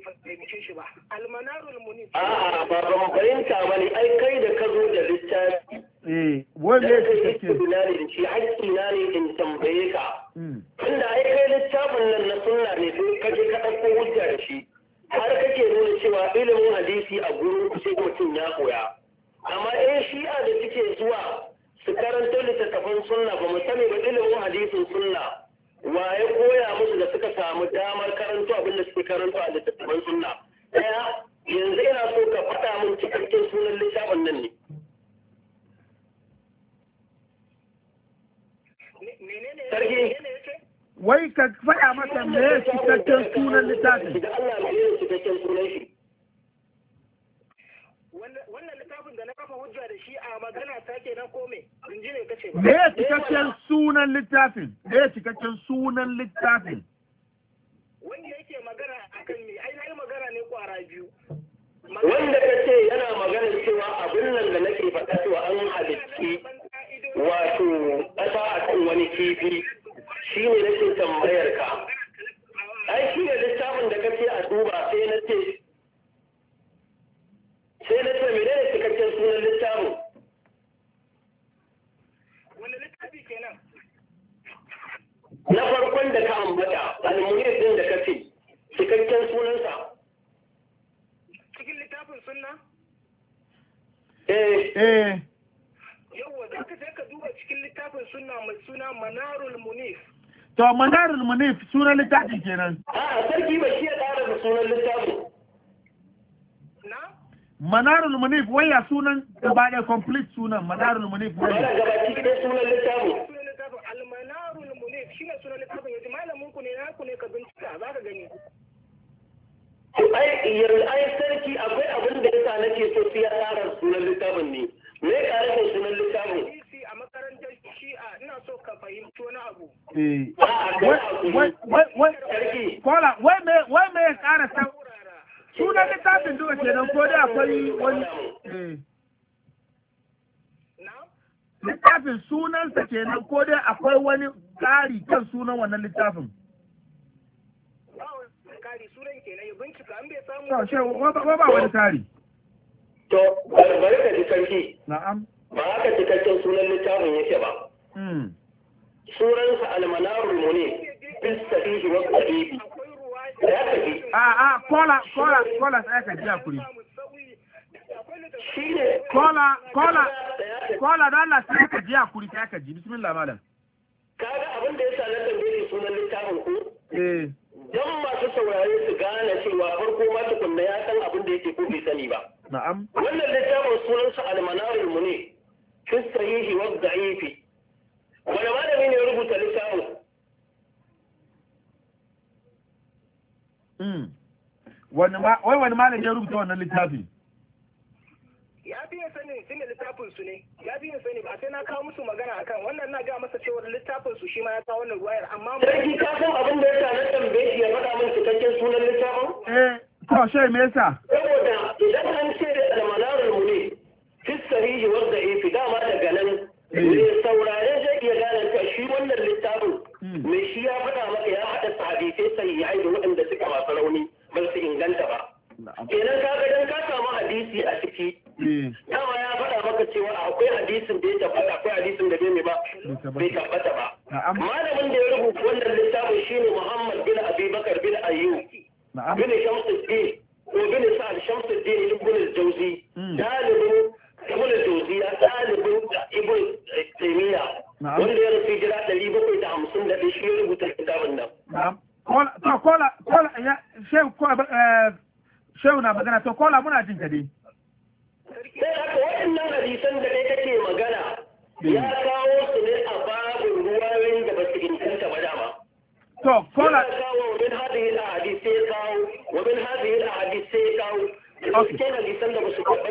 [SPEAKER 1] ma din in shi ba almanarul munif a'a ba ba mu fahimta ba ne ai kai da ka zo da littafi eh wai me shi na ne in tambaye ka tunda hmm. ai kai littafin nan na sunna ne sun kaje ka ɗauko hujja da shi har kake nuna cewa ilimin hadisi a gurin sai mutum ya koya amma eh shi'a da suke zuwa su karanta littattafan sunna ba mu sani ba ilimin hadisin sunna wa ya koya musu da suka samu damar karanta abin da suke karanta a littattafan sunna ɗaya yanzu ina so ka faɗa min cikakken sunan littafin nan ne sarki wai ka faɗa masa me ya cikakken sunan littafin wannan littafin da na kafa hujja da shi a magana ta kenan ko me in ji ne kace me ya cikakken sunan littafin me ya cikakken sunan littafin wanda yake magana akan me ai na yi magana ne kwara biyu wanda ka ce yana magana cewa abin nan da nake faɗa cewa an halitti wato ƙasa a kan wani kifi shi ne nake tambayar ka ai shi ne littafin da ce a duba sai na ce sai na ce mene ne cikakken sunan littafin
[SPEAKER 3] na farkon da ka ambata al din da kace
[SPEAKER 1] cikakken sunansa sunna? Eh. Eh. Yawwa za ka sai ka duba cikin littafin sunna mai suna Manarul Munif. To Manarul Munif sunan littafin kenan. A'a sarki ba shi ya tsara da sunan littafin. Na? Manarul Munif waya sunan gaba ɗaya complete sunan Manarul Munif waya. Wannan gaba ɗaya sunan littafin. Al-Manarul Munif shine sunan littafin yanzu malamin ku ne na ku ne ka bincika za ka gani. ai sarki akwai abin da yasa nake so sai ya sunan littafin ne me ya sunan littafin wai me ya sa
[SPEAKER 3] sunan littafin duka
[SPEAKER 1] kenan ko eh. sunansa kenan ko dai akwai wani tsari kan sunan wannan littafin tari suran kenan ya bincika an bai samu ba shi ba wani tari to bari ka ji sarki na'am ba haka cikakken sunan littafin yake ba hmm. sunansa almanarul muni bis sahihi wa qadibi da ka ji a ah, a ah, kola kola kola sai ka ji akuri kola kola kola da Allah sai ka ji akuri sai ka ji bismillah malam kaga abin da yasa na tambaye sunan littafin ku eh don masu saurare su gane cewa farko ma tukunna ya san abin da yake ko bai sani ba.
[SPEAKER 2] Na'am. Wannan
[SPEAKER 1] littafin sa almanarul mu ne fi sahihi wa da'ifi. Wani malami ne ya rubuta littafin? Hmm. Wai wani malami ya rubuta wannan littafi? ya fi yin sani ne littafin su ne ya fi yin sani ba sai na kawo musu magana akan wannan na ga masa cewa littafin su shi ma ya kawo wannan ruwayar amma sarki ka san abin da yasa na tambaye shi ya faɗa min cikakken sunan littafin eh ko sai me yasa saboda idan an ce da almanarul muni fi sahihi wa da'ifi dama daga nan ne eh. saurare zai iya gane ka shi wannan littafin me hmm. shi ya faɗa maka ya haɗa ya sahihai da waɗanda suka masu rauni ba su inganta ba
[SPEAKER 2] kenan ka ga dan ka
[SPEAKER 1] samu hadisi a ciki eh. dama ya faɗa maka cewa akwai hadisin da ya tabbata akwai hadisin da bai ba bai tabbata ba malamin da ya rubuta wannan littafin shine Muhammad bin Abi Bakar bin Ayyub bin Shamsuddin ko bin Sa'ad Shamsuddin ibn al-Jawzi hmm. dalibin ibn al-Jawzi ya dalibin ibn Taymiya wanda ya rufe jira ɗaya shi ya rubuta littafin nan kola kola kola ya shehu eh, shehu na magana to kola muna jin ka dai sai waɗannan hadisan da kai kake magana ya hmm. kawo su ne a babin ruwayoyin da ba su inganta ba dama to kola kawo min hadhihi al-ahadith sai kawo wa min hadhihi al-ahadith sai kawo Okay. Okay.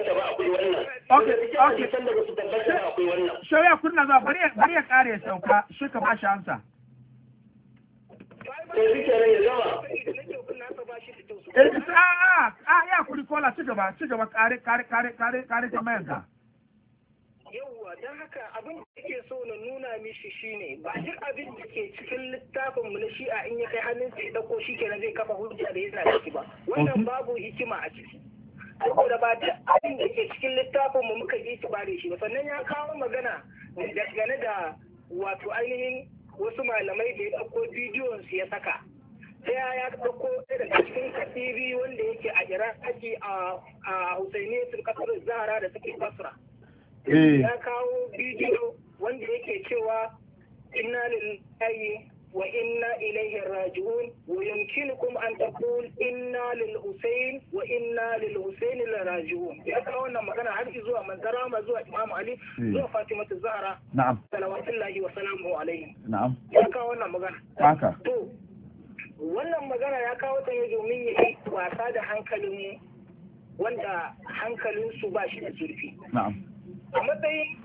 [SPEAKER 1] Shawya kunna za bari ya kare sauka shi ka ba shi ansa. to shi kenan ya gama a eh, a ah, ah, ah, ya kuri kola ci gaba ci gaba kare kare kare kare kare jama'a ka yawwa don haka abin da yake so na nuna mishi shine ba duk abin da ke cikin littafin mu na shi a in ya kai hannun sai dauko shi kenan zai kafa hujja da yana ciki ba wannan babu hikima a ciki saboda ba duk abin da ke cikin littafin mu muka yi shi ba shi ba sannan ya kawo magana dangane da wato ainihin wasu malamai da ya ɗauko bidiyon su ya saka sai ya ɗauko daga cikin katibi wanda yake a iran ake a sun kasar zahara da suke basra eh. ya kawo bidiyo wanda yake cewa inna lillahi وإنا إليه راجعون ويمكنكم أن تقول إنا للحسين وإنا للحسين لراجعون لأن هنا مكان عرفي زوى من كرامة زوى إمام علي زوى فاطمة الزهرة نعم صلوات الله وسلامه عليه
[SPEAKER 2] نعم لأن هنا مكان haka
[SPEAKER 1] to wannan magana ya kawo ta ne domin ya yi wasa da hankalin wanda hankalinsu ba shi da zurfi a matsayin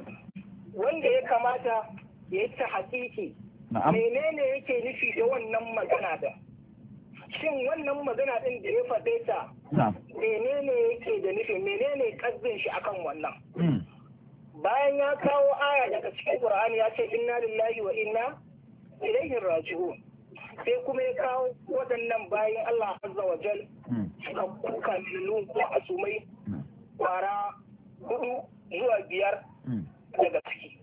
[SPEAKER 1] wanda ya kamata ya yi ta hakiki menene yake nufi da wannan magana da shin wannan magana din da ya faɗe ta menene yake da nufi menene kasbin shi akan wannan hmm. bayan ya kawo aya daga cikin qur'ani ya ce inna lillahi wa inna ilaihi raji'un sai kuma ya kawo waɗannan bayan Allah azza wa jal hmm. suka kuka milu ko asumai hmm. kwara hudu zuwa biyar daga ciki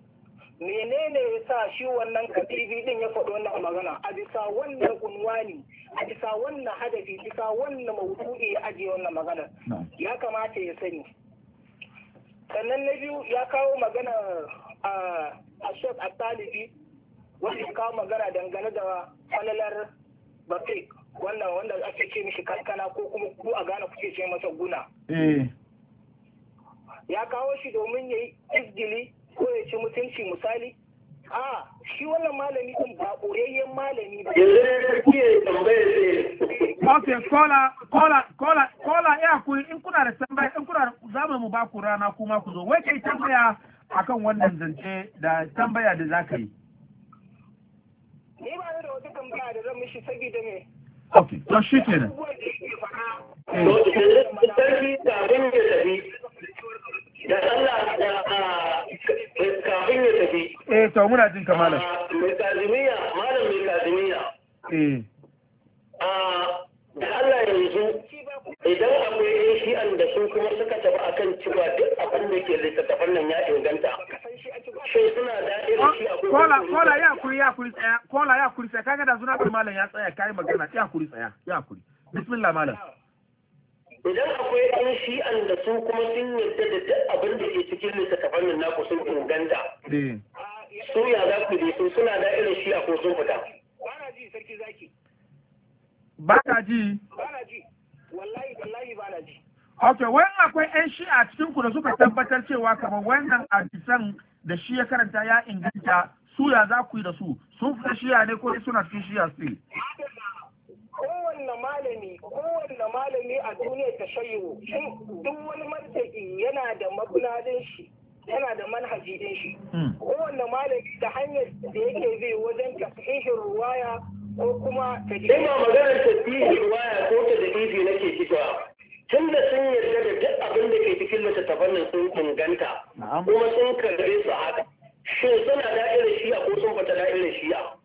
[SPEAKER 1] menene ya sa shi wannan katifi din ya faɗo wannan magana a bisa wannan unwani a bisa wannan hadafi bisa wannan maudu'i ya ajiye wannan magana ya kamata ya sani sannan na biyu ya kawo magana a ashok a talibi wanda ya kawo magana dangane da falalar bafe, wannan wanda ake ce mishi kankana ko kuma ku a gane kuke ce masa guna eh. ya kawo shi domin ya yi izgili ko ya ci mutunci misali a shi wannan malami din ba ɓoyayyen malami ba yanzu ne sarki ya tambaya Okay, kola, kola, kola, kola, ya eh, ku in kuna da tambaya, in kuna za mu baku rana kuma ku zo. Wai kai tambaya akan wannan zance da tambaya da za ka yi. Ni ba da wata tambaya da zan mishi saboda me? ok to shi kenan. Sarki da abin da tafi da Allah da ah, kafin ya tafi. Eh to muna jin ka malam. Ah, mai kazimiya, malam mai kazimiya. Eh. Ah, da Allah ya yanzu idan akwai yan shi'an da su kuma suka tafi akan cewa duk abin da ke littattafan nan ya inganta. Sai suna da shi a kola kola ya kuri ya kuri tsaya kola ya kuri tsaya kaga da suna malam ya tsaya kai magana ya kuri tsaya ya kuri bismillah malam. idan akwai ɗan shi'an da su kuma sun yarda da duk abin da ke cikin littattafan nan naku sun inganta eh. su ya za ku je su suna da irin shi'a ko sun fita ba na ji wallahi wallahi ba na ji ok wayan akwai yan shi'a cikin ku da suka tabbatar cewa kamar wannan hadisan da shi ya karanta ya inganta su ya za ku yi da su sun fita shi'a ne ko suna cikin shi'a still kowanne malami kowanne malami a duniya ta shayyo shin duk wani mantaki yana da mabunadin shi yana da manhaji din shi hmm. kowanne malami da hanyar da yake bi wajen tasihin ruwaya ko kuma ta ina maganar tasihin ruwaya ko ta dalili nake cewa tun da sun yarda da duk abin da ke cikin ta nan sun kunganta, kuma sun karbe su haka shin suna da'irar shi'a ko sun fata da'irar shi'a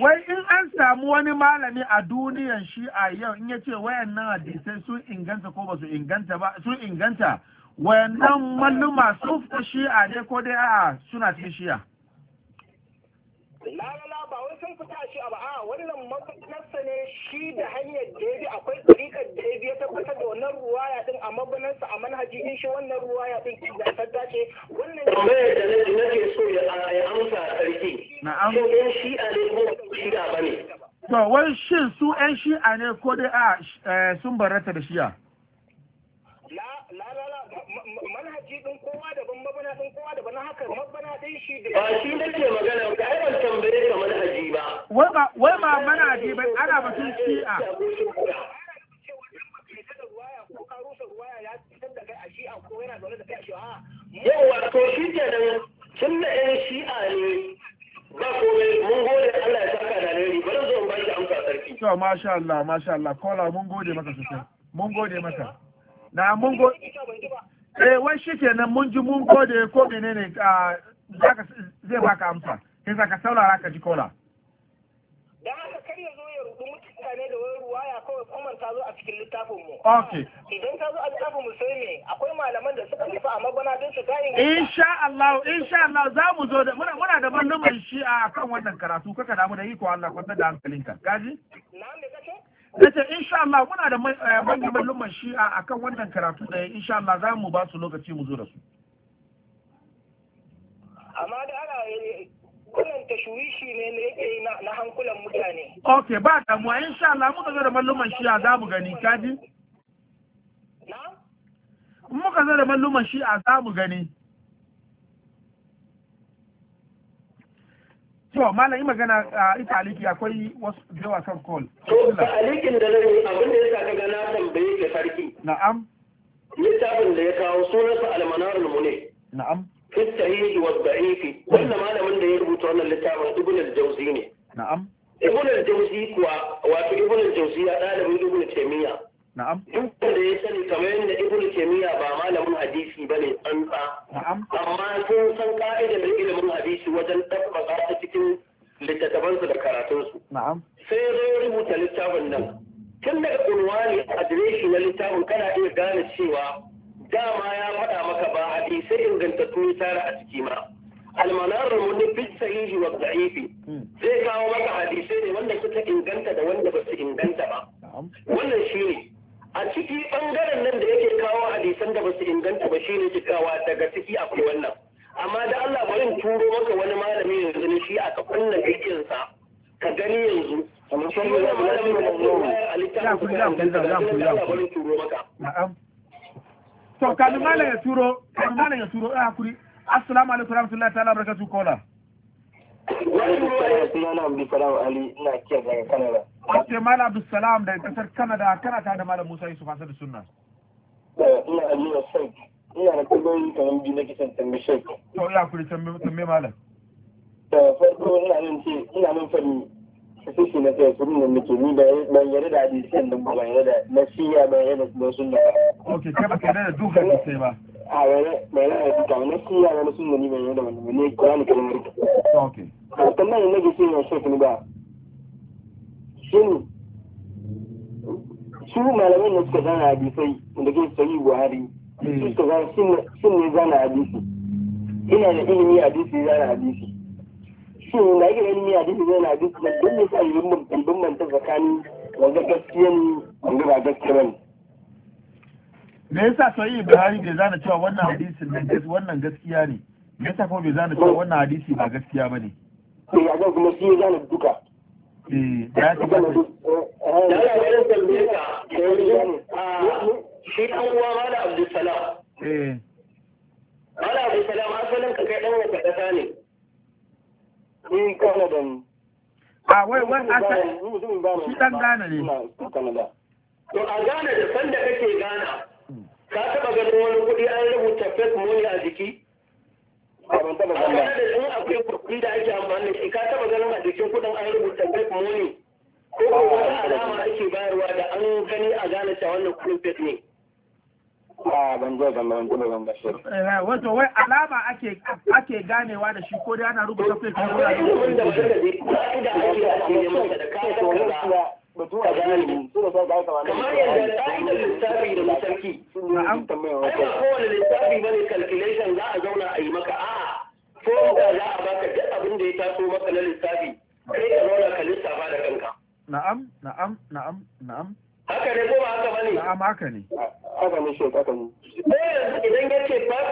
[SPEAKER 1] Wai in an samu wani malami a duniyan shi a yau in ya ce wayannan hadisai sun inganta ko ba su inganta ba sun inganta wayannan malluma sun fi shi'a ne ko dai a'a suna cikin shiya. sun fita a ba'a ah, wannan mafitarsa ne shi da hanyar da ya bi akwai tsarikar da ya bi ya tabbatar da wannan ruwaya din a mabanansa a manhaji in shi wannan ruwaya din ingantacce dace wannan ne da nake so ya amsa sarki na'am shin ɗan shi'a ne ko shi'a bane to wai shin su ɗan shi'a ne ko dai a ah, eh, sun barata da shi'a na san kowa da bana haka mabana dai shi da ba shi nake magana ba ai ban tambaye ka manhaji ba wai ba wai ba manhaji ba ana batun shi'a yawwa to shi kenan tun da yan shi'a ne ba komai mun gode Allah ya saka da alheri bari zo in ba shi amsa sarki to masha Allah masha Allah kola mun gode maka sosai mun gode maka na mun gode eh wai shikenan mun ji mun gode ko menene ah, ka zai baka amsa sai ka saurara ka ji kola dan haka kar ya zo ya rubu mutane da wani ya kawai kuma ta zo a cikin littafin mu okay idan ta zo a littafin mu sai me akwai malaman da suka nufa a magana don su gayin insha Allah insha Allah za mu zo da muna muna da bannumin shi a kan wannan karatu kaka damu da iko Allah kwanta da hankalinka kaji na'am me kace na ce insha Allah muna da eh, manyan malluman shi'a akan wannan karatu ɗaya insha Allah za mu ba su lokaci mu zo da su amma da ana kullum tashwishi ne ne yake yi na hankulan mutane Ok, ba damuwa insha Allah muka zo da malluman shi'a za mu gani kaji na muka zo da malluman shi'a za mu gani to mana yi magana a ita aliki akwai wasu da yawa kan to ka alikin da zai abin da ya sa ka gana tambaye ka sarki
[SPEAKER 2] na'am littafin da ya kawo sunansa almanarul mune na'am fi wasu wa da'ifi wannan malamin da ya rubuta wannan littafin ibn al-jawzi ne na'am
[SPEAKER 1] ibn al-jawzi kuwa wato ibn al-jawzi ya dalibin ibn taymiya na'am duk da ya sani kamar yadda ibnu taymiya ba malamin hadisi bane tsantsa na'am amma sun san ka'idar ilimin hadisi wajen tabbata ta cikin littattafansu da karatunsu na'am sai zai rubuta littafin nan tun daga unwani adireshi na littafin kana iya gane cewa dama ya faɗa maka ba hadisai ingantattu ya tara a ciki ma almanar mun fi sahihi wa za'ifi. Hmm. zai kawo maka hadisai ne wanda suka inganta da wanda ba su inganta ba wannan shine a ciki ɓangaren nan da yake kawo hadisan da ba su inganta ba shi ne cikawa daga ciki akwai wannan amma da Allah bari turo maka wani malami yanzu ne shi aka kunna bikinsa ka gani yanzu to kalmala ya turo kalmala ya turo a ah, hakuri assalamu alaikum warahmatullahi ta'ala barakatuh kola Wani Malam Abdulsalam daga kasar Canada kana ta da Malam Musa Yusuf Hassan da Sunna. Eh, ina Aliyu Sheikh. Ina da tambayoyi kamar biyu na kisan tambayi To ya kuri tambayi Malam. Da farko ina nan ce ina nan fari sisi na kai da ni da ban yarda da da ban yarda na ba
[SPEAKER 2] ka yarda da ba.
[SPEAKER 1] a wani mai na yadda kamar na wani sun mani mai yadda wani wani kura ni kalmar ki. a tambayin na gasi ne shek ni ba shin su malamai na suka zana hadisai da ke sayi buhari suka zana sun ne zana hadisi ina da ilimi hadisi zana hadisi shin na yi ilimi hadisi zana hadisi na don ne yi bambanta tsakanin wanda gaskiya ne wanda ba gaskiya ne. me yasa sahih buhari bai zana cewa wannan hadisi nan wannan gaskiya ne me yasa kuma bai zana cewa wannan hadisi ba gaskiya bane eh a ga kuma shi ya zana duka eh
[SPEAKER 2] da ya ci tabbata da
[SPEAKER 1] ya yi tambaye ka shi an uwa mala abdulsalam eh mala abdulsalam asalin ka kai dan wata kasa ne in kana da a ah, wai wani asalin, shi dan gana ne to a gana da sanda kake gana ka taba ganin wani kuɗi an rubuta fake money a jiki ban taɓa ganin ba da in akwai kuɗi da ake amfani da shi ka taba ganin a jikin kuɗin an rubuta fake money ko ko wani alama ake bayarwa da an gani a gane cewa wannan kuɗin fake ne wato wai alama ake ganewa da shi ko dai ana rubuta fake money a jikin kuɗin da ake da ake da kai da kamar yadda ka'idar lissafi da lissafi ana kowane lissafi bane za a zauna a yi maka a formula za a baka duk abin da ya taso maka na lissafi kai ka ka lissafa da kanka
[SPEAKER 2] na'am na'am na'am na'am
[SPEAKER 1] haka ne ko haka bane na'am haka ne haka ne shi haka ne ko yanzu idan yake 5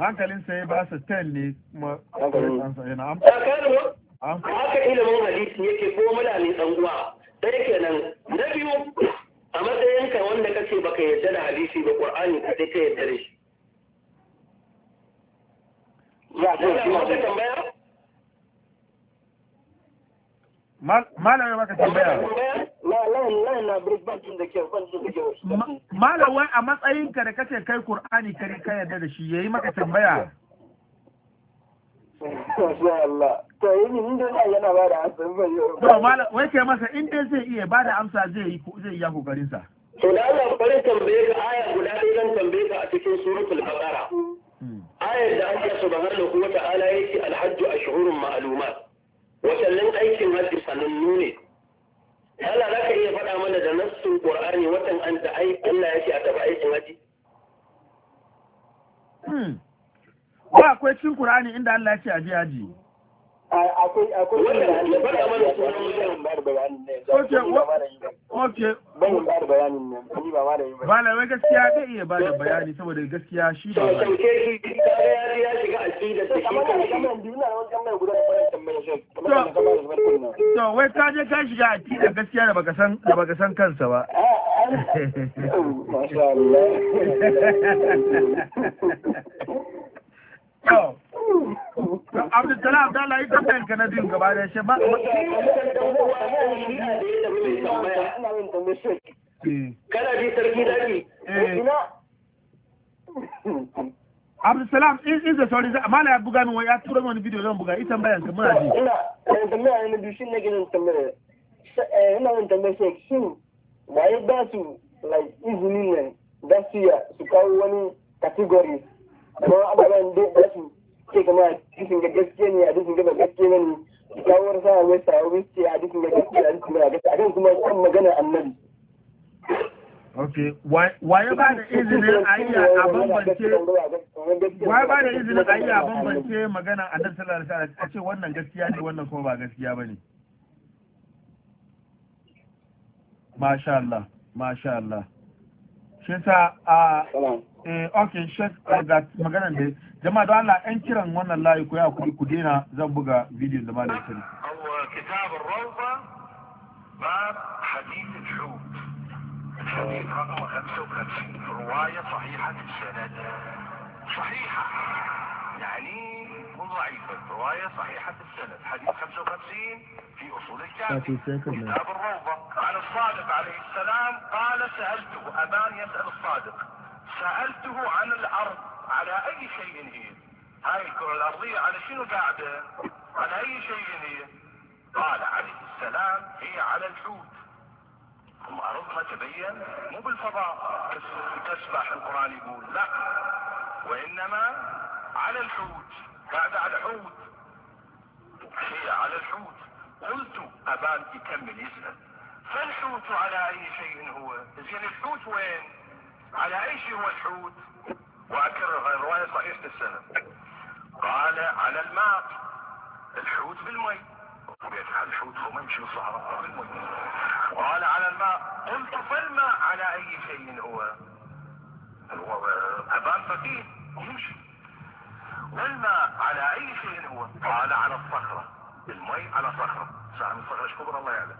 [SPEAKER 1] hankalin sai ba su ten ne kuma haka ilimin hadisi yake ko muna ne dan uwa ɗaya kenan na biyu a matsayinka wanda kake baka yarda da hadisi da qur'ani ka dai ka yarda da shi ya ce shi ma tambaya Malam maka tambaya. Malam wai a matsayinka da kace kai Kur'ani kari ka yadda da shi yayi maka tambaya. wai ke masa in dai zai iya ba da amsa zai yi zai iya kokarin sa. To da Allah bari tambaye ka aya guda ɗaya zan tambaye ka a cikin suratul Baqara. Hmm. Ayar da Allah subhanahu wa ta'ala yake al-hajju ashhurun ma'lumat. watannin aikin hajji sanannu ne hala za ka iya faɗa mana da nassun Qur'ani watan an da ai Allah ya ce a taɓa aikin hajji ba hmm. akwai cikin Qur'ani inda Allah ya ce a je haji akwai akwai ba da ba ba gaskiya zai iya ba da bayani saboda gaskiya shi ba ba to wai ka je ka shiga aqida gaskiya da baka san da baka san kansa ba ah, ah. Oh, masha Allah abdulsala abdala yi tambayar ka na gaba da shi ba eh. eh. Abdulsalam in da sauri za mala ya buga min wai ya tura min wani bidiyo zan buga ita bayan ka muna ji ina ina tambaya ne biyu shin ne gidan tambaya eh, ina tambaya ba su like izinin da su ya su kawo wani category ko da su ce kama a cikin ga gaske ne a cikin ga gaske ne kyawar sa ya sawo ce a cikin ga ne a cikin ga akan kuma kan magana annabi Okay, wa ya ba da izinin a a bambance wa ba da izinin a a bambance magana annabi sallallahu alaihi wasallam a ce wannan gaskiya ne wannan kuma ba gaskiya bane Masha Allah, Masha Allah. Shi sa a eh okay, shek eh, ga maganan da jama'a don Allah ɗan kiran wannan layi ko ya ku dena zan buga bidiyon da malam sani kitab ar-rawda bab hadith al-hud الحديث رقم 55 رواية صحيحة السند صحيحة يعني ضعيفة رواية صحيحة السند حديث 55 في أصول الكافي
[SPEAKER 2] كتاب الروضة عن الصادق عليه السلام قال سألته أبان يسأل الصادق
[SPEAKER 1] سألته عن الأرض على اي شيء هي هاي الكرة الارضية على شنو قاعدة على اي شيء هي قال عليه السلام هي على الحوت ثم ارضها تبين مو بالفضاء تسبح القرآن يقول لا وانما على الحوت قاعدة على الحوت هي على الحوت قلت ابان يكمل يسأل فالحوت على اي شيء هو زين الحوت وين على اي شيء هو الحوت واكرر الرواية صحيحة السند قال على الماء الحوت بالمي الحوت هو ما يمشي الصحراء بالمي قال على الماء قلت فالماء على اي شيء هو هو ابان فقير يمشي والماء على اي شيء هو قال على الصخرة المي على صخرة من الصخرة كبرى الله يعلم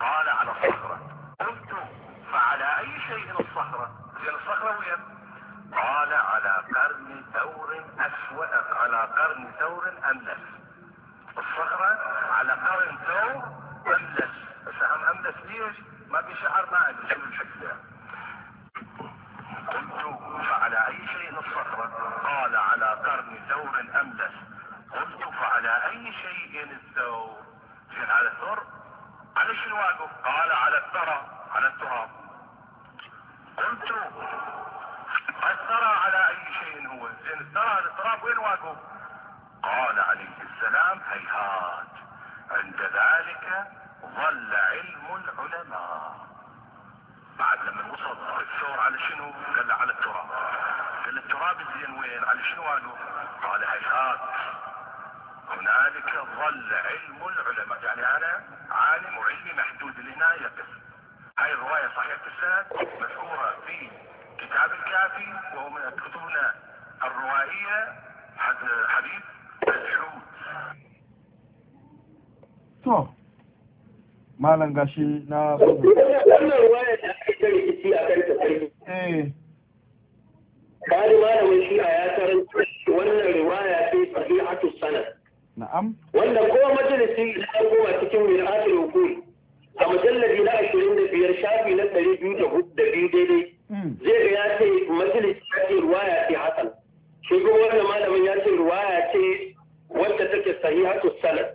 [SPEAKER 1] قال على الصخرة قلت فعلى اي شيء الصخرة زين الصخرة وين قال على قرن ثور أسوأ على قرن ثور أملس الصخرة على قرن ثور أملس بس هم أملس ليش ما في شعر ما أدري شو الفكرة قلت فعلى أي شيء الصخرة قال على قرن ثور أملس قلت فعلى أي شيء الثور زين على الثور على شنو واقف قال على الثرى على التراب قلت اثر على اي شيء هو زين الثرى الاضطراب وين واقف قال عليه السلام هيهات عند ذلك ظل علم العلماء بعد لما وصل الثور على شنو قال له على التراب قال له التراب زين وين على شنو واقف قال هيهات هنالك ظل علم العلماء يعني انا عالم وعلمي محدود لهنا يقف هاي الرواية صحيحة السند مذكورة في كتاب الكافي وهو من الكتب الروائية حد حبيب الحوت تو ما لنقاشي نا قال إيه. ما لو شيء يا ترى وانا رواية في فضيعة السنة نعم وانا قوة مجلس الأربوة تكون من آخر وقول أما جل جلاء شرين لن تريد يوجد هدى بيدي Mm. zai ya ce majalis ya ce ruwaya ce hasan shi kuma wannan malamin ya ce ruwaya ce wadda take sahihatu sanad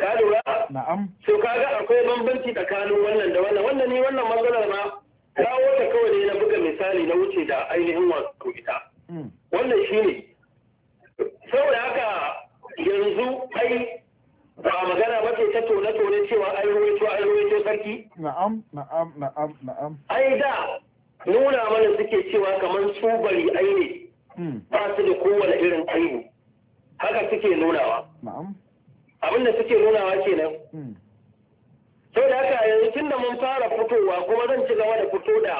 [SPEAKER 1] ka lura na'am so kaga akwai bambanci tsakanin wannan da wannan wannan ne wannan matsalar na kawo ta kawai ne na buga misali na wuce da ainihin wasu ita mm. wannan shi ne saboda haka yanzu ai ba magana ba ce ta tone-tone cewa an ruwaito an ruwaito sarki
[SPEAKER 2] na'am na'am na'am na'am
[SPEAKER 1] ai da nuna mana suke cewa kamar su bari aini hmm. ba su da kowane irin aini haka suke nunawa abin da suke nunawa kenan hmm. sai da haka yanzu tun da mun fara fitowa kuma zan ci gaba da fito da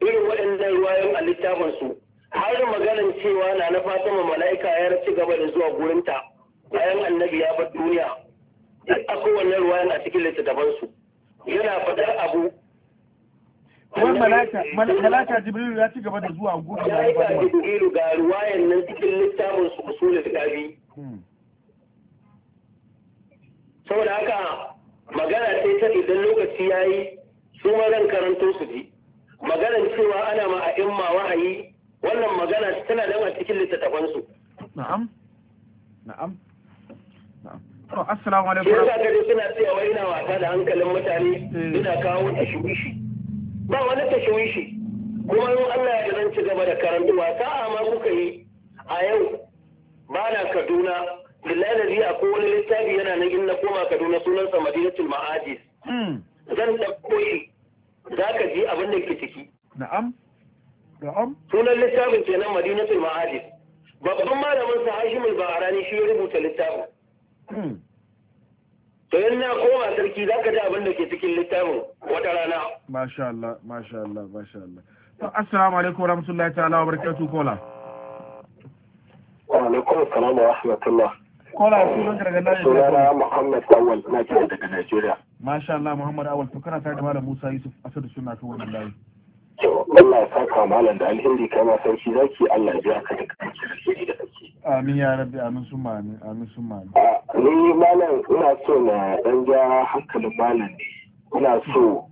[SPEAKER 1] irin waɗannan ruwayoyin a su, har maganin cewa na na ma mala'ika ya ci gaba da zuwa gurinta bayan annabi ya bar duniya duk a kowanne ruwayan a cikin littattafansu yana faɗar abu
[SPEAKER 3] wai malaka malaka
[SPEAKER 1] jibril ya ci gaba da zuwa gudu ya yi fatima jibril ga ruwayan nan cikin littafin su usulul kabi hmm. saboda haka magana sai ta idan lokaci yayi su ma zan karanto su ji maganar cewa ana ma a a'imma wahayi wannan magana tana da a cikin littattafan su na'am na'am na'am assalamu alaikum sai ka ga suna cewa ina wasa da hankalin mutane eh. ina kawo ta shi ba wani shi. kuma yau Allah ya zan ci gaba da ba sa'a ma kuka yi a yau ba na Kaduna billahi lazi a wani littafi yana nan in koma Kaduna sunan sunansa Madinatul Ma'adis hmm. zan ɗauko shi za ka ji abin da ke ciki
[SPEAKER 2] na'am na'am
[SPEAKER 1] sunan littafin kenan Madinatul Ma'adis babban malamin sa Hashim al-Bahrani shi ya rubuta littafin hmm. to in na koma sarki za ka ji abin da ke cikin littafin wata rana masha Allah masha Allah masha Allah to assalamu alaikum warahmatullahi ta'ala wa barakatuh kola wa alaikum assalam wa rahmatullah kola sunan daga Najeriya sunana Muhammad Awal na kira daga Najeriya masha Allah Muhammad Awal to kana tare da Malam Musa Yusuf Asadu suna kan wannan layi To Allah ya saka malam da alheri kama sarki zaki Allah ya biya ka da kake Amin ya rabbi amin
[SPEAKER 2] sun mani amin sun mani.
[SPEAKER 1] Ni malam ina so na dan ja hankalin malam ne. Ina so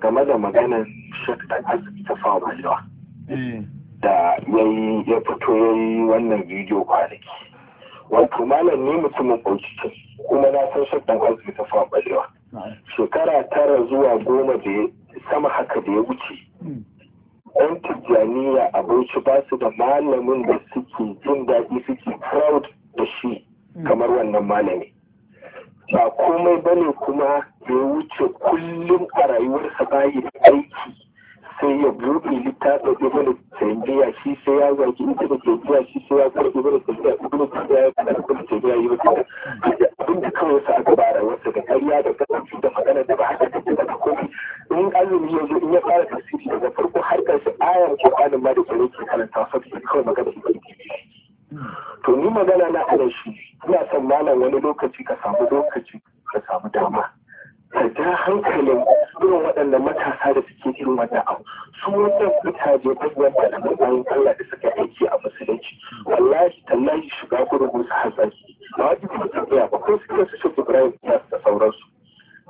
[SPEAKER 1] game da maganar shakka arziki ta fa balewa. Eh. Da yayi ya fito yayi wannan bidiyo kwanaki.
[SPEAKER 3] Wato malam ne mutumin ɓauki kuma na san shakkan arziki ta fa balewa.
[SPEAKER 1] Shekara tara zuwa goma da sama haka da ya wuce yan tijjaniya a bauchi ba su da malamin da suke jin daɗi suke proud da shi kamar wannan malami ba komai bane kuma ya wuce kullum a rayuwarsa bayi aiki sai ya buɗe littafin mana taymiya shi sai ya zaki in ta da taymiya shi sai ya kuma ibn taymiya ibn taymiya ya kana ibn ya yi mata abin da kawai sa aka bara wasa da ƙarya da kasance da magana da ba haka take da komai in azumi ya zo in ya fara tasiri daga farko har ƙarshe ayar qur'anin ma da tsaro ke ta sa take kawai magana da to ni magana na ana shi ina son malam wani lokaci ka samu lokaci ka samu dama ka ta hankalin irin waɗanda matasa da suke irin wannan abu su wannan mutane manyan malamai bayan Allah da suka aiki a musulunci wallahi tallahi shiga gurin su hatsari a wajen kuma ba ko suke su shi Ibrahim da sauransu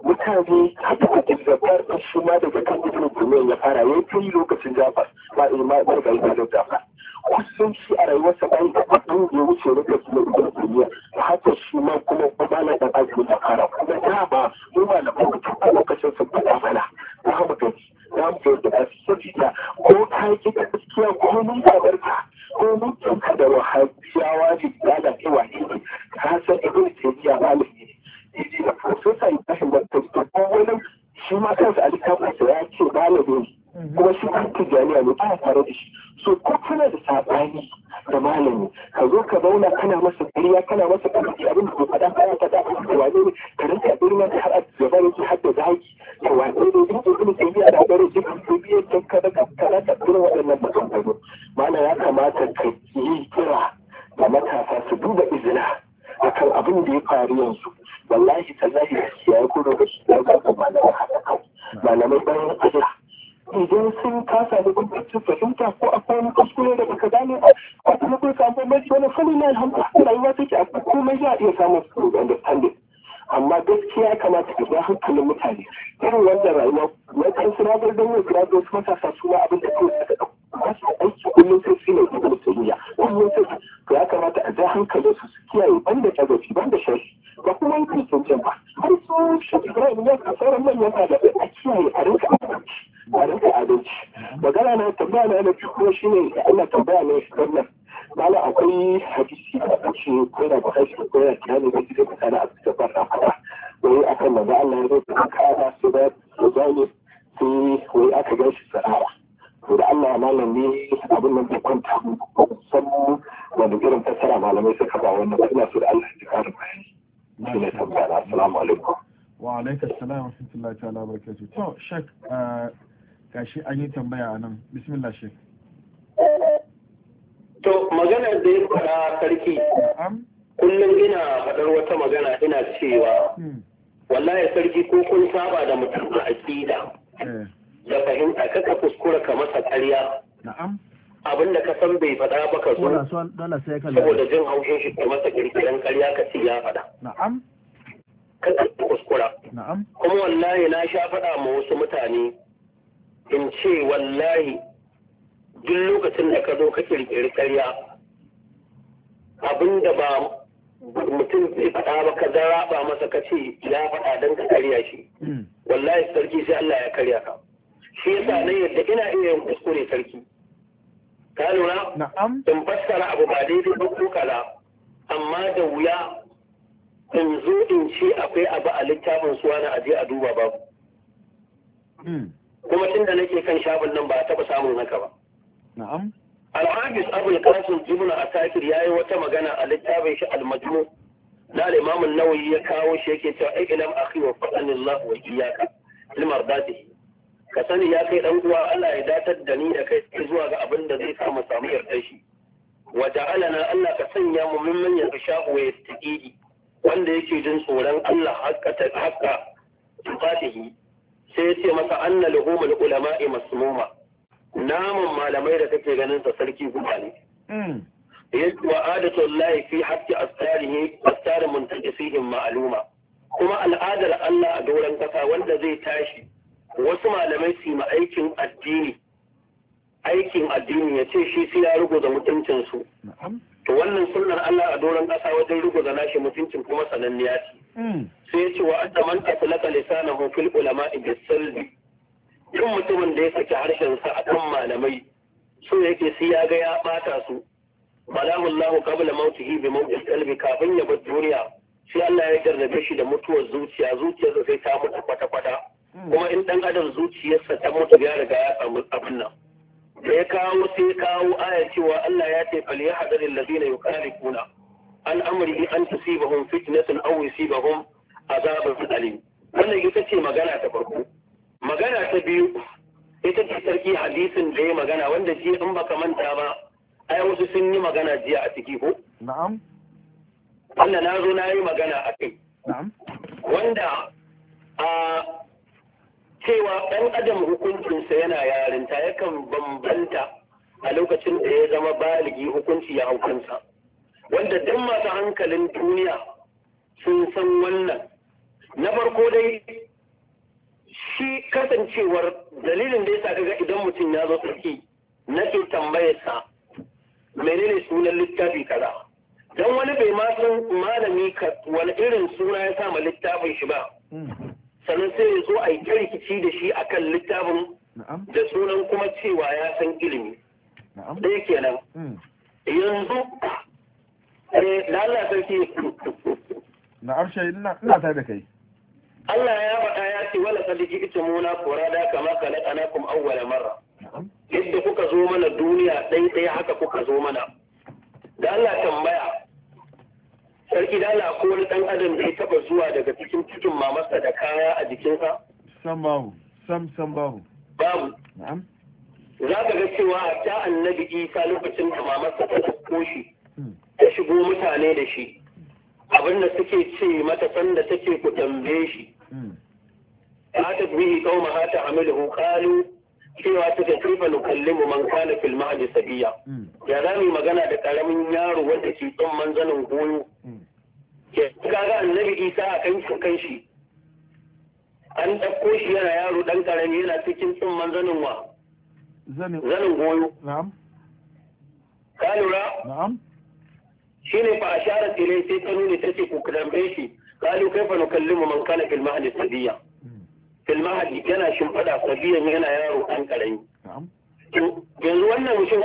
[SPEAKER 1] mutane haka a gabar da shi ma daga kan ibn Taymiyyah ya fara ya yi lokacin Jafar ba imam ba yi ibn Jafar kusan shi a rayuwarsa bayan da abin da ya wuce lokaci na ibn Taymiyyah haka shi ma kuma kuma na da azumi da fara kuma da ba mu ma na ku a lokacin su faɗa mana za mu ga za mu ga da sabida ko ka ki gaskiya ko mun babar ka ko mun ka da wahabiyawa ne da da kai wani ka san da ibn Taymiyyah malami ne daidai da profesa ya tashi wani shi ma kansa a littafinsa ya ce ɗalibin mhm. kuma shi an tijjaniya ne ba tare da shi so ko kana da saɓani da malami ka zo ka zauna kana masa ƙarya kana masa ƙarfi abin da ke faɗa ya ta dafa ka wane ne ka rinka birnin har a gaba har da zaki ka wane ne in ke kuma ke biya da gare ji kan ke biya ta ka kada ka waɗannan maganganu mana ya kamata ka yi kira da matasa su duba izina akan abin da ya faru yanzu wallahi tallahi ya yi kudu da shi ya ga malamai malamai bayan idan sun kasa da gwamnatin fahimta ko akwai wani kuskure da baka gane ba ko kuma kun samu bambanci wani fari na alhamdulillah rayuwa take akwai komai za a iya samun su understanding amma gaskiya ya kamata ka ja hankalin mutane irin wanda rayuwa na kan sinadar don yau wasu matasa su ma abin da ke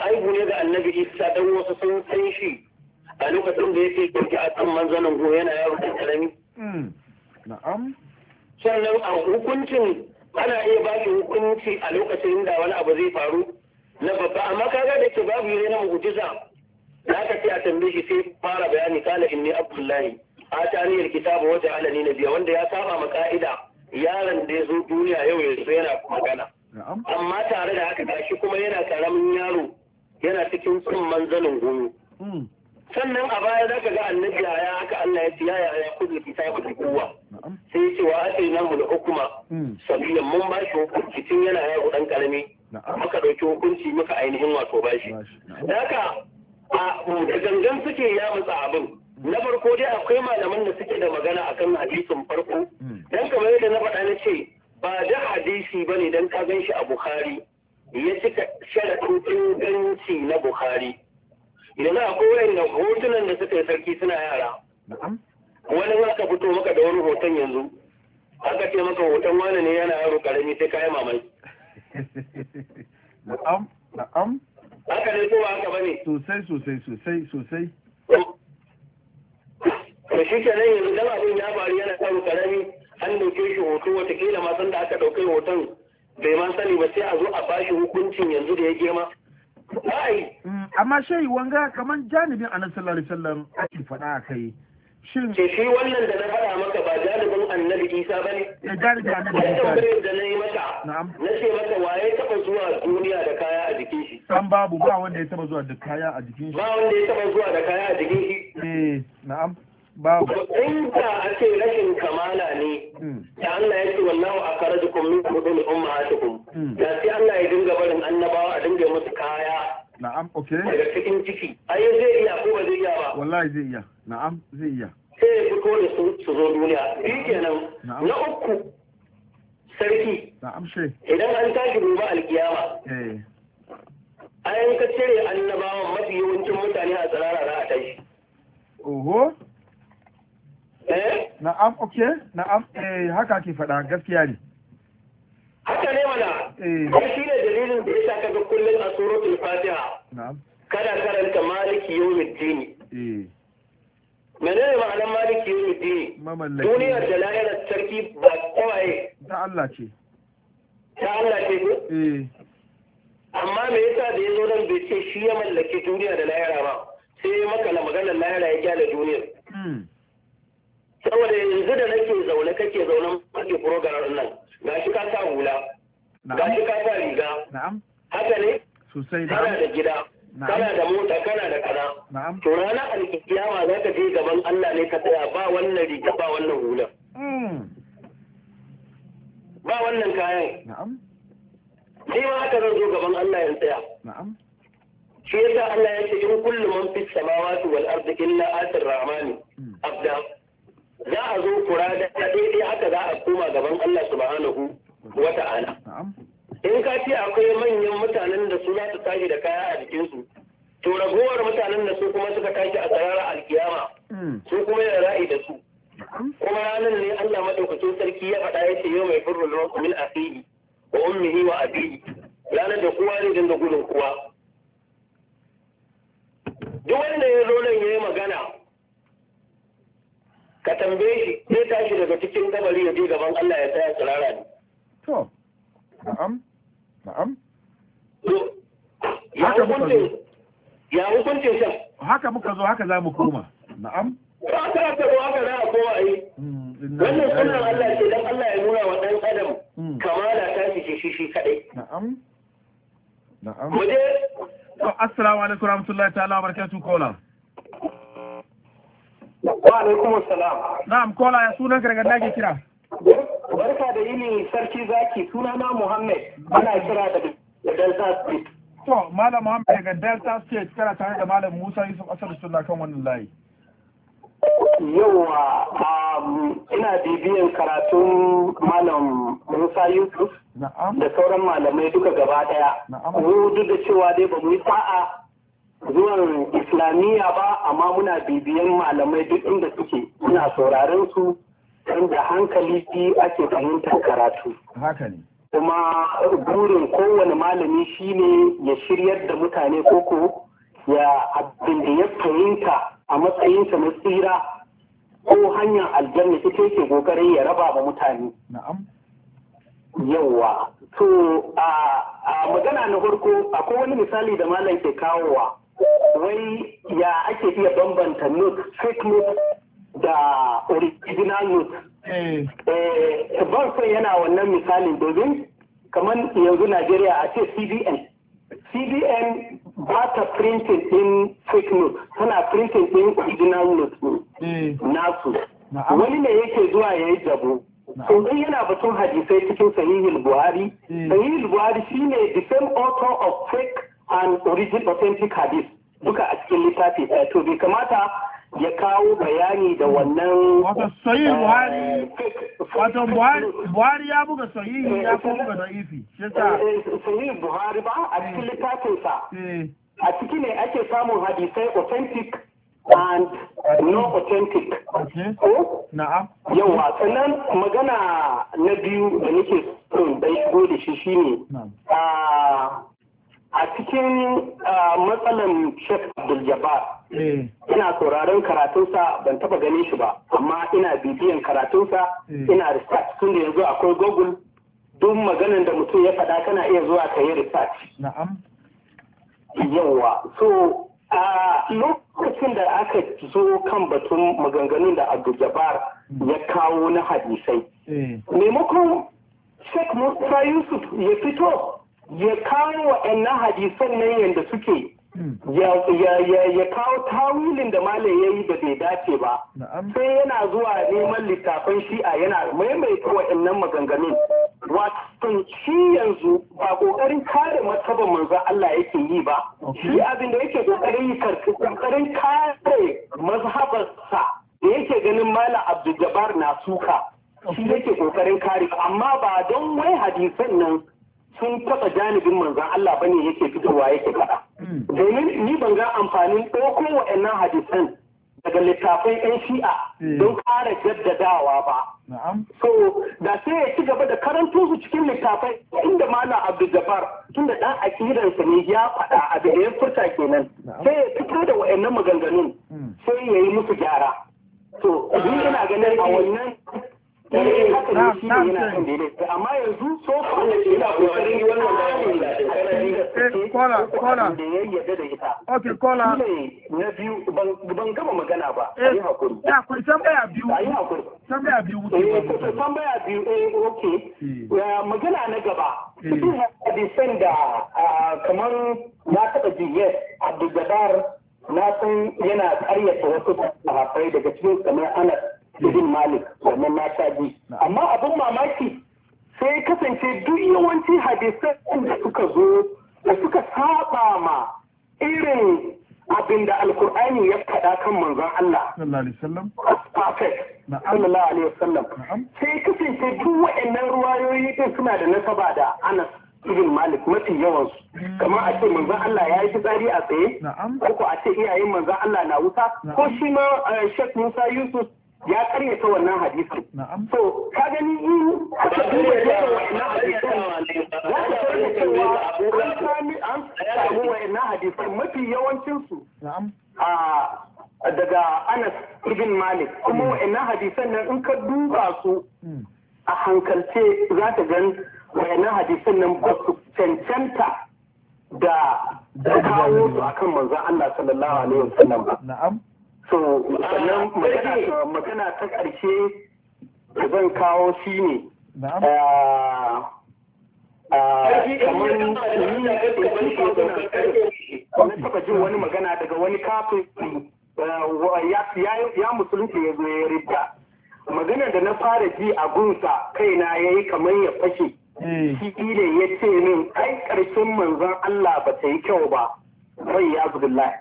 [SPEAKER 1] aibu ne ga annabi isa dan wasu sun san shi a lokacin da yake kirki a kan manzanin go yana yaro da karami
[SPEAKER 2] hmm. na'am
[SPEAKER 1] sannan a hukuncin ana iya ba shi hukunci a lokacin da wani abu zai faru na babba amma kaga da ke babu ne na mu'jiza na ka ce a tambaye shi sai fara bayani kala inni abdullahi a kitabu wajen alani na biya wanda ya saba ma ka'ida yaron da ya zo duniya yau yanzu yana magana amma tare da haka shi kuma yana karamin yaro yana cikin tsin manzanin goyo hmm. sannan a baya za ka ga annabi ya haka Allah ya tiya ya ya kudu kitabu da kuwa. sai ya ce wa ake nan mu da hukuma hmm. sabiyan mun ba shi hukunci tun yana ya dan karami muka dauki hukunci muka ainihin wato ba shi Daka a gangan suke ya matsa abin na farko dai akwai malaman da suke da magana akan hadisin farko hmm. dan kamar yadda na faɗa na ce ba da hadisi bane dan ka gan shi a Bukhari ya cika sharaɗin inganci na Bukhari. a akwai na hotunan da suka yi sarki suna yara. Wani ma ka fito maka da wani hoton yanzu. Aka ce maka hoton wani ne yana yaro ƙarami, sai kayan mamaki.
[SPEAKER 2] Na'am, na'am. Haka
[SPEAKER 3] ne kuma haka bane.
[SPEAKER 1] Sosai, sosai, sosai, sosai. Da shi ke nan yanzu dama abin ya faru yana yaro ƙarami, an dauke shi hoto wataƙila ma san da aka ɗauke hoton bai ma sani ba sai a zo a bashi hukuncin yanzu da ya girma mm, amma shehi wanga kamar janibin annabi sallallahu alaihi wasallam ake faɗa a kai shin ke shi wannan da na faɗa maka ba janibin annabi isa ba ne ya eh, janibin annabi isa ne da na yi maka na ce maka waye taɓa zuwa duniya da kaya a jikin shi san babu ba wanda ya taɓa zuwa da kaya a jikin shi ba wanda ya taɓa zuwa da kaya a jikin shi eh na'am babu inda ake rashin kamala ne hmm. da Allah ya ce wallahu akhrajakum min butun ummahatikum hmm. da sai Allah ya dinga barin annabawa a dinga musu kaya
[SPEAKER 2] na'am okay daga
[SPEAKER 1] cikin ciki ai zai iya ko ba zai iya ba
[SPEAKER 2] wallahi zai iya na'am zai iya
[SPEAKER 1] sai ya fito da su su zo duniya bi kenan na uku sarki na'am she idan an tashi gobe alkiyama eh ayan ka cire annabawan mafi yawancin mutane a tsarara za a tashi oho Eh? na'am ok na'am eh haka ke faɗa gaskiya ne haka ne mana Kuma eh. shi ne dalilin da ya yasa kaga kullum a suratul fatiha na'am kada karanta maliki yawmiddin eh menene ma'anar maliki yawmiddin duniyar da lahirar sarki ba kawai. ta Allah ce ta Allah ce ko eh amma me yasa da zo nan bai ce shi ya mallaki duniya da lahira ba sai maka la maganar lahira ya gyara duniyar hmm. saboda yanzu da nake zaune kake zaune mafi program nan ga shi ka sa hula ga shi ka sa riga haka ne kana da gida kana da mota kana da kana to ranar alkiyama za ka je gaban Allah ne ka tsaya ba wannan riga ba wannan hula hmm. ba wannan kayan ni ma haka zan zo gaban Allah ya tsaya shi yasa Allah ya ce in kullum man fi samawati wal ardi illa atir rahmani hmm. abda za a zo kura da daidai haka za a koma gaban Allah subhanahu wa ta'ala in ka ce akwai manyan mutanen da su za su tashi da kaya a jikinsu to ragowar mutanen da su kuma suka tashi a tsarara alkiyama hmm. su kuma yana ra'ayi da su kuma ranar ne Allah madaukakin sarki ya faɗa ya ce yau mai da wasu min asiri wa ummihi wa abihi ranar da kowa ne da gudun kowa duk wanda ya zo nan yi magana ka tambaye shi zai tashi daga cikin kabari ya je gaban Allah ya tsaya tsirara ne to na'am na'am
[SPEAKER 2] ya hukunce
[SPEAKER 1] ya hukunce shan haka muka zo haka za mu koma na'am haka zo haka za a koma a yi mm, wannan sunan Allah ce dan Allah ya nuna wa dan adam mm. kamala ta shi shi shi kadai na'am na'am mu je assalamu alaikum warahmatullahi ta'ala kola Wa alaikum salam. Na'am kola ya sunan daga nake kira. Barka da yini sarki zaki sunana Muhammad ana kira da Delta State. To Malam Muhammad daga Delta State kira tare da Malam Musa Yusuf Asadu Sunna kan wannan layi. Yawwa um, ina bibiyan karatun Malam Musa Yusuf da sauran malamai duka gaba daya. Mu duk da cewa dai ba mu yi sa'a zuwan islamiyya ba amma muna bibiyan malamai duk inda suke muna sauraron su inda hankali fi ake fahimtar karatu kuma burin kowane malami shine ya shiryar da mutane koko ya abin da ya fahimta a matsayinsa na tsira ko hanyar aljanna ita yake kokarin ya raba ba mutane yauwa to a magana na farko akwai wani misali da malam ke kawowa wai ya ake iya bambanta note fake note da original note ban son yana wannan misalin domin kamar yanzu najeriya a ce cbn cbn ba ta printing din fake note tana printing din original note ne eh. nasu wani ne yake zuwa ya yi jabo yana batun hadisai cikin sahihul buhari eh. sahihul buhari shine the same author of fake an origin authentic hadith duka a cikin littafi ɗaya eh, to bai kamata ya kawo bayani da wannan wato sahih eh, buhari wato buhari ya buga sahihi eh, ya kuma buga da'ifi sahih buhari ba a cikin littafinsa a ciki ne ake samun hadisai authentic and no authentic ko na'am yawa sannan magana na biyu da nake son bai shigo da shi shine a cikin matsalan Sheikh Abdul Jabbar eh. ina sauraron karatunsa ban taba ganin shi ba amma ina bibiyan karatunsa eh. ina research tun da yanzu akwai Google duk maganan da mutum ya faɗa kana iya zuwa ka yi research na'am yawa so a lokacin da aka zo kan batun maganganun da Abdul Jabbar hmm. ya kawo na hadisai eh. maimakon Sheikh Musa Yusuf ya fito ya kawo waɗannan hadisan nan yadda suke hmm. ya kawo tawilin da malam ya yi da bai dace ba sai yana zuwa neman littafan shi'a yana maimaita waɗannan maganganun wato shi yanzu ba ƙoƙarin kare martaban manzon Allah yake yi ba shi abin da yake ƙoƙarin yi ƙoƙarin kare mazhabarsa da yake ganin malam Abdul na suka shi yake kokarin kare amma ba don wai hadisan nan sun taɓa janibin manzan Allah bane yake fitowa yake faɗa. Domin ni ban ga amfanin ɗauko wa'annan hadisan daga littafin 'yan shi'a eh. don ƙara jaddadawa ba. So da sai ya ci gaba da karantun su cikin littafai inda Malam Abdul Jabbar tunda ɗan akidansa ne ya faɗa abin da ya furta kenan sai ya fito da wa'annan maganganun hmm. sai ya yi musu gyara. So ina ganin a wannan Eh, amma yanzu so far da shi na kokarin yi wannan bayanin da kanadi eh, da ya yarda da ita okay kola na biyu ban gama magana ba A eh, yi hakuri ya san baya biyu A yi hakuri baya biyu eh San baya biyu eh okay hmm. magana na gaba cikin hmm. hadisan da kamar na taba ji yes abdul na san yana karyata wasu sahabbai daga cikin kamar anas bin malik wannan na bi. amma abin mamaki sai kasance duk yawanci hadisan da suka zo da suka saba ma irin abin da alkur'ani ya faɗa kan manzon Allah sallallahu alaihi wasallam sai kasance duk waɗannan ruwayoyi din suna da nasaba da Anas ibn Malik mafi yawansu hmm. kamar a ce manzon Allah ya yi fitsari a tsaye ko a ce iyayen manzon Allah na wuta ko shi ma eh, Sheikh Musa Yusuf ya karyata wannan hadisin. So, ka gani in aka duba yawan wannan hadisin, za ka sani cewa an sami an samu wannan hadisin mafi yawancinsu daga Anas ibn Malik. Kuma hmm. wannan hadisan nan in ka duba su hmm. a hankalce za ta gan wannan hadisan nan ba su cancanta da kawo su akan manzon Allah sallallahu alaihi wasallam ba. sannan magana ta ƙarshe zan kawo shi ne eh, eh, kamar wani jin wani magana daga wani kafin eh, ya musulunci ya zo ya rita magana da na fara ji a gunsa kaina ya yi kamar ya fashe shi ne ya ce min ai ƙarshen manzon Allah ba ta yi kyau ba rai ya zubillah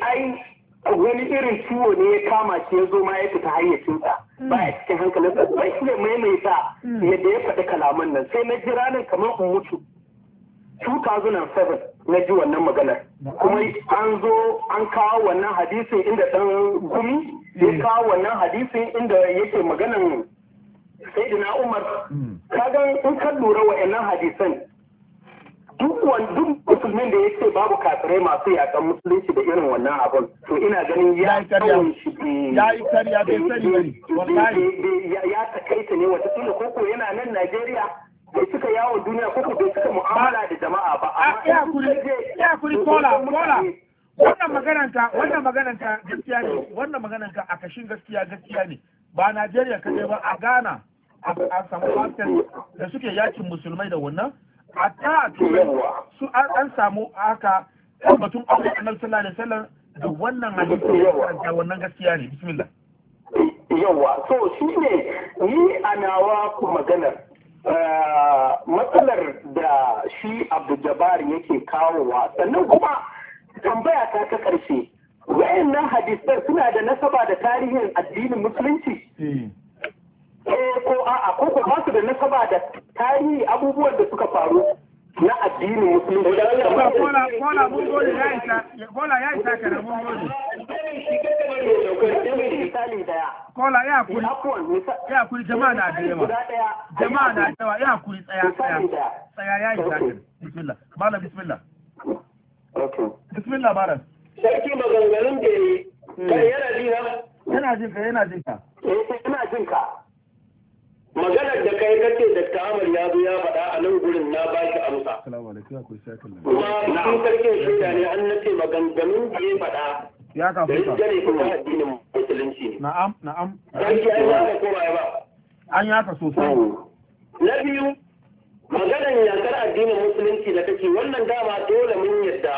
[SPEAKER 1] ai wani irin ciwo ne ya kama shi ya zo ma ya fita hayyacinsa hmm. ba ya cikin hankalinsa bai iya maimaita hmm. yadda ya faɗi kalaman nan sai na jira nan kamar in mutu 2007 na ji wannan maganar kuma an zo an kawo wannan hadisin inda ɗan gumi ya hmm. kawo wannan hadisin inda yake maganan sai Umar kaga in ka lura wa'annan hadisan duk wani musulmin da ya ce babu kafirai masu yakan musulunci da irin wannan abun to ina ganin ya yi shi ya yi karya bai sani bane wallahi ya takaita ne wata tunda koko yana nan Najeriya bai cika yawon duniya koko bai cika mu'amala da jama'a ba ah, amma ya kuri ya kuri kola kola wannan ka wannan ka gaskiya ne wannan magananta a kashin gaskiya gaskiya ne ba Najeriya kaje ba a Ghana a samu da suke yakin musulmai da wannan hatta su an samu haka tabbatun aure annabi sallallahu alaihi da wannan hadisi da wannan gaskiya ne bismillah yawa so shi ne ni a nawa ku maganar eh, matsalar da shi abu yake kawowa sannan kuma tambaya ta ta ƙarshe wayannan hadisai suna da nasaba da tarihin addinin musulunci eh. eh ko a'a ko ko ba su da nasaba da tarihi abubuwan da suka faru na addini musulunci bola bola mun gode ya isa ya isa kana mun kola ya kuri eh, ya kuri jama'a na da yawa jama'a na da ya kuri tsaya tsaya tsaya ya isa
[SPEAKER 3] yana jin
[SPEAKER 1] yana jin yana jin ka eh, maganar da kai kace da kamar ya zo ya faɗa a nan gurin na ba ki amsa assalamu alaikum akwai sakin kuma sun karke shaida ne an nace maganganun da ya faɗa ya ka fuka ne kuma addinin musulunci na'am na'am an yi ba ko ba an sosai na biyu maganan yakar addinin musulunci da kake wannan dama dole mun yadda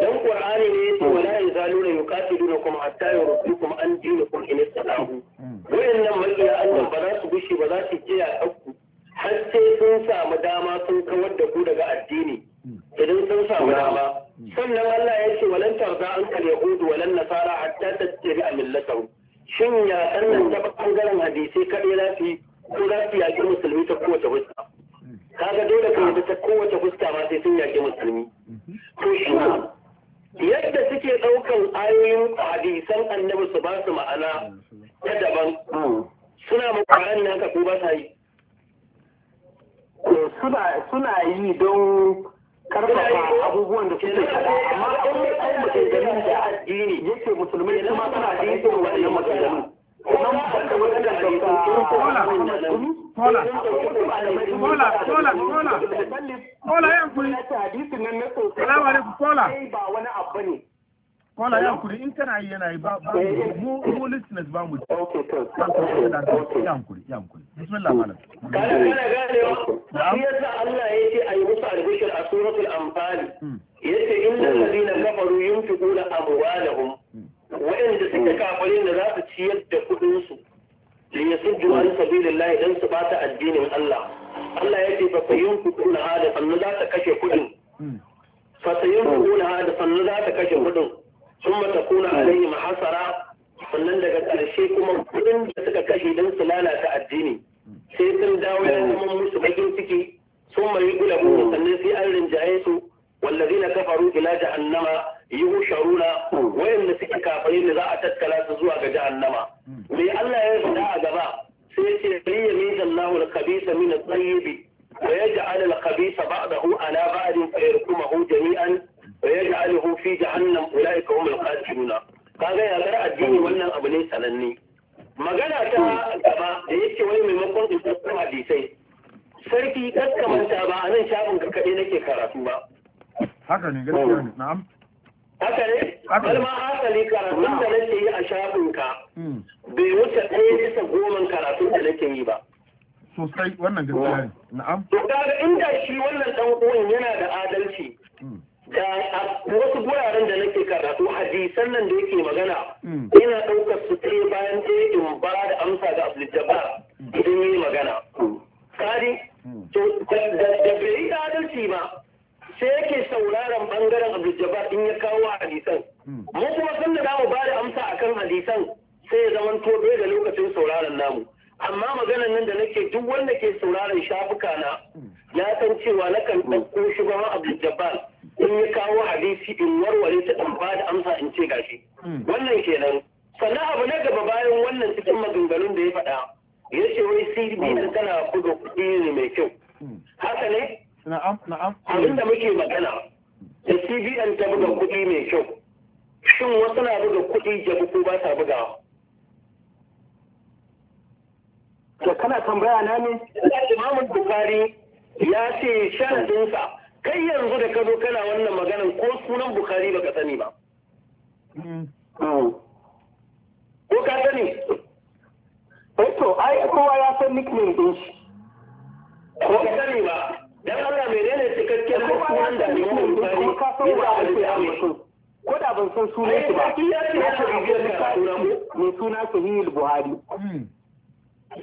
[SPEAKER 1] dan qur'ani ne yuƙatu-duna, wala a yuqatilunakum hatta yurdukum an dinikum in nan wayannan makiya Allah ba za su gushi ba za su kiya hakku har sai sun samu dama sun kawar da ku daga addini idan sun samu dama sannan Allah ya ce walan za an kal yahudu walan nasara hatta tattabi'a millatahum shin ya sannan ta bangaren Hadisai kadai za su yi ko za su yaƙi musulmi ta kowace fuska kaga dole ka yi ta kowace fuska ma sai sun yaƙi musulmi to shi yadda suke ɗaukan ayoyin hadisan annabi su ba su ma'ana ta daban suna makwaran nan ka ko ba sa yi suna yi don karfafa abubuwan da suke faɗa amma an mutum da addini yake musulmai kuma suna da yin wannan maganganun Kola, kola, kuri. Salamu alaikum kola. Kola yan kuri in kana yi yana yi ba eh, eh. mu mu listeners ba mu. Okay, kuri, yan kuri. Bismillah malam. Kana kana ganewa. Shi yasa Allah ya ce ayi musu albishir a suratul anfal. Hmm. Yace innal ladina kafaru yunfiquna amwalahum hmm. waɗanda suka kafare da za su ciyar da kuɗinsu da ya sujju an sabilillahi dan su bata addinin Allah Allah ya ce fa sayun kuduna hada sannan za ta kashe kuɗin fa sayun kuduna hada sannan za ta kashe kuɗin sun mata kuna alayhi mahasara sannan daga ƙarshe kuma kuɗin da suka kashe don su lalata addini sai sun dawo ya zama musu bakin ciki sun mai gula sannan sai an rinjaye su والذين كفروا إلى جهنم يهشرون وإن سكي كافرين إذا أتت كلاس زوا جهنم لي الله يفدع جبا سيتي يميز الله الخبيث من الطيب ويجعل الخبيث بعضه على بعض فيركمه جميعا ويجعله في جهنم أولئك هم الخاسرون kaga ya gara addini wannan abu ne sananne magana ta gaba da yake wani maimakon in hadisai sarki kaskamanta ba a nan shafin ka kaɗai nake karatu ba
[SPEAKER 2] haka ne gaskiya ne na'am
[SPEAKER 1] haka ne har ma asali karatun da nake yi a shafin ka hmm. bai wuce ɗaya bisa goman karatun da nake yi ba
[SPEAKER 2] sosai wannan gaskiya ne na'am
[SPEAKER 1] to kaga inda shi wannan dan uwan yana da adalci hmm. da wasu guraren da nake karatu hadisan nan da yake magana yana hmm. ɗaukar su ɗaya bayan ɗaya in ba da amsa ga abdul idan yi magana kadi to da bai yi adalci ba sai yake sauraron bangaren abdul in ya kawo hadisan hmm. mu kuma sun da mu ba da amsa akan hadisan sai ya zaman tobe da lokacin sauraron namu amma maganan nan da nake duk wanda ke sauraron shafuka na hmm. ya san cewa kan hmm. ɗauko shi ba abdul in ya kawo hadisi in warware ta in ba da amsa in ce gashi wannan kenan sannan abu na gaba bayan wannan cikin maganganun da ya faɗa ya ce wai cbn tana buga kuɗi ne mai kyau haka ne
[SPEAKER 2] na'am na'am abin da muke magana
[SPEAKER 1] da CBN ta buga kuɗi mai kyau shin wasu na buga kuɗi jabu ko ba sa buga? da kana tambaya na ne Imam Bukhari ya ce sharadinsa kai yanzu da ka zo kana wannan maganan ko sunan Bukhari baka sani ba
[SPEAKER 2] mm. oh.
[SPEAKER 1] ko ka sani eh to ai kowa ya san nickname din shi ko ka sani ba dan Allah menene cikakken hukuman da ne mun bari ya ba mu sai mutum ko da ban san sunan shi ba ya ce bibiyar karatu mai suna Sahihul Buhari hmm.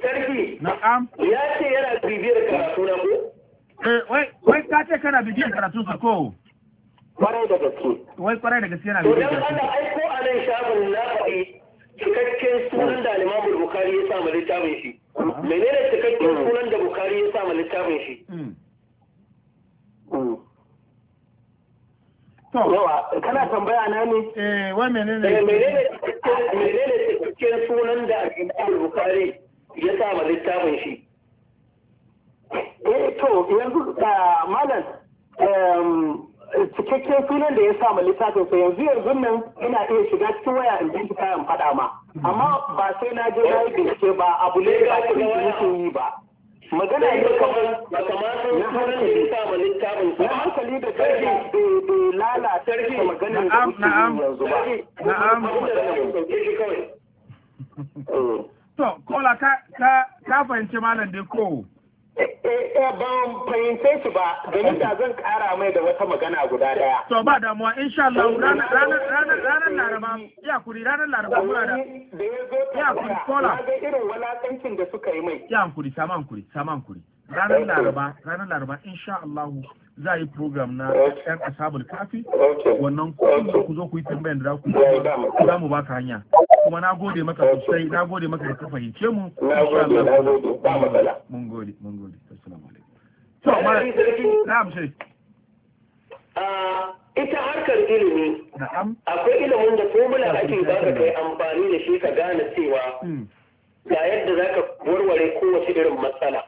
[SPEAKER 1] sarki na'am ya ce yana bibiyar karatu na ko eh wai wai ka ce kana bibiyar karatu sa ko kwarai da gaske wai kwarai da gaske yana bibiyar karatu to dan Allah ai ko a nan shagon na faɗi cikakken sunan da Imam Bukhari ya sa ma littafin shi menene cikakken sunan da Bukhari ya sa ma littafin shi hmm. Yawa, kana tambaya na ne? Eh, wai menene? Eh, menene cikin sunan da Imam Bukhari ya sa ma littafin shi? Eh, to, yanzu da ah, malam cikakken sunan da ya sa ma littafin sa yanzu yanzu nan ina iya shiga cikin waya in bincika in faɗa ma. Amma ba sai na je na yi bincike ba, abu ne ga da yi ba. magana yi kamar ba hankali ta littafin hankali da kai da lalata ta maganin da muke yanzu ba na'am na'am to kola ka ka fahimci malam da ko Eh, eh, ban fahimce shi ba domin da zan kara mai da wata magana guda daya. To ba damuwa insha Allah ranar Laraba ya kuri ranar Laraba muna da ya kuri kola. Na ga irin walakancin da suka yi mai. Ya kuri sama kuri sama kuri. Ranar Laraba ranar Laraba insha Allah za a yi program na yan asabar kafi wannan kuma ku zo ku yi tambayar da za ku za mu baka hanya kuma na gode maka sosai na gode maka da ka fahimce mu mun gode mun gode assalamu alaikum to ah, ita harkar ilimi akwai ilimin da formula ake ba ka kai amfani da shi ka gane cewa hmm. ga yadda za ka warware kowace irin matsala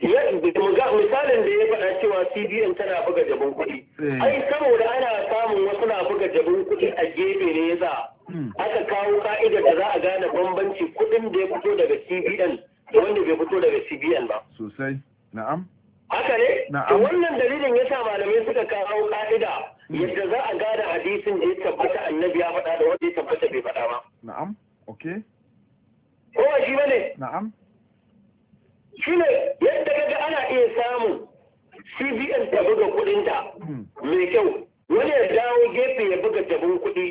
[SPEAKER 1] misalin da ya faɗa cewa cbn tana buga jabin kuɗi eh. ai saboda ana samun wasu na buga jabin kuɗi a gefe ne ya za hmm. aka kawo ka'idar da za a gane bambanci kuɗin da ya fito daga cbn da wanda bai fito daga cbn ba
[SPEAKER 2] sosai na'am
[SPEAKER 1] haka ne to wannan dalilin yasa malamai suka kawo ka'ida hmm. yadda za a gane hadisin da ya tabbata annabi ya faɗa da wanda ya tabbata bai faɗa ba
[SPEAKER 2] na'am okay
[SPEAKER 1] ko shi bane na'am shine yadda kaga ana iya samun cbn ta buga kudinta hmm. mai kyau wani ya dawo gefe ya buga jabin kudi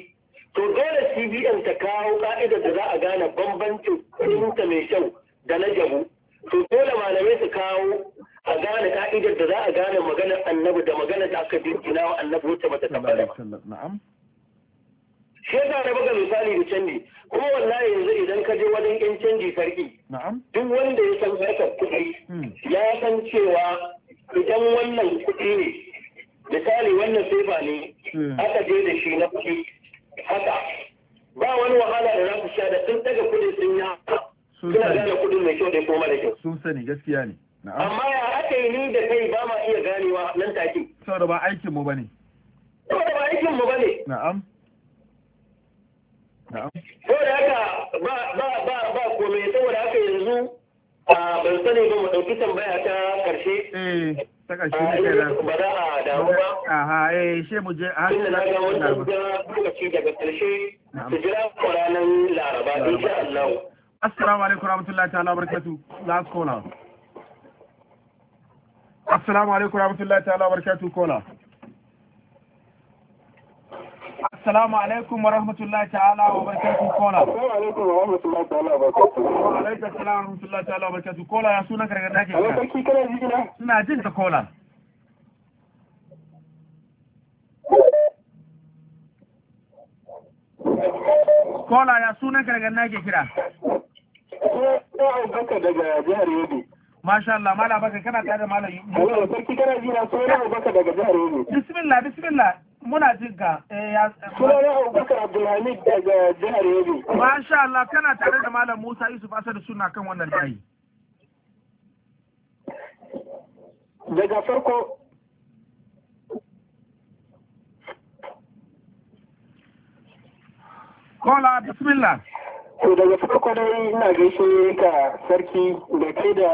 [SPEAKER 1] to dole cbn ta kawo ka'ida da za a gane bambancin kudinta mai kyau da na jabu to dole malamai su kawo a gane ka'idar da za a gane maganar annabi da maganar da aka jirgina wa annabi wacce bata tabbata shi yasa na buga misali da canji kuma wallahi yanzu idan ka je wajen yan canji sarki duk wanda ya san haka kuɗi hmm. ya san cewa idan wannan kuɗi ne misali wannan sefa ne hmm. aka je da shi na kuɗi haka ba wani wahala da za ku sha da sun daga kuɗin sun yi suna gane kuɗin mai kyau da kuma da kyau sun sani gaskiya ne amma ya aka yi ni da kai ba ma iya ganewa nan take saboda ba aikin mu bane saboda ba aikin mu bane na'am ko haka ba ba ba ba komai saboda haka yanzu ban sani ba mu ɗauki tambaya ta ƙarshe
[SPEAKER 2] eh, ta ƙarshe ne kai ba za a damu ba
[SPEAKER 1] aha eh she mu je a ga lokaci daga ƙarshe su jira ranar laraba insha Allah assalamu alaikum warahmatullahi ta'ala barakatuh last caller assalamu alaikum warahmatullahi ta'ala barakatuh caller Assalamu alaikum wa rahmatullahi ta'ala wa barakatuh kola. Assalamu alaikum wa rahmatullahi ta'ala wa barakatuh. Wa alaikum wa rahmatullahi ta'ala wa kola ya sunan karkar dake. sarki kana ji na? Ina jin kola. ya sunan karkar dake kira. Ko daga jihar Yobe. Masha Allah, Malam Abubakar kana tare da Malam Yusuf. Allah, sarki kana ji na sunan Abubakar daga jihar Yobe. Bismillah, bismillah. Muna jin ka. Eh, sunan Abubakar Abdulhamid daga jihar Yobe. Masha Allah, kana tare da Malam Musa Yusuf Asad suna kan wannan layi. Daga farko Kola, bismillah. To daga farko dai ina gaishe ka sarki da ke da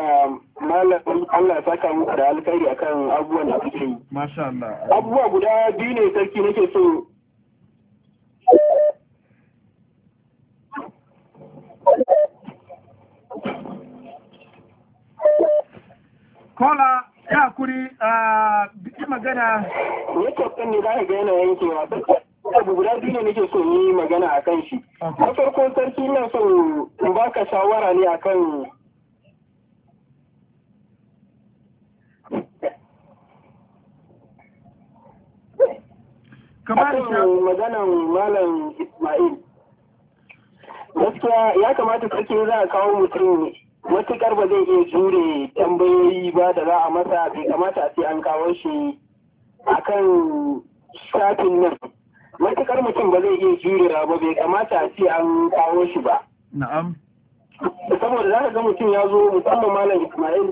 [SPEAKER 1] malamin Allah saka muku da alkhairi akan abubuwan da kuke yi.
[SPEAKER 2] Masha Allah.
[SPEAKER 1] Abubuwa guda biyu ne sarki nake so. Kola ya kuri a magana. Yake kan ne za ka ga yana yankewa. abu guda biyu ne nake so yi magana a kan shi na farko sarki na so in baka shawara ne akan kamar maganan malam Ismail gaskiya ya kamata sarki za a kawo mutum matuƙar ba zai iya jure tambayoyi ba da za a masa bai kamata a ce an kawo shi akan shafin nan matukar mutum ba zai iya jurewa ba bai kamata a ce an kawo shi ba na'am saboda za ka ga mutum ya zo musamman malam ismail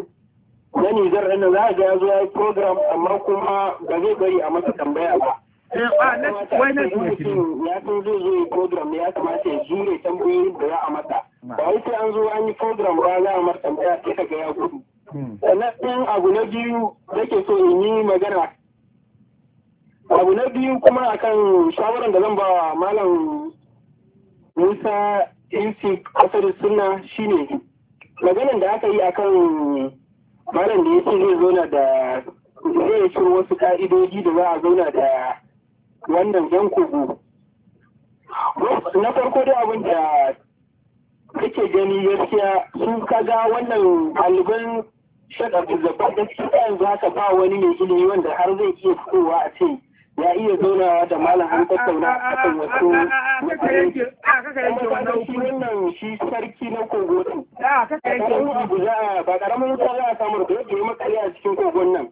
[SPEAKER 1] na Nijar ɗin za ka ga ya zo ya yi program amma kuma ba zai bari a masa tambaya ba eh, wai nan ya san zai zo yi program ya kamata ya jure tambayoyin da za a mata. ba wai sai an zo an yi program ba za a masa tambaya sai ka ga ya gudu hmm. sannan abu na biyu da ke so in yi magana abu na biyu kuma akan shawaran da zan ba wa malam musa insi kasar suna shine Maganin da aka yi akan malam da ya ce zai zauna da zai ciro wasu ka'idoji da za a zauna da wannan yan kogo na farko da abin da kake gani gaskiya su kaga wannan ɗaliban shaɗa da gaskiya yanzu haka ba wani mai ilimi wanda har zai iya fitowa a ce ya iya zaunawa da malam an tattauna a kan wasu matsaloli shi wannan shi sarki na kogo din karamin abu za a ba karamin wuta za a samar ba yadda ya makale a cikin kogon nan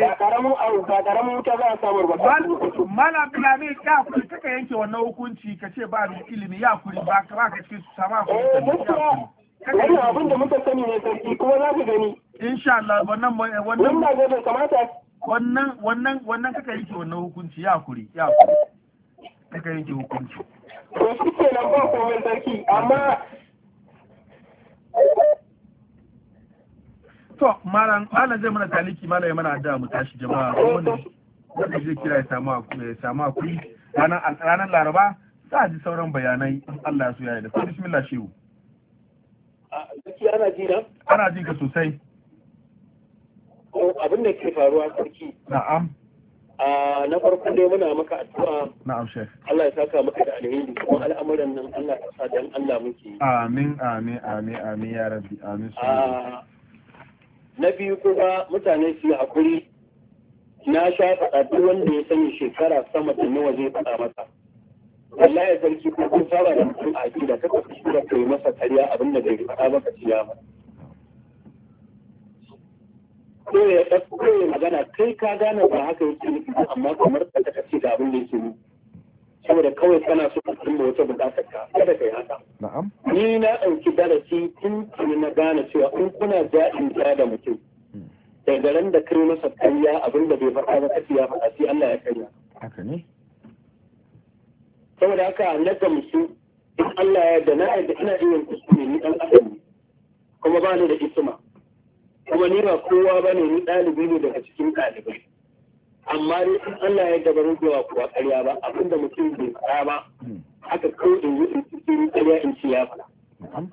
[SPEAKER 1] ba karamin abu ba karamin wuta za a samar ba malam bilami ya kuri kaka yanke wannan hukunci ka ce ba ilimi ya kuri ba ka ba ka cikin su sama ku wannan abin da muka sani ne sarki kuma za ka gani insha Allah wannan wannan ba zai kamata wannan wannan wannan kaka yanke wannan hukunci ya kuri ya kuri kaka yake hukunci to shi ke nan ba komai sarki amma to malam zai mana taliki malam ya mana da mu tashi jama'a wanda wanda zai kira ya samu ya samu akuri ranar laraba za ji sauran bayanai in Allah ya so ya yi da bismillah shehu a ana ji na ana ji ka sosai abin da ke faruwa sarki na'am na farko dai muna maka addu'a na'am shek Allah ya saka maka da alheri kuma al'amuran nan Allah ya sa dan Allah muke
[SPEAKER 2] amin amin amin amin ya rabbi amin
[SPEAKER 1] na biyu kuma mutane su yi hakuri na sha faɗa duk wanda ya sani shekara sama da nawa zai faɗa masa Allah ya sarki ko kun saba da mutum a gida kaka fi da kai masa kariya abin da bai faɗa maka ciya ba ko ya ɗauko ya magana kai ka gane ba haka yake nufi amma kamar ka ta ce ga abin da yake nufi saboda kawai kana so ka cimma wata buƙatar ka kada kai haka ni na ɗauki darasi tun tuni na gane cewa in kuna ja'in ja da mutum daga ran da kai masa karya abin da bai faɗa ba kace ya faɗa sai Allah ya karya haka ne saboda haka na gamsu in Allah ya da na yarda ina iya kuskure ni ɗan adam kuma ba ni da isma kuma ni ba kowa ba ne ni ɗalibi ne daga cikin ɗalibai amma dai in Allah ya gaba rubewa kuwa ƙarya ba abinda mutum bai fara ba haka ko in yi in cikin ƙarya in ci ya fara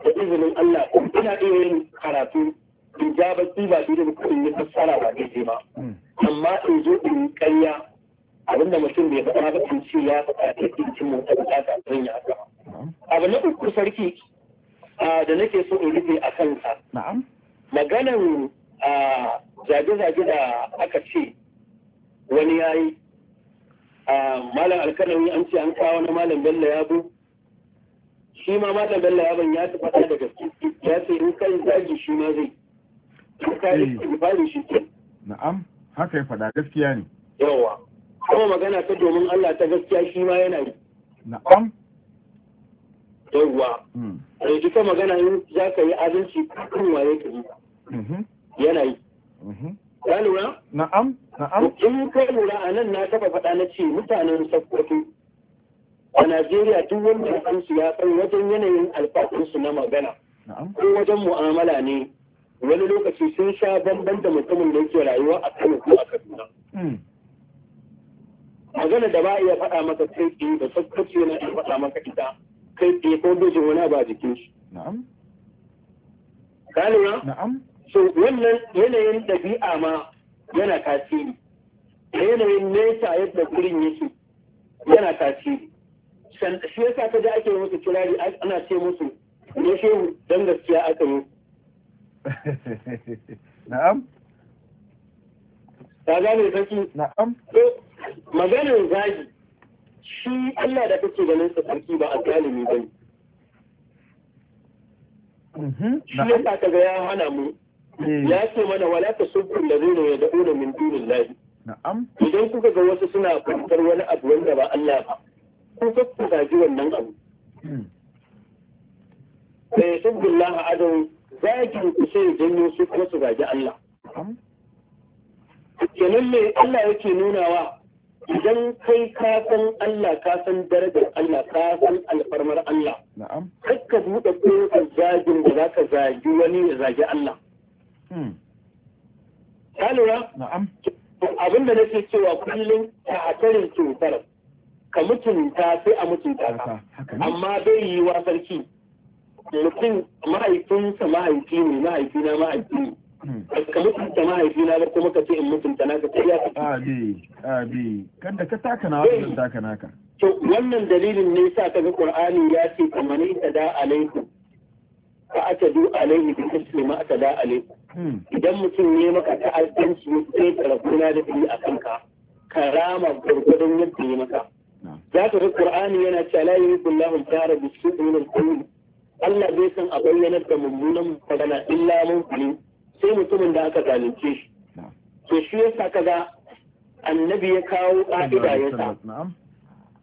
[SPEAKER 1] da izinin Allah ko ina iya yin karatu in ja ba ci ba ko in yi fassara ba daidai ba hmm. amma in zo in yi ƙarya abinda mutum bai fara ba in ci ya fara ta in cin mun ta ta zan yi haka abu na uku sarki da nake so in rufe a kansa maganan zage-zage da aka ce wani ya yi malam alkalami an ce an kawo na malam bello bu shi ma malam bello ban ya ta fata da gaske ya ce in kai zagi shi ma zai in kai eh. istighfari shi ke
[SPEAKER 2] na'am haka ya faɗa gaskiya ne
[SPEAKER 1] yawa kuma magana ta domin Allah ta gaskiya shi ma yana yi na'am yawa da hmm. ita magana yin za ka yi adalci kan waye ka yi Mhm. yanayi. yi mhm. ya lura na'am na'am in ka lura a nan na taba faɗa na ce mutanen sakkwato a najeriya duk wanda ya san ya san wajen yanayin alfaɗinsu na magana ko wajen mu'amala ne wani lokaci sun sha bamban da mutumin da yake rayuwa a kan ko a kaduna hmm. magana da ba iya faɗa maka kai tsaye da sakkwato yana iya faɗa maka ita kai tsaye ko dojin wani ba jikin shi ka lura so wannan yanayin ɗabi'a ma yana tasiri da yanayin nesa yadda gurin yake yana tasiri shi yasa ka ji ake musu kirari ana ce musu ne shehu don gaskiya aka yi na'am ta gane sarki na'am maganar zagi shi Allah da kake ganin sa sarki ba a galibi ba ne mhm. shi yasa ka ga ya hana mu Hmm. ya ce mana wala ta ya da ɗora min dunin lafi. idan kuka ga wasu suna kwantar wani abu wanda ba Allah ba ku ka ku gaji wannan abu sai a adon zagin ku sai janyo su kuma su gaji Allah kenan me Allah yake nunawa idan kai ka san Allah ka san darajar Allah ka san alfarmar Allah na'am kakka buɗe ƙofar zagin da zaka zagi wani ya zagi Allah Hmm. ka lura abinda na ke cewa kullum ta hatarin cutar ka mutunta sai a mutunta ka amma bai yi wa sarki mutum mahaifinsa mahaifi ne mahaifina mahaifi ne hmm. ka mutunta mahaifina ba kuma ka ce in mutunta naka ko ya abi abi kanda ka taka na wannan taka naka to wannan dalilin ne sa ka ga qur'ani ya ce kamani da alaikum aka atadu alaihi bi muslima atada alaikum idan mutum ne maka ta ta'addanci sai ka rabu na da a kanka ka rama gurgudun yadda ya maka za ka ga qur'ani yana cewa la yuhibbu Allahu da bi su'i min al Allah bai san a bayyana da mummunan magana illa mun kulli sai mutumin da aka zalunce shi to shi yasa kaga annabi ya kawo ka'ida ya sa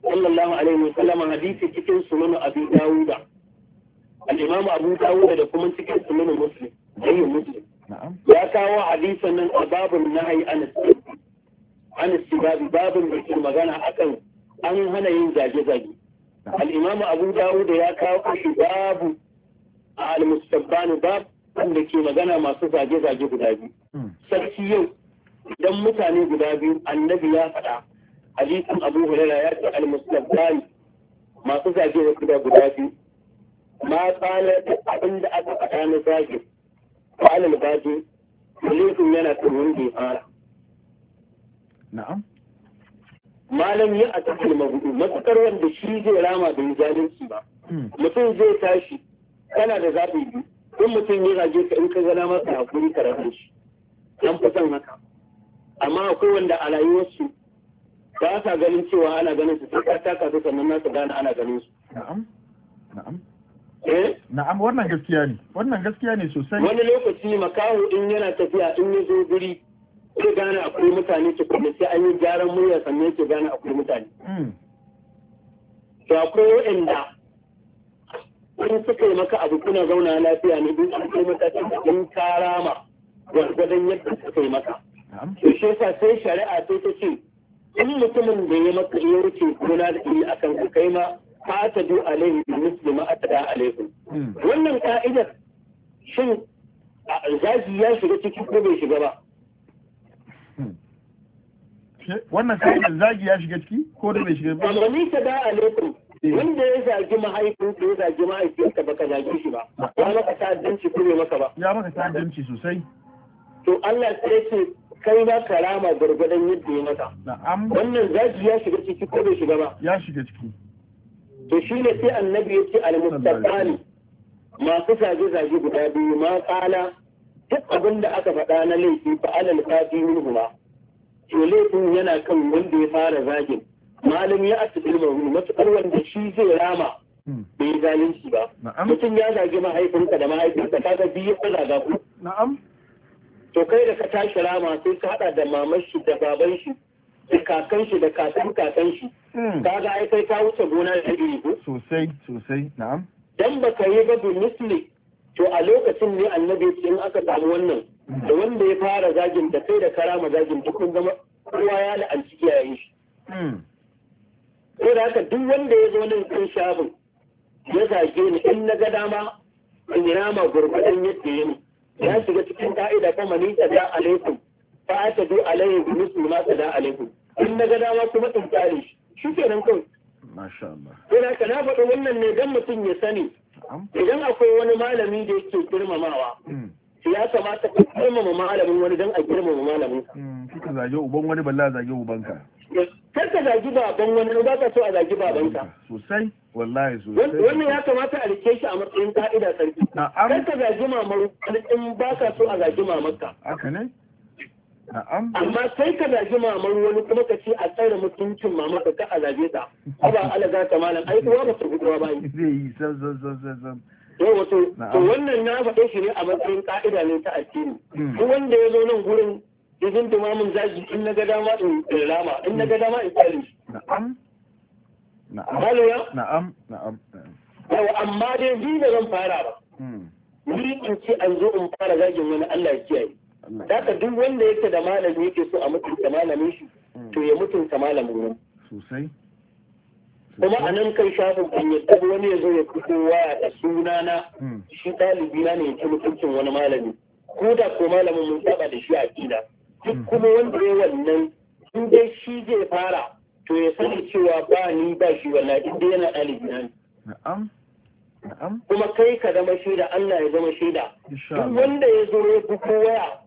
[SPEAKER 1] sallallahu alaihi wa sallam hadisi cikin sunan abi dawuda al-imam abu dawuda da kuma cikin sunan muslim ayyu muslim ya kawo hadisan nan a babin nahi an istibabi babin da ke magana akan an hana yin zage-zage al'imamu abu dawud ya kawo shi babu a al-mustabban bab wanda ke magana masu zage-zage guda biyu hmm. sarki yau idan mutane guda biyu annabi ya faɗa hadisan abu hulala ya ce al-mustabban masu zage-zage guda biyu ma tsalar abin da aka faɗa na zage alal baji mulkin yana tsoron fara malam ya a tafi mabudu matukar wanda shi zai rama bai zalunci ba hmm. mutum zai tashi kana da zaɓi biyu in mutum ya zage ka in ka gana masa hakuri ka rabu shi an fi son haka amma akwai wanda a rayuwarsu ba sa ganin cewa ana ganin su sai ka taka su sannan na su gane ana ganin su
[SPEAKER 2] na'am na'am Eh? na'am wannan gaskiya ne wannan gaskiya ne sosai wani
[SPEAKER 1] lokaci makaho in yana tafiya in ya zo guri ya gane akwai mutane ke kuma sai an yi gyaran murya sannan ke gane akwai mutane hmm. to akwai waɗanda wani suka yi maka abu kuna zauna lafiya ne duk an kai matakin in karama gwargwadon yadda suka yi maka to shi yasa sai shari'a sai ta ce in mutumin da ya maka ya wuce gona da iri akan ku kai ma fatadu alaihi bi misli ma atada alaikum hmm. wannan ka'idar shin zaki ya shiga ciki ko bai shiga ba hmm. wannan ka'idar zagi ya shiga ciki ko da bai shiga ba wani ta da alaikum hmm. wanda ya zagi mahaifin ya zagi ka baka zagi shi ba ya maka ta'addanci ko bai maka ba ya maka ta'addanci sosai to Allah sai ce kai ba karama gwargwadon yadda ya maka wannan zagi ya shiga ciki ko bai shiga ba ya shiga ciki to shi ne sai annabi ya ce al-mustaqbali masu zage-zage guda biyu ma kala duk abin da aka faɗa na laifi fa alal fati minhuma to laifin yana kan wanda ya fara zagin malam ya asbil mawuni matukar wanda shi zai rama hmm. bai yi zalunci ba mutum ya zage mahaifinka da mahaifinka ta ga biyu ko zaga ku na'am to kai da ka tashi rama sai ka haɗa da mamar shi da baban shi da kakan shi da kakan kakan shi Hmm. kaga ai kai ka wuce gona da iri ko sosai
[SPEAKER 2] sosai na'am
[SPEAKER 1] dan ka yi ba bi misli to a lokacin ne annabi in aka samu wannan da hmm. wanda ya fara zagin da kai da karama zagin duk kun zama kowa ya la'anci kiyayen shi hmm. ko da haka duk wanda ya zo nan kan shafin ya zage ni in na ga dama in rama gurbaɗin yadda ya ni ya shiga cikin ka'ida mani ta tsada alaikum fa ta zo alaihi bi musulma tsada alaikum in na ga dama kuma in kare shi shi nan kawai
[SPEAKER 2] masha Allah
[SPEAKER 1] yana ka na faɗi wannan ne dan mutum ya sani idan akwai wani malami da yake girmamawa mm. ya kamata ka girmama malamin wani dan a girmama malamin mm, ka kika zage uban wani balla zage ubanka kar ka zagi baban wani ba ka so a zagi babanka sosai wallahi sosai wannan ya kamata a rike shi a matsayin ka'ida sarki kar ka zagi mamar wani in ba ka so a zagi mamarka haka ne
[SPEAKER 2] amma
[SPEAKER 1] sai ka zaji mamar wani kuma ka ce a tsare mutuncin mama da ka alaje ta ba alaga za ta malam ai uwa ba ta gudu ba zai
[SPEAKER 2] yi zan yau wato to
[SPEAKER 1] wannan na faɗe shi ne a matsayin ka'ida ne ta addini hmm. ko wanda ya zo nan gurin ya zin dumamin zaji, in na ga dama in rama in na ga dama in tsare na'am
[SPEAKER 2] na'am na'am na'am
[SPEAKER 1] yau amma dai bi da zan fara ba hmm. ni in ce an zo in fara zagin wani Allah ya kiyaye Daka duk wanda yake da malami yake so a mutunta malamin shi hmm. to ya mutunta malamin nan. Sosai. Kuma a nan kan shafin kan yadda wani ya zo ya fito waya da na. Hmm. shi ɗalibi na ne ya ci mutuncin wani malami. Ko da ko malamin mun saba da shi a kila. Duk hmm. kuma wanda ya wannan in dai shi zai fara to ya sani cewa ba ni ba shi wannan duk dai yana ɗalibi na ne. Na'am. Kuma kai ka zama shaida Allah ya zama shaida. Duk wanda ya zo ya fito waya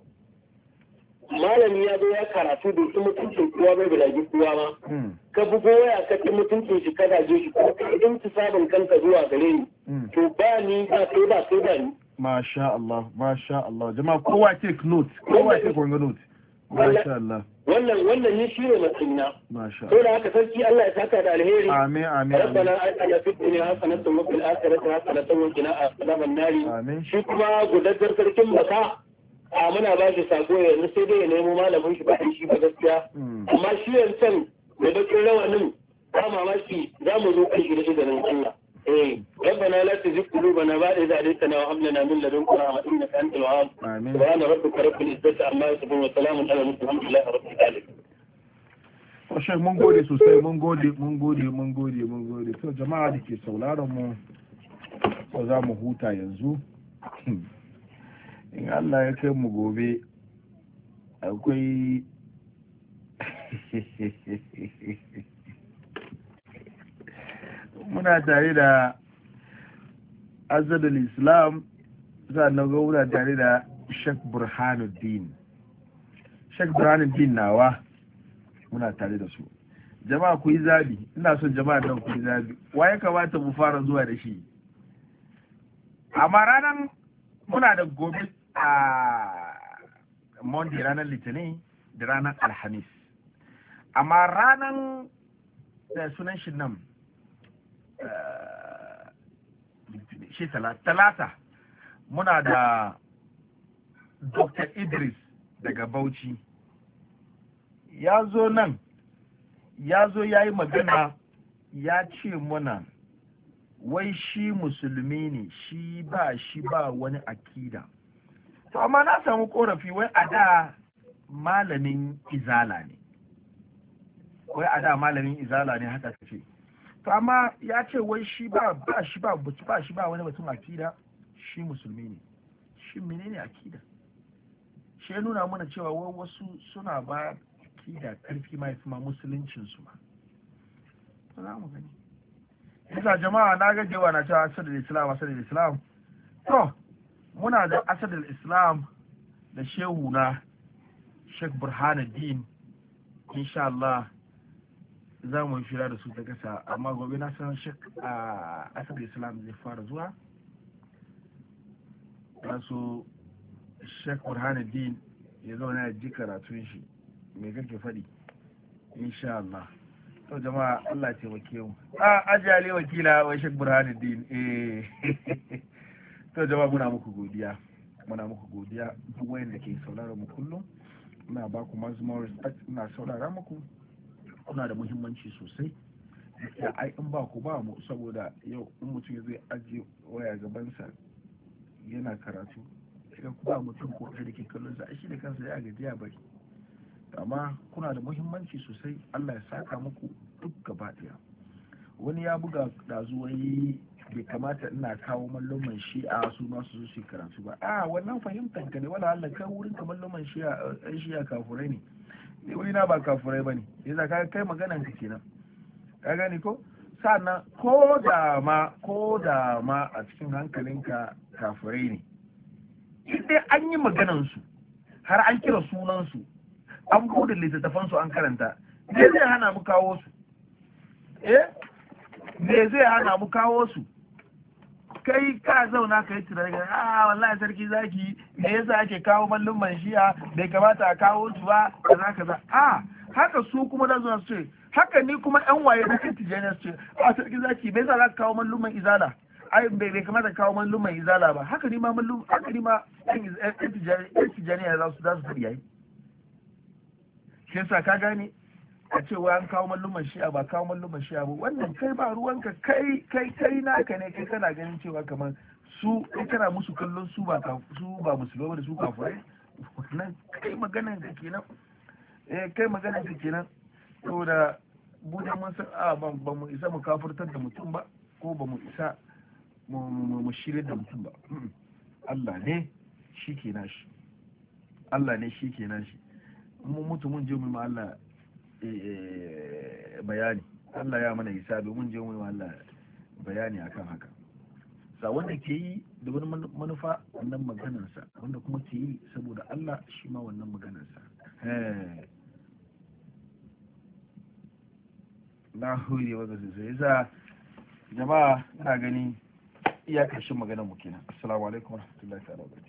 [SPEAKER 1] malami ya zo ya karatu da su mutuncin kowa bai bilagi kowa ma hmm. ka bugo waya ka ci mutuncin shi kada je shi ko ka idan ci sabon kanka zuwa gare ni hmm. to ba ni ba sai ba sai ba ni
[SPEAKER 2] masha Allah masha Allah jama'a kowa take note kowa take wanga note masha Allah
[SPEAKER 1] wannan wannan ne shi ne matsayina to da haka sarki Allah ya saka da alheri amin amin rabbana atina fid dunya hasanatan wa fil akhirati hasanatan wa qina adhaban nar shi kuma gudazzar sarkin maka? a muna ba shi sako yanzu sai dai ya nemo malamin shi ba shi ba gaskiya hmm. amma shi yancan da bakin rawanin ba mamaki za mu zo kai shi da nan Allah ربنا لا تزغ قلوبنا بعد إذ هديتنا وهب لنا من لدنك رحمة إنك أنت الوهاب سبحان ربك رب العزة عما يصفون وسلام على المرسلين الحمد لله رب العالمين Shek mun gode sosai mun gode mun gode mun gode mun gode to jama'a da ke sauraron mu ko za mu huta yanzu hmm. in allah ya kai mu gobe akwai muna tare da azadul islam sannan ga muna tare da shek burhanuddin shek burhanuddin nawa muna tare da su jama'a ku yi zabi ina son jama'a nan ku yi zabi wa ya kamata mu fara zuwa da shi amma ranar muna da gobe a monday ranar litinin da ranar alhamis amma ranar eh, sunan shi nan eh, shi talata muna da dr idris daga bauchi ya zo nan ya zo ya yi magana ya ce muna wai shi musulmi ne shi ba shi ba wani akida to amma na samu korafi wai a da malamin izala ne wai a da malamin izala ne haka su ce to amma ya ce wai shi ba ba shi ba ba shi ba wani batun akida shi musulmi ne shi menene akida shi ya nuna mana cewa wai wasu suna ba akida karfi ma yafi ma musuluncin su ma to za mu gani yasa jama'a na gajewa na cewa sadar da islam asar da islam to muna da asadar islam da shehu na sheikh burhanuddin insha Allah za mu shira da su ta kasa amma gobe na san shek a asadar islam zai fara zuwa su shek burhanuddin ya zauna ya ji karatun shi mai kake faɗi insha Allah to jama'a Allah ce wakilu a ajiyar wakila wa shek burhanuddin eh to jama'a muna muku godiya muna muku godiya duk da ke saurara mu kullum ina ba ku maximum respect ina saurara muku kuna da muhimmanci sosai ya ai in ba ku ba mu saboda yau in mutum zai ajiye waya gabansa yana karatu ya ku ba mutum ko da ke kallon sa shi da kansa ya gajiya bari amma kuna da muhimmanci sosai Allah ya saka muku duk gaba daya wani ya buga dazu bai kamata ina kawo malluman shi'a su ma su shi karatu ba a wannan fahimtar ka ne wala Allah kai wurin ka malluman shi'a shi'a kafurai ne ni wuri na ba kafurai bane yasa ka kai maganan ka kenan ka gani ko sannan ko da ma ko da ma a cikin hankalinka kafurai ne Idan dai an yi maganan su har an kira sunan su an bude littattafan su an karanta me zai hana mu kawo su eh me zai hana mu kawo su kai ka zauna ka yi tunani ga a ah, wallahi sarki zaki me yasa ake kawo mallum man shi'a bai kamata a kawo su ba kaza kaza a haka su kuma da zuwa su ce haka ni kuma yan waye da kan tijaniya su ce a sarki zaki me yasa za ka kawo mallum man izala ai bai kamata kawo mallum man izala ba haka ni ma mallum haka ni ma yan tijaniya za su za su fadi yi shi yasa ka gane ka ce wa an kawo malluman shi'a ba kawo malluman shi'a ba wannan kai ba ruwanka kai kai kai naka ne kai kana ganin cewa kamar su kai kana musu kallon su ba su ba musulmai da su kafirai wannan kai magana ka kenan eh kai magana ka kenan saboda mu da mun san a ba mu isa mu kafirtar da mutum ba ko ba mu isa mu shirya da mutum ba Allah ne shi ke nashi Allah ne shi ke nashi mu mutu mun je mu ma Allah Eh, bayani Allah ya mana hisabi mun je mai Allah bayani akan haka sa wanda ke yi da wani manufa wannan maganarsa wanda kuma ke yi saboda Allah shi ma wannan maganarsa eh. na hori wanda sai sa jama'a ina gani iya ƙarshen maganar mu kenan assalamu alaikum wa barakatuh